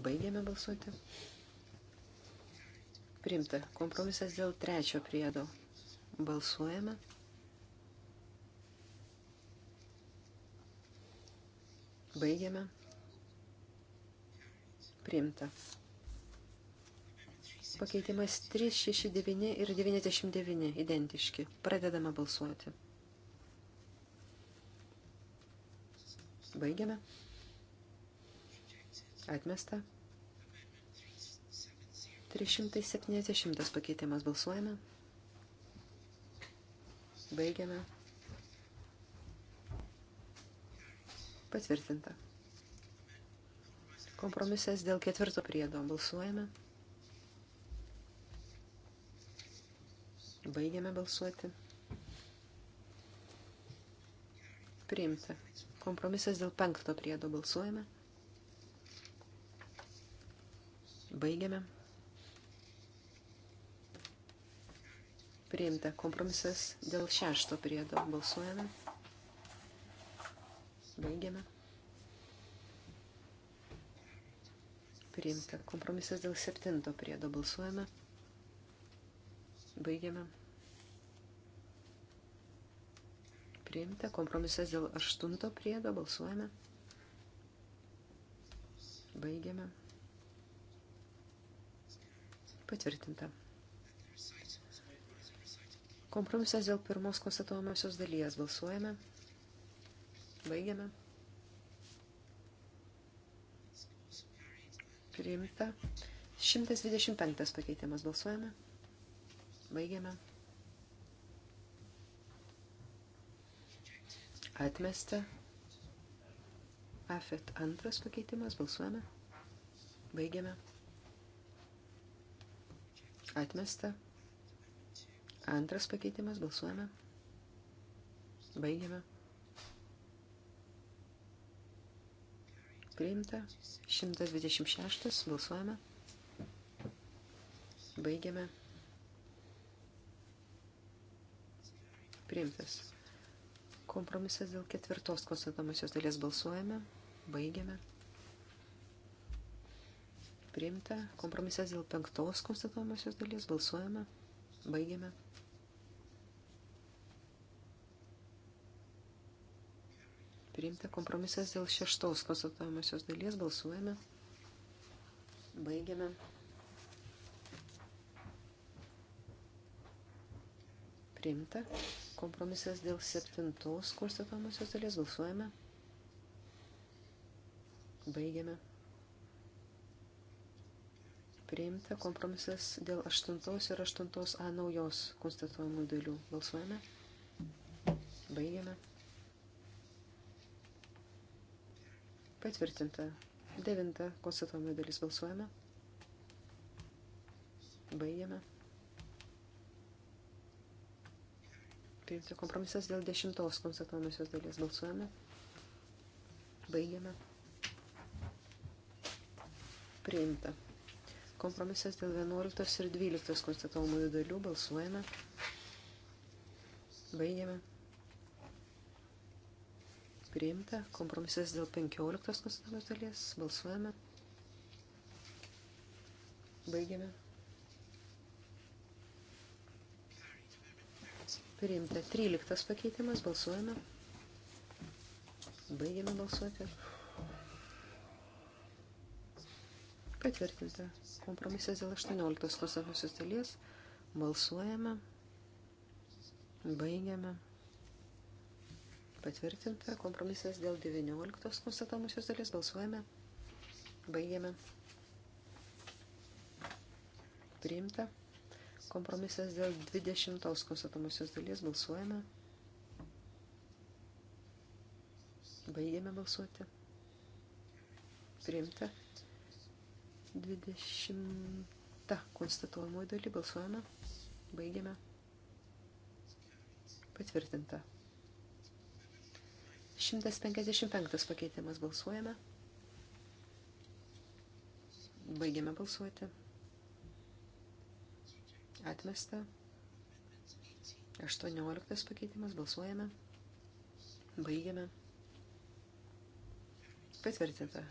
Baigiame balsuoti. Priimta. Kompromisas dėl trečio priedo balsuojame. Baigiame priimta. Pakeitimas 3, 6, 9 ir 99 identiški. Pradedame balsuoti. Baigiame. Atmesta. 370 pakeitimas balsuojame. Baigiame. Patvirtinta. Kompromisas dėl ketvirto priedo. Balsuojame. Baigiame balsuoti. Priimta. Kompromisas dėl penkto priedo. Balsuojame. Baigiame. Priimta. Kompromisas dėl šešto priedo. Balsuojame. Baigiame. priimta. Kompromisas dėl septinto priedo balsuojame. Baigiame. Priimta. Kompromisas dėl aštunto priedo balsuojame. Baigiame. Patvirtinta. Kompromisas dėl pirmos konstatuojamosios dalies balsuojame. Baigiame. priimta. 125 pakeitimas balsuojame. Baigiame. Atmesta. Afet antras pakeitimas balsuojame. Baigiame. Atmesta. Antras pakeitimas balsuojame. Baigiame. priimta. 126 balsuojame. Baigiame. Priimtas. Kompromisas dėl ketvirtos konstatomosios dalies balsuojame. Baigiame. Priimta. Kompromisas dėl penktos konstatomosios dalies balsuojame. Baigiame. priimta. Kompromisas dėl šeštos konsultuojamosios dalies. Balsuojame. Baigiame. Priimta. Kompromisas dėl septintos konsultuojamosios dalies. Balsuojame. Baigiame. Priimta kompromisas dėl 8 ir 8a naujos konstatuojamų dalių. Balsuojame. Baigiame. Patvirtinta. Devinta konstatuojama dalis balsuojame. Baigiame. Priimti kompromisas dėl dešimtos konstatuojamosios dalies balsuojame. Baigiame. Priimta. Kompromisas dėl 11 ir 12 konstatuojamųjų dalių balsuojame. Baigiame priimta. Kompromisas dėl 15 konstitucijos dalies. Balsuojame. Baigiame. Priimta 13 pakeitimas. Balsuojame. Baigiame balsuoti. Patvirtinta. Kompromisas dėl 18 konstitucijos dalies. Balsuojame. Baigiame. Patvirtinta kompromisas dėl 19 konstatamusios dalies. Balsuojame. Baigiame. Priimta. Kompromisas dėl 20 konstatamusios dalies. Balsuojame. Baigiame balsuoti. Priimta. 20 konstatuojamoji daly. Balsuojame. Baigiame. Patvirtinta. 155 pakeitimas balsuojame. Baigiame balsuoti. Atmesta. 18 pakeitimas balsuojame. Baigiame. Patvirtinta.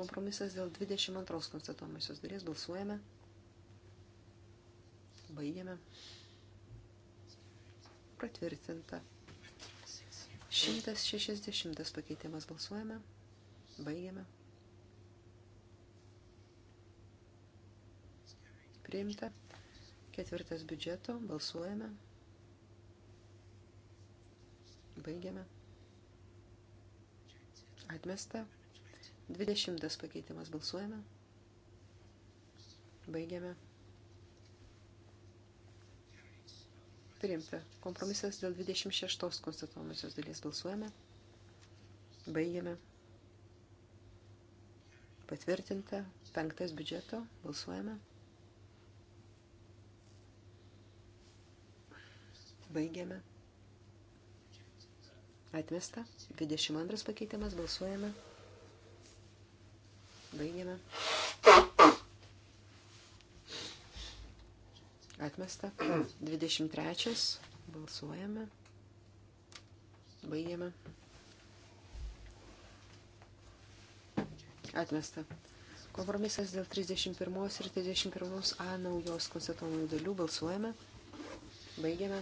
Kompromisas dėl 22 konstatuomasios dalies balsuojame. Baigiame. Patvirtinta. 160 pakeitimas balsuojame. Baigiame. Priimta. Ketvirtas biudžeto. Balsuojame. Baigiame. Atmesta. Dvidešimtas pakeitimas. Balsuojame. Baigiame. priimta. Kompromisas dėl 26 konstatuojamosios dalies balsuojame. Baigiame. Patvirtinta. Penktas biudžeto. Balsuojame. Baigiame. Atmesta. 22 pakeitimas. Balsuojame. Baigiame. Atmesta. 23. Balsuojame. Baigiame. Atmesta. Kompromisas dėl 31 ir 31 A naujos konstatuojamų dalių. Balsuojame. Baigiame.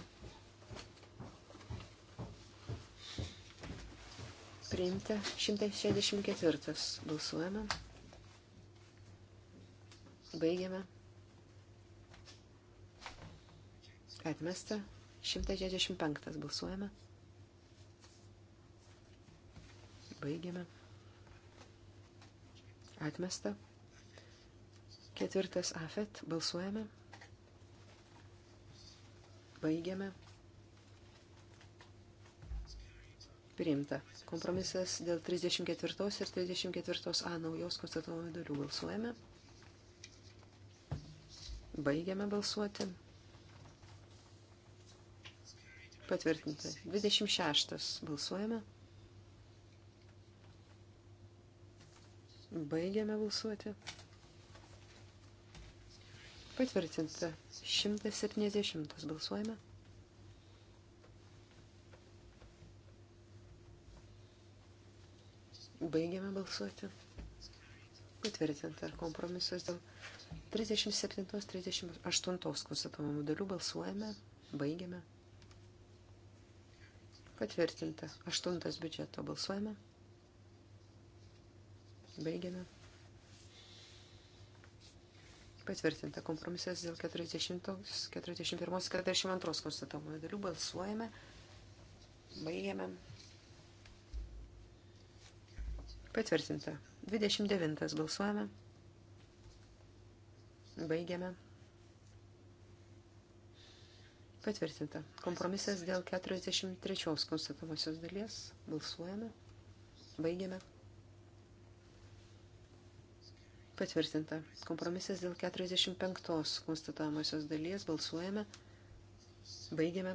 Priimta 164. Balsuojame. Baigiame. Atmesta. 165 balsuojame. Baigiame. Atmesta. Ketvirtas afet. Balsuojame. Baigiame. Priimta. Kompromisas dėl 34 ir 34a naujos konstatuojamų dalių balsuojame. Baigiame balsuoti. Patvirtinta. 26. Balsuojame. Baigiame balsuoti. Patvirtinta. 170. Balsuojame. Baigiame balsuoti. Patvirtinta. Kompromisas dėl 37-38 konstatomamų dalių balsuojame. Baigiame. Patvirtinta. Aštuntas biudžeto balsuojame. Baigiame. Patvirtinta kompromisas dėl 40, 41, 42 konstatamojo dalių. Balsuojame. Baigiame. Patvirtinta. 29 balsuojame. Baigiame. Patvirtinta. Kompromisas dėl 43 konstatamosios dalies. Balsuojame. Baigiame. Patvirtinta. Kompromisas dėl 45 konstatamosios dalies. Balsuojame. Baigiame.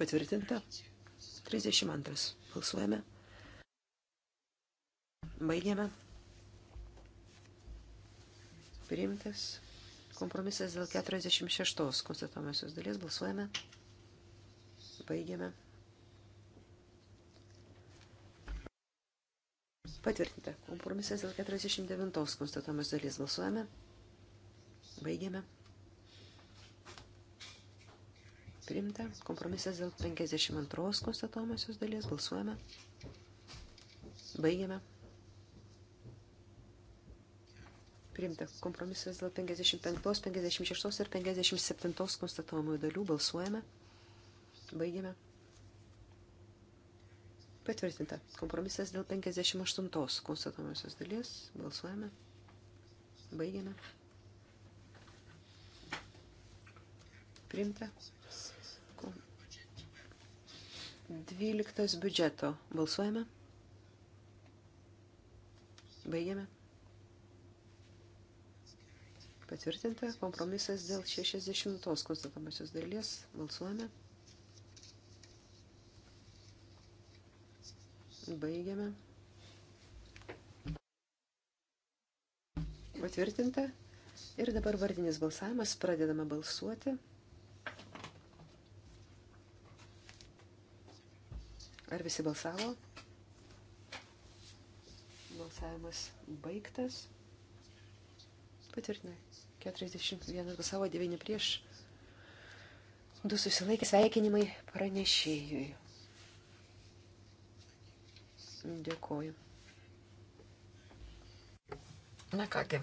Patvirtinta. 32. Balsuojame. Baigiame. Priimtas. Kompromisas dėl 46 konstatuomasios dalies. Balsuojame. Baigiame. Patvirtinta. Kompromisas dėl 49 konstatuomasios dalies. Balsuojame. Baigiame. Priimta. Kompromisas dėl 52 konstatuomasios dalies. Balsuojame. Baigiame. Priimta kompromisas dėl 55, 56 ir 57 konstatuojamųjų dalių. Balsuojame. Baigiame. Patvirtinta. Kompromisas dėl 58 konstatuojamosios dalies. Balsuojame. Baigiame. Priimta. 12 biudžeto. Balsuojame. Baigiame. Patvirtinta kompromisas dėl 60 konstatamosios dalies. Balsuojame. Baigiame. Patvirtinta. Ir dabar vardinis balsavimas. Pradedame balsuoti. Ar visi balsavo? Balsavimas baigtas patvirtina. 41 balsavo, 9 prieš. Du susilaikė sveikinimai pranešėjui. Dėkuoju. Na kągi.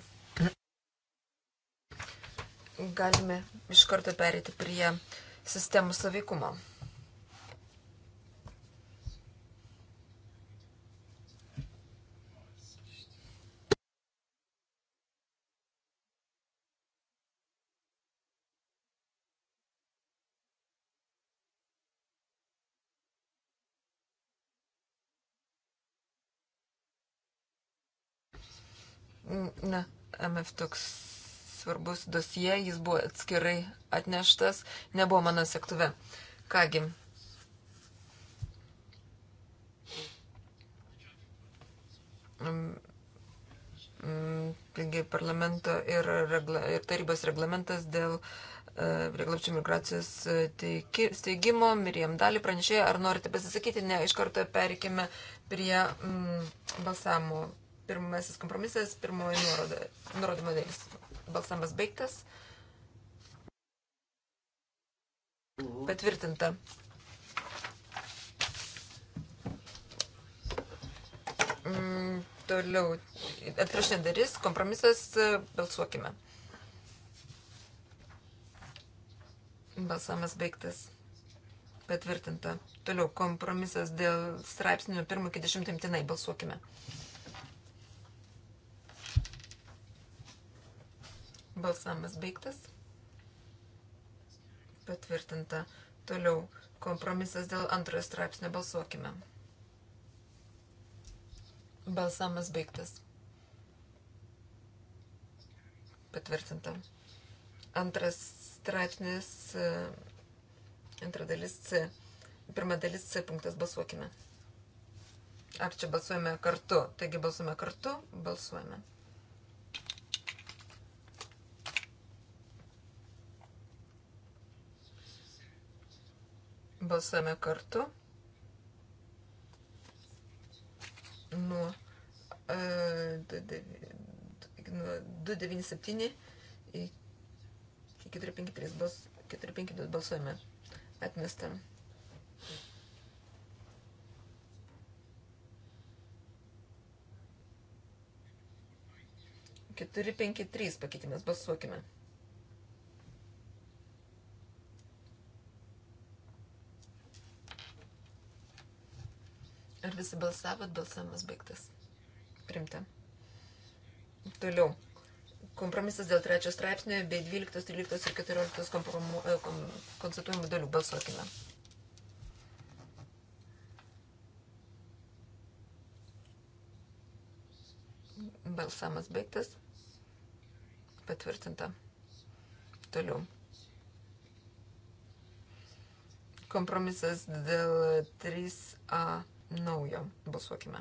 Galime iš karto perėti prie sistemų saveikumo. Na, MF toks svarbus dosie, jis buvo atskirai atneštas, nebuvo mano sektuve. Kągi. Mm, mm, taigi parlamento ir, regla, ir tarybos reglamentas dėl e, prieglapčių migracijos e, steigimo, Mirjam Dali pranešėjo, ar norite pasisakyti, ne, iš karto perikime prie mm, balsamo Pirmasis kompromisas, pirmoji nuoroda, nurodoma dalis. Balsamas baigtas. Patvirtinta. Mm, toliau. Atrašinė dalis, kompromisas, balsuokime. Balsamas baigtas. Patvirtinta. Toliau kompromisas dėl straipsnių pirmų iki dešimtimtinai. Balsuokime. Balsuokime. Balsavimas baigtas. Patvirtinta. Toliau kompromisas dėl antrojo straipsnio balsuokime. Balsavimas baigtas. Patvirtinta. Antras straipsnis, e, antra dalis C. Pirma dalis C punktas balsuokime. Ar čia balsuojame kartu? Taigi balsuojame kartu, balsuojame. Balsame kartu nuo 297 e, iki 453 bals, 452 balsuojame. Atmestam. Keturi, penki, trys pakeitimas. Balsuokime. Ar visi balsavot? Balsavimas baigtas. Primta. Toliau. Kompromisas dėl trečio straipsnio bei 12, 13 ir 14 kompromu, e, kom, konstatuojamų dalių balsuokime. Balsamas baigtas. Patvirtinta. Toliau. Kompromisas dėl 3A naujo. Balsuokime.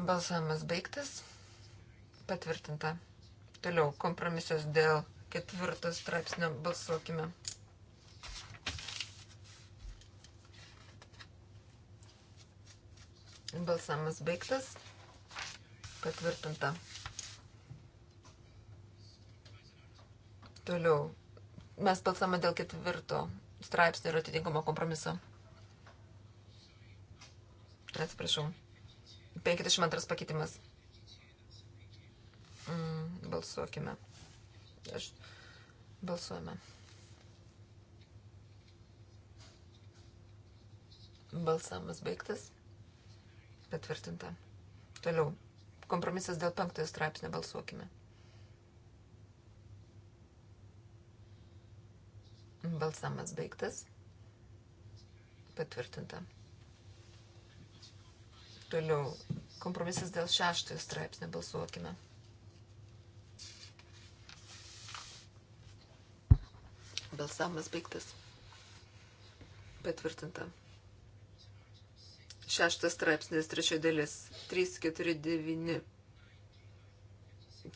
Balsavimas baigtas. Patvirtinta. Toliau kompromisas dėl ketvirtos straipsnio balsuokime. Balsamas baigtas. Patvirtinta. Toliau mes balsame dėl ketvirto straipsnio ir atitinkamo kompromiso. Atsiprašau. 52 pakeitimas. Mm, balsuokime. Aš balsuojame. Balsamas baigtas. Patvirtinta. Toliau. Kompromisas dėl penktojo straipsnio balsuokime. Balsamas baigtas. Patvirtinta. Toliau kompromisas dėl šeštojo straipsnio balsuokime. Balsavimas baigtas. Patvirtinta. Šeštas straipsnis, trečioji dalis. 349.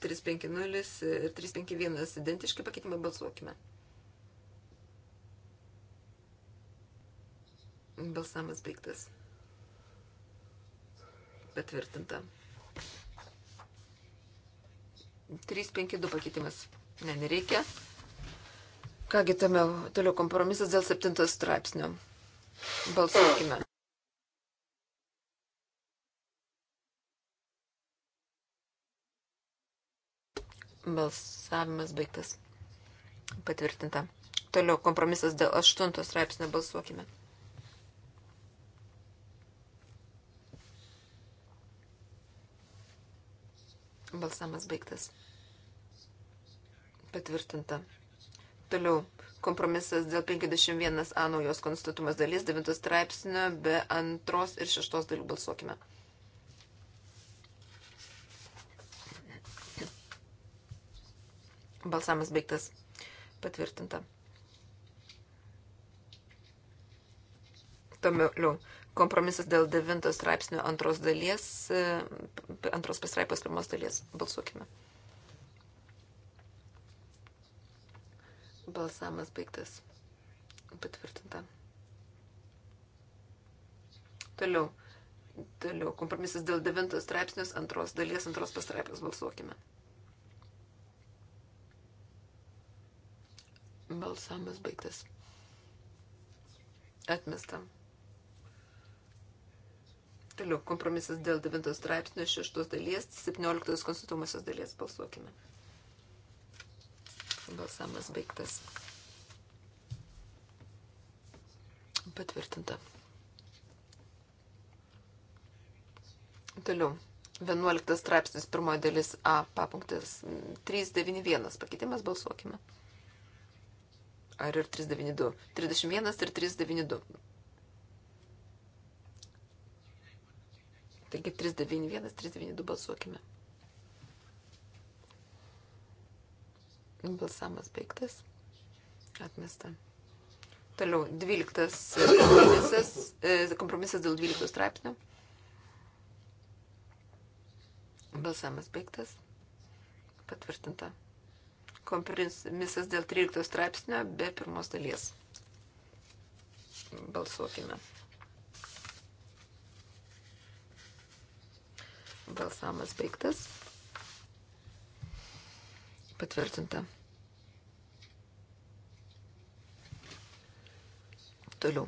350 ir 351. Identiškai pakeitimą balsuokime. 351. Balsamas baigtas. Patvirtinta. 352 pakeitimas. Ne, nereikia. Kągi tame toliau kompromisas dėl septintos straipsnio. Balsuokime. Balsavimas baigtas. Patvirtinta. Toliau kompromisas dėl aštuntos straipsnio. Balsuokime. Balsuokime. Balsamas baigtas. Patvirtinta. Toliau. Kompromisas dėl 51a naujos konstatumas dalies 9 straipsnio be antros ir šeštos dalių balsuokime. Balsamas baigtas. Patvirtinta. Toliau. Kompromisas dėl 9 straipsnio antros dalies, e, antros pastraipos pirmos dalies. Balsuokime. Balsamas baigtas. Patvirtinta. Toliau. Toliau. Kompromisas dėl 9 straipsnius antros dalies, antros pastraipos. Balsuokime. Balsamas baigtas. Atmestam. Toliau, kompromisas dėl 9 straipsnio 6 dalies, 17 konstitucijos dalies. Balsuokime. Balsamas baigtas. Patvirtinta. Toliau. 11 straipsnis, pirmoji dalis A, papunktis 391 pakeitimas, balsuokime. Ar ir 392? 31 ir 392. Taigi 391, 392 balsuokime. Balsamas baigtas. Atmesta. Toliau, 12 kompromisas, e, kompromisas dėl 12 straipsnio. Balsamas baigtas. Patvirtinta. Kompromisas dėl 13 straipsnio be pirmos dalies. Balsuokime. Balsavimas baigtas. Patvirtinta. Toliau.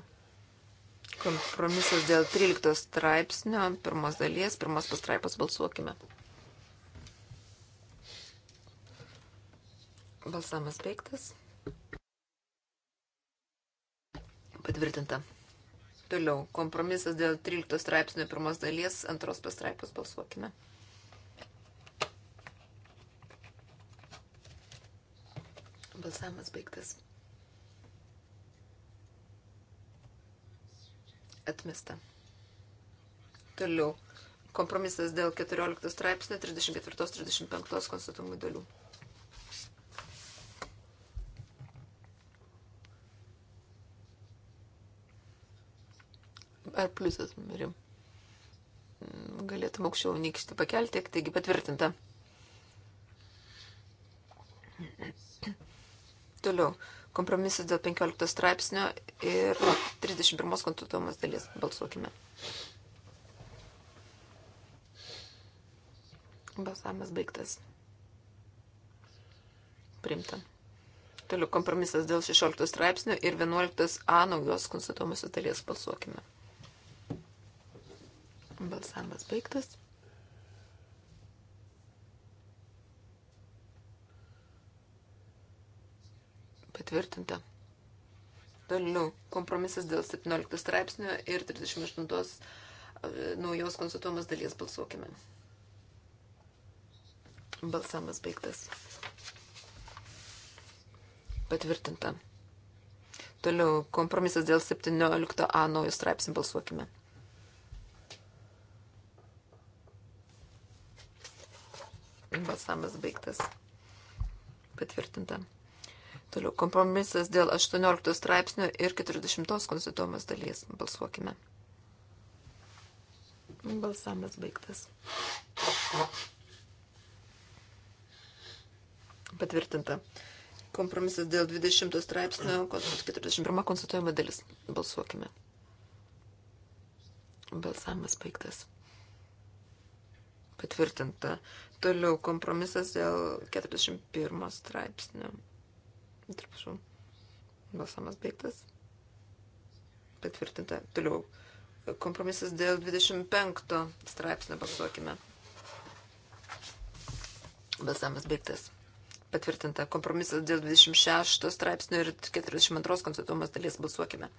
Kompromisas dėl 13 straipsnio, pirmos dalies, pirmos pastraipos balsuokime. Balsamas baigtas. Patvirtinta. Toliau, kompromisas dėl 13 straipsnio pirmos dalies, antros pastraipos balsuokime. Balsavimas baigtas. Atmesta. Toliau, kompromisas dėl 14 straipsnio 34-35 konstatumų dalių. ar pliusas numerim. Galėtum aukščiau nykštį pakelti, taigi patvirtinta. Toliau. Kompromisas dėl 15 straipsnio ir 31 konstitucijos dalies. Balsuokime. Balsavimas baigtas. Primta. Toliau kompromisas dėl 16 straipsnių ir 11a naujos konstitucijos dalies. Balsuokime. Balsavimas baigtas. Patvirtinta. Toliau kompromisas dėl 17 straipsnio ir 38 e, naujos konsultuomas dalies balsuokime. Balsamas baigtas. Patvirtinta. Toliau kompromisas dėl 17a naujų straipsnių balsuokime. Balsavimas baigtas. Patvirtinta. Toliau kompromisas dėl 18 straipsnio ir 40 konstituomos dalies. Balsuokime. Balsavimas baigtas. Patvirtinta. Kompromisas dėl 20 straipsnio 41 konstituojama dalis. Balsuokime. Balsavimas baigtas. Patvirtinta. Toliau kompromisas dėl 41 straipsnio. Atsiprašau. Balsamas baigtas. Patvirtinta. Toliau kompromisas dėl 25 straipsnio balsuokime. Balsamas baigtas. Patvirtinta. Kompromisas dėl 26 straipsnio ir 42 konstatuomas dalies balsuokime.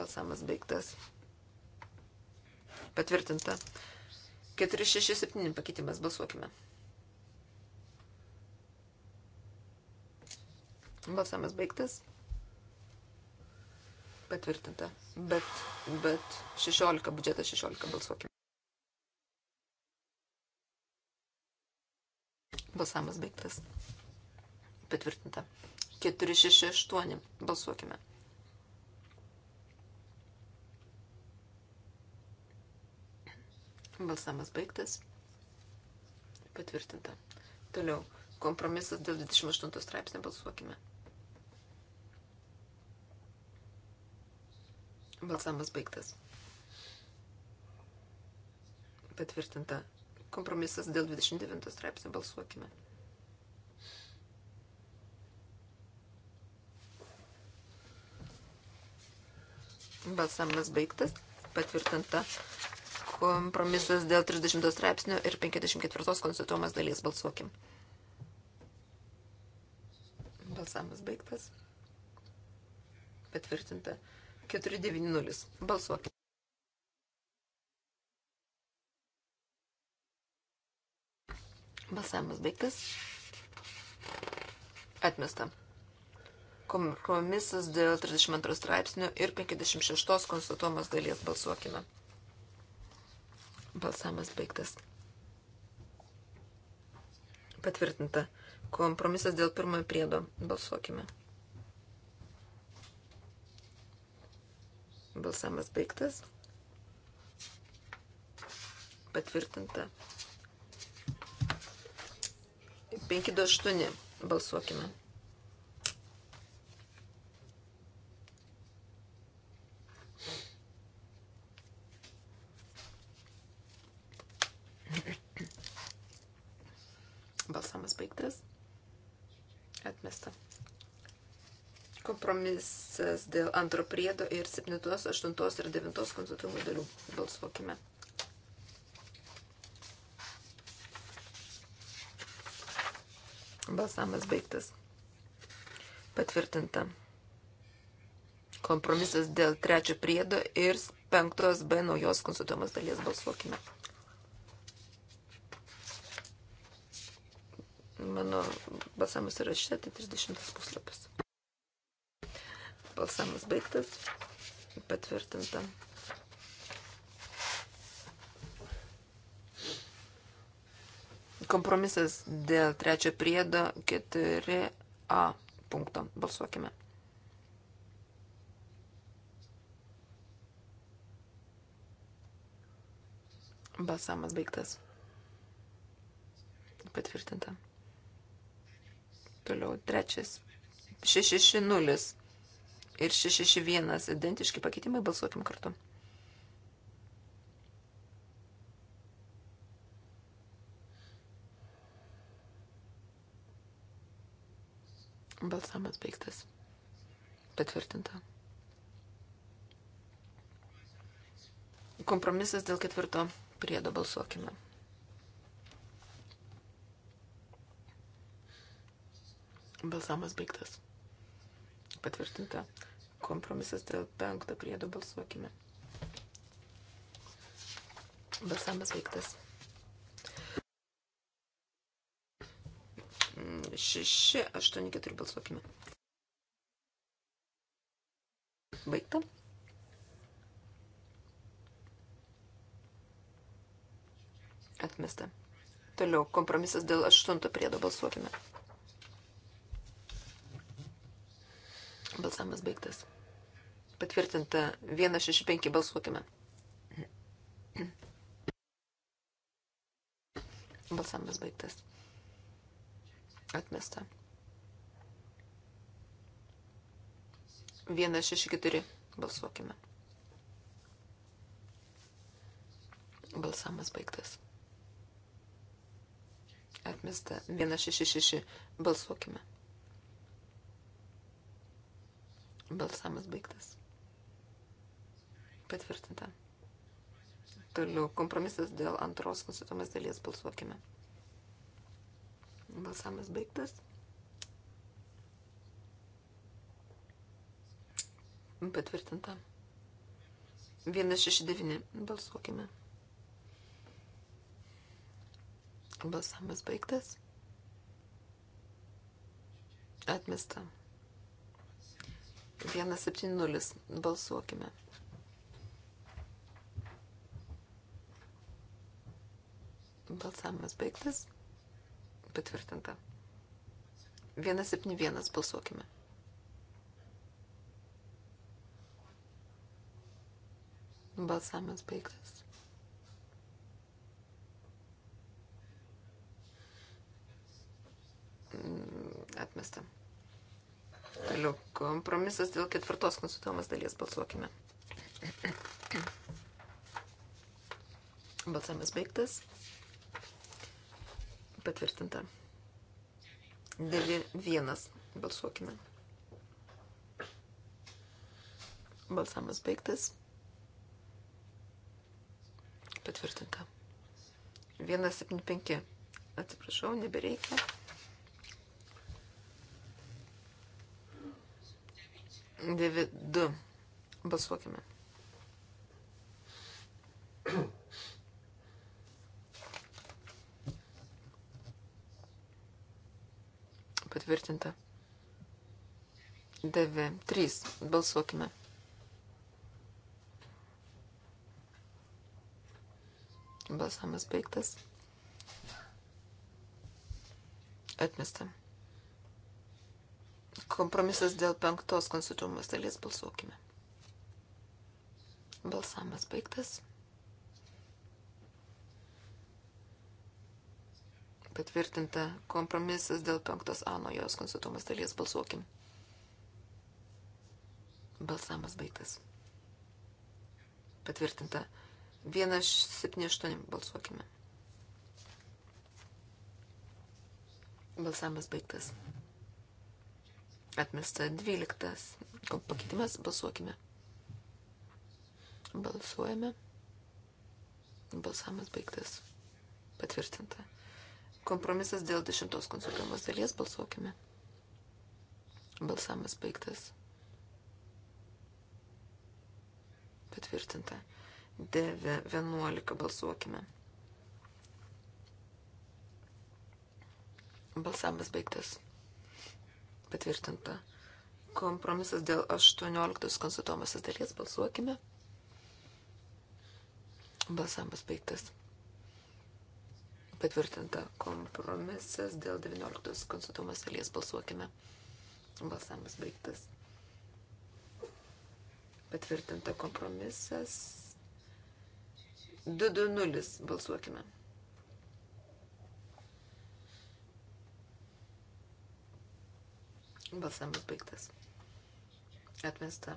Balsamas baigtas patvirtinta. 467 pakeitimas, balsuokime. Balsamas baigtas. Patvirtinta. Bet, bet 16, biudžetas 16, balsuokime. Balsamas baigtas. Patvirtinta. 468, balsuokime. Balsamas baigtas. Patvirtinta. Toliau. Kompromisas dėl 28 straipsnio balsuokime. Balsamas baigtas. Patvirtinta. Kompromisas dėl 29 straipsnio balsuokime. Balsamas baigtas. Patvirtinta kompromisas dėl 30 straipsnio ir 54 konstituomas dalies. Balsuokim. Balsavimas baigtas. Patvirtinta. 490. Balsuokim. Balsavimas baigtas. Atmesta. Kompromisas dėl 32 straipsnio ir 56 konstatuomas dalies balsuokime. Balsavimas baigtas. Patvirtinta. Kompromisas dėl pirmojo priedo. Balsuokime. Balsavimas baigtas. Patvirtinta. 5 du 8. Balsuokime. kompromisas dėl antro priedo ir 7, 8 ir 9 konstatuojamų dalių. Balsuokime. Balsamas baigtas. Patvirtinta. Kompromisas dėl trečio priedo ir penktos B naujos konsultuojamos dalies balsuokime. Mano balsamas yra tai šitą 30 puslapis. Balsamas baigtas. Patvirtinta. Kompromisas dėl trečio priedo 4a punkto. Balsuokime. Balsamas baigtas. Patvirtinta. Toliau trečias. 660 ir 661 identiški pakeitimai, balsuokim kartu. Balsamas baigtas. Patvirtinta. Kompromisas dėl ketvirto priedo balsuokime. Balsamas baigtas patvirtinta. Kompromisas dėl penkto priedo balsuokime. Balsamas veiktas. Šeši, aštuoni, keturi balsuokime. Baigta. Atmesta. Toliau, kompromisas dėl aštunto priedo balsuokime. Balsavimas baigtas. Patvirtinta 165 balsuokime. Balsavimas baigtas. Atmesta. 164 balsuokime. Balsavimas baigtas. Atmesta 166 balsuokime. Balsamas baigtas. Patvirtinta. Toliau kompromisas dėl antros konstitucijos dalies balsuokime. Balsamas baigtas. Patvirtinta. 169. Balsuokime. Balsamas baigtas. Atmesta. 170. Balsuokime. Balsavimas baigtas. Patvirtinta. 171. Balsuokime. Balsavimas baigtas. Mm, atmesta. Toliau kompromisas dėl ketvirtos konsultuojamos dalies. Balsuokime. Balsavimas baigtas. Patvirtinta. Dėlį vienas. Balsuokime. Balsavimas baigtas. Patvirtinta. 175. Atsiprašau, nebereikia. 2. Balsuokime. Patvirtinta. 9. 3. Balsuokime. Balsamas baigtas. Atmestam. Kompromisas dėl penktos konstitucijos dalies balsuokime. Balsamas baigtas. Patvirtinta kompromisas dėl penktos A naujos konstitucijos dalies balsuokim. Balsamas baigtas. Patvirtinta 178 balsuokime. Balsamas baigtas. Atmesta 12. Pakeitimas. Balsuokime. Balsuojame. Balsavimas baigtas. Patvirtinta. Kompromisas dėl 10 konsultuojamos dalies. Balsuokime. Balsavimas baigtas. Patvirtinta. DV11 balsuokime. Balsavimas baigtas. Patvirtinta. Kompromisas dėl 18 konstatuomasios dalies. Balsuokime. Balsavimas baigtas. Patvirtinta. Kompromisas dėl 19 konstatuomasios dalies. Balsuokime. Balsavimas baigtas. Patvirtinta kompromisas. 2-2-0. Balsuokime. Balsavimas baigtas. Atmesta.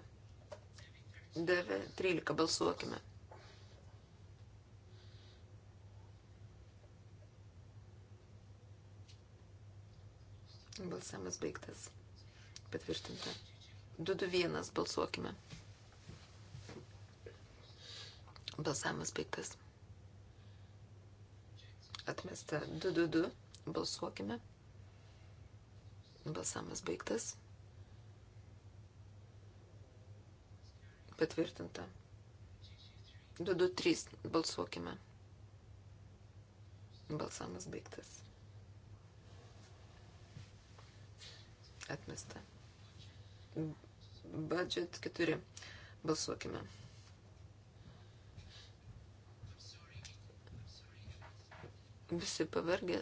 9, 13. Balsuokime. Balsavimas baigtas. Patvirtinta. 221 balsuokime. Balsavimas baigtas. Atmesta 222 balsuokime. Balsamas baigtas. Patvirtinta. 2-2-3. Balsuokime. Balsamas baigtas. Atmesta. Budget 4. Balsuokime. Visi pavargė,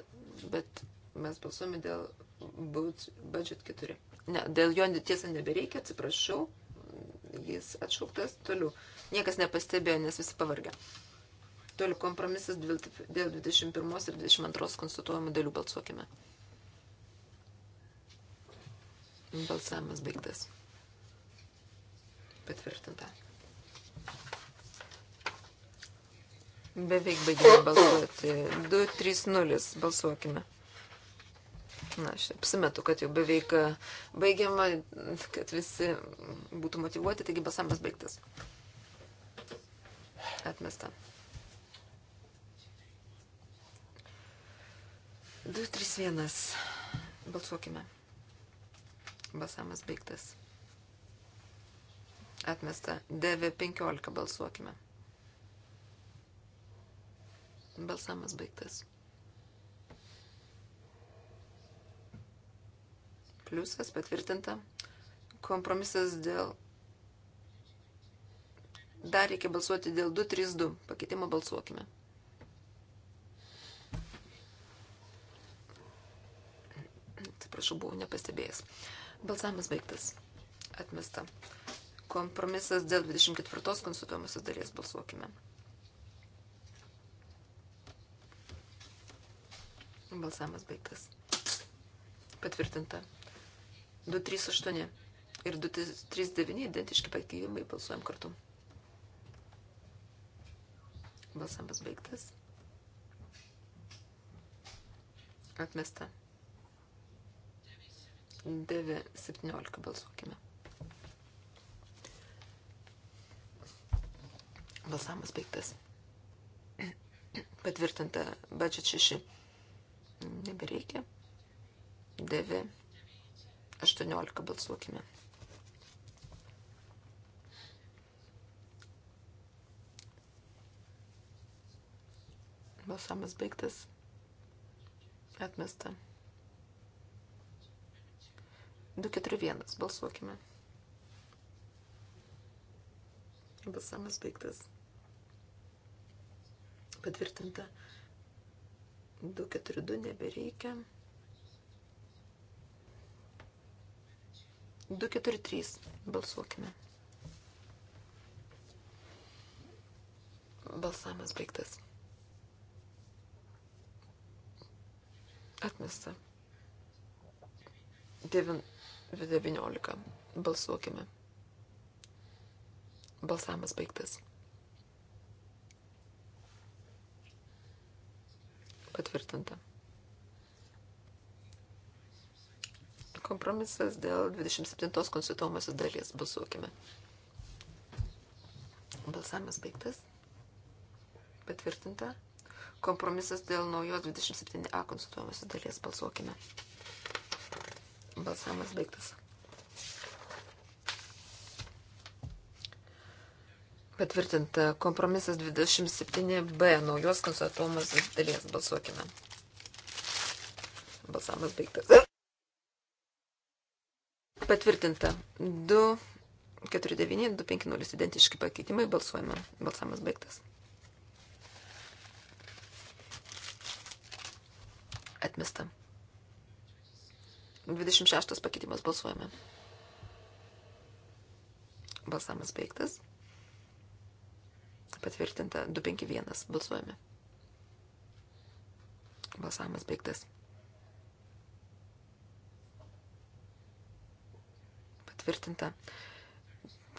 bet mes balsuojame dėl budžet 4. Ne, dėl jo tiesa nebereikia, atsiprašau, jis atšauktas toliau. Niekas nepastebėjo, nes visi pavargė. Toliau kompromisas dėl 21 ir 22 konstatuojamų dalių balsuokime. Balsavimas baigtas. Patvirtinta. Beveik baigėme balsuoti. 2-3-0 balsuokime. Na, aš apsimetu, kad jau beveik e, baigiama, kad visi būtų motivuoti, taigi balsavimas baigtas. Atmesta. 2, 3, 1. Balsuokime. Balsavimas baigtas. Atmesta. 9, 15. Balsuokime. Balsavimas baigtas. pliusas patvirtinta. Kompromisas dėl. Dar reikia balsuoti dėl 232. Pakeitimo balsuokime. Atsiprašau, buvau nepastebėjęs. Balsavimas baigtas. Atmesta. Kompromisas dėl 24 konsultuojamosios dalies balsuokime. Balsavimas baigtas. Patvirtinta. 238 ir 239 identiški pakeitimai balsuojam kartu. Balsamas baigtas. Atmesta. 9.17 balsuokime. Balsamas baigtas. Patvirtinta budžet 6. Nebereikia. 9. 18 balsuokime. Balsamas baigtas. Atmesta. 241 balsuokime. Balsamas baigtas. Patvirtinta. 242 nebereikia. 243. 243. Balsuokime. Balsavimas baigtas. Atmesta. 9, 19. Balsuokime. Balsavimas baigtas. Patvirtinta. Kompromisas dėl 27 konstituomosios dalies. Balsuokime. Balsavimas baigtas. Patvirtinta. Kompromisas dėl naujos 27a konstituojamosios dalies. Balsuokime. Balsavimas baigtas. Patvirtinta. Kompromisas 27b naujos konstituojamosios dalies. Balsuokime. Balsavimas baigtas. Patvirtinta. 2, 4, 9, 2, 5, 0. Identiški pakeitimai. Balsuojame. Balsamas baigtas. Atmesta. 26 pakeitimas. Balsuojame. Balsamas baigtas. Patvirtinta. 251. Balsuojame. Balsamas baigtas. patvirtinta.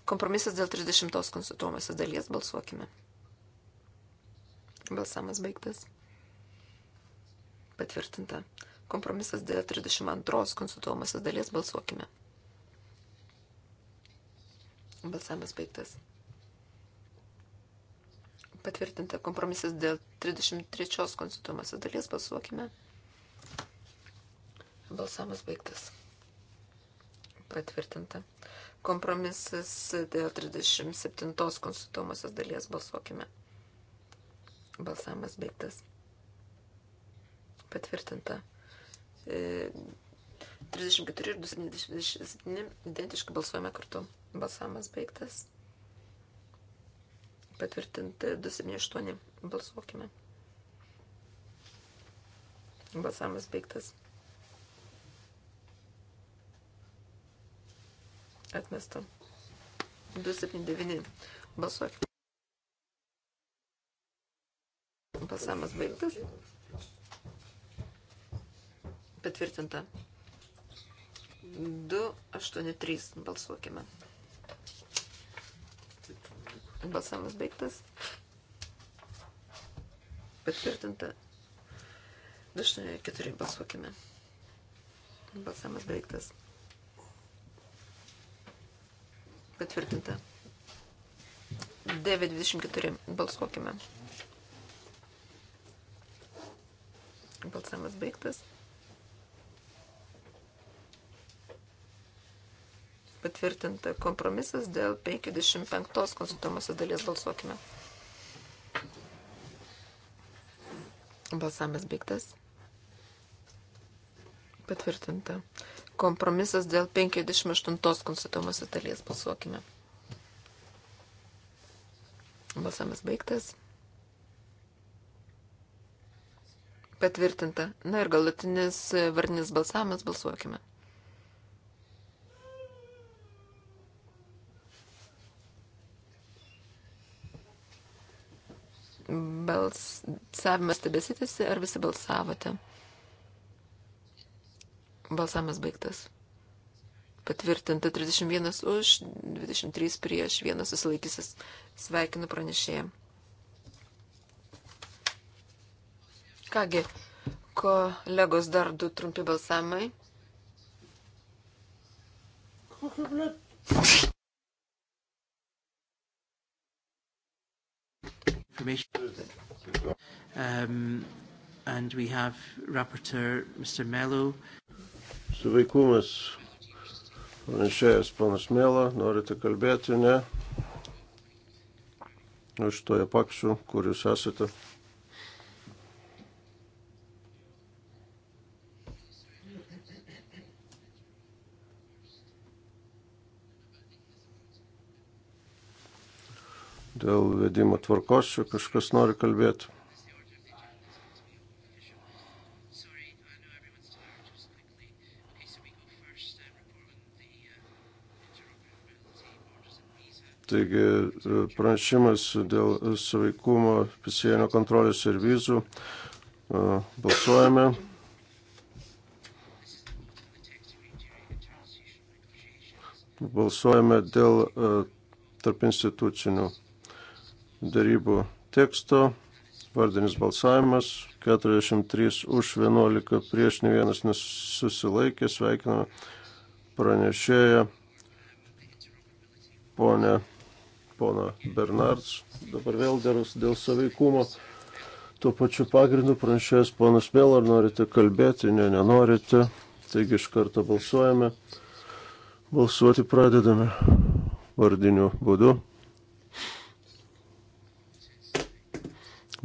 Kompromisas dėl 30 konstituomosios dalies balsuokime. Balsamas baigtas. Patvirtinta. Kompromisas dėl 32 konstituomosios dalies balsuokime. Balsavimas baigtas. Patvirtinta kompromisas dėl 33 konstituomosios dalies balsuokime. Balsavimas baigtas. Patvirtinta. Kompromisas dėl 37 konstituomosios dalies balsuokime. Balsavimas baigtas. Patvirtinta. 34 e, ir 277 identiškai balsuojame kartu. Balsavimas baigtas. Patvirtinti 278 balsuokime. Balsavimas baigtas. Atmesta. 279. Balsuokime. Balsavimas baigtas. Patvirtinta. 283. Balsuokime. Balsavimas baigtas. Patvirtinta. 284. Balsuokime. Balsavimas baigtas. Patvirtinta. 9.24. Balsuokime. Balsavimas baigtas. Patvirtinta kompromisas dėl 55 konsultuomosios dalies. Balsuokime. Balsavimas baigtas. Patvirtinta. Patvirtinta. Kompromisas dėl 58 konstatuomosios dalies. Balsuokime. Balsamas baigtas. Patvirtinta. Na ir galutinis vardinis balsavimas. Balsuokime. Balsavimas tebesitėsi, ar visi balsavote? Balsamas baigtas. Patvirtinta 31 už, 23 prieš, vienas susilaikysis. Sveikinu pranešėją. Kągi, kolegos dar du trumpi balsamai. Um, and we have Rapporteur Mr. Mello. Suveikumas. Pranešėjas panas Mėla, norite kalbėti, ne? Aš toje pakšiu, kur jūs esate. Dėl vedimo tvarkos čia kažkas nori kalbėti. Taigi e, pranešimas dėl suveikumo pasienio kontrolės ir vizų. E, balsuojame. Balsuojame dėl e, tarp institucinių darybų teksto. Vardinis balsavimas. 43 už 11 prieš ne vienas nesusilaikė. Sveikiname pranešėją ponę pono Bernards, dabar vėl dėl saveikumo. Tuo pačiu pagrindu pranešėjas ponas Mėl, ar norite kalbėti, ne, nenorite. Taigi iš karto balsuojame. Balsuoti pradedame vardiniu būdu.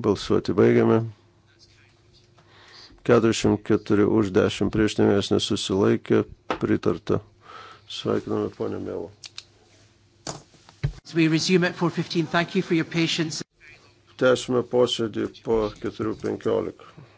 Balsuoti baigiame. 44 už 10 prieš nemės nesusilaikė, pritarta. Sveikiname ponę Mėlą. Tęsime posėdį po 4.15.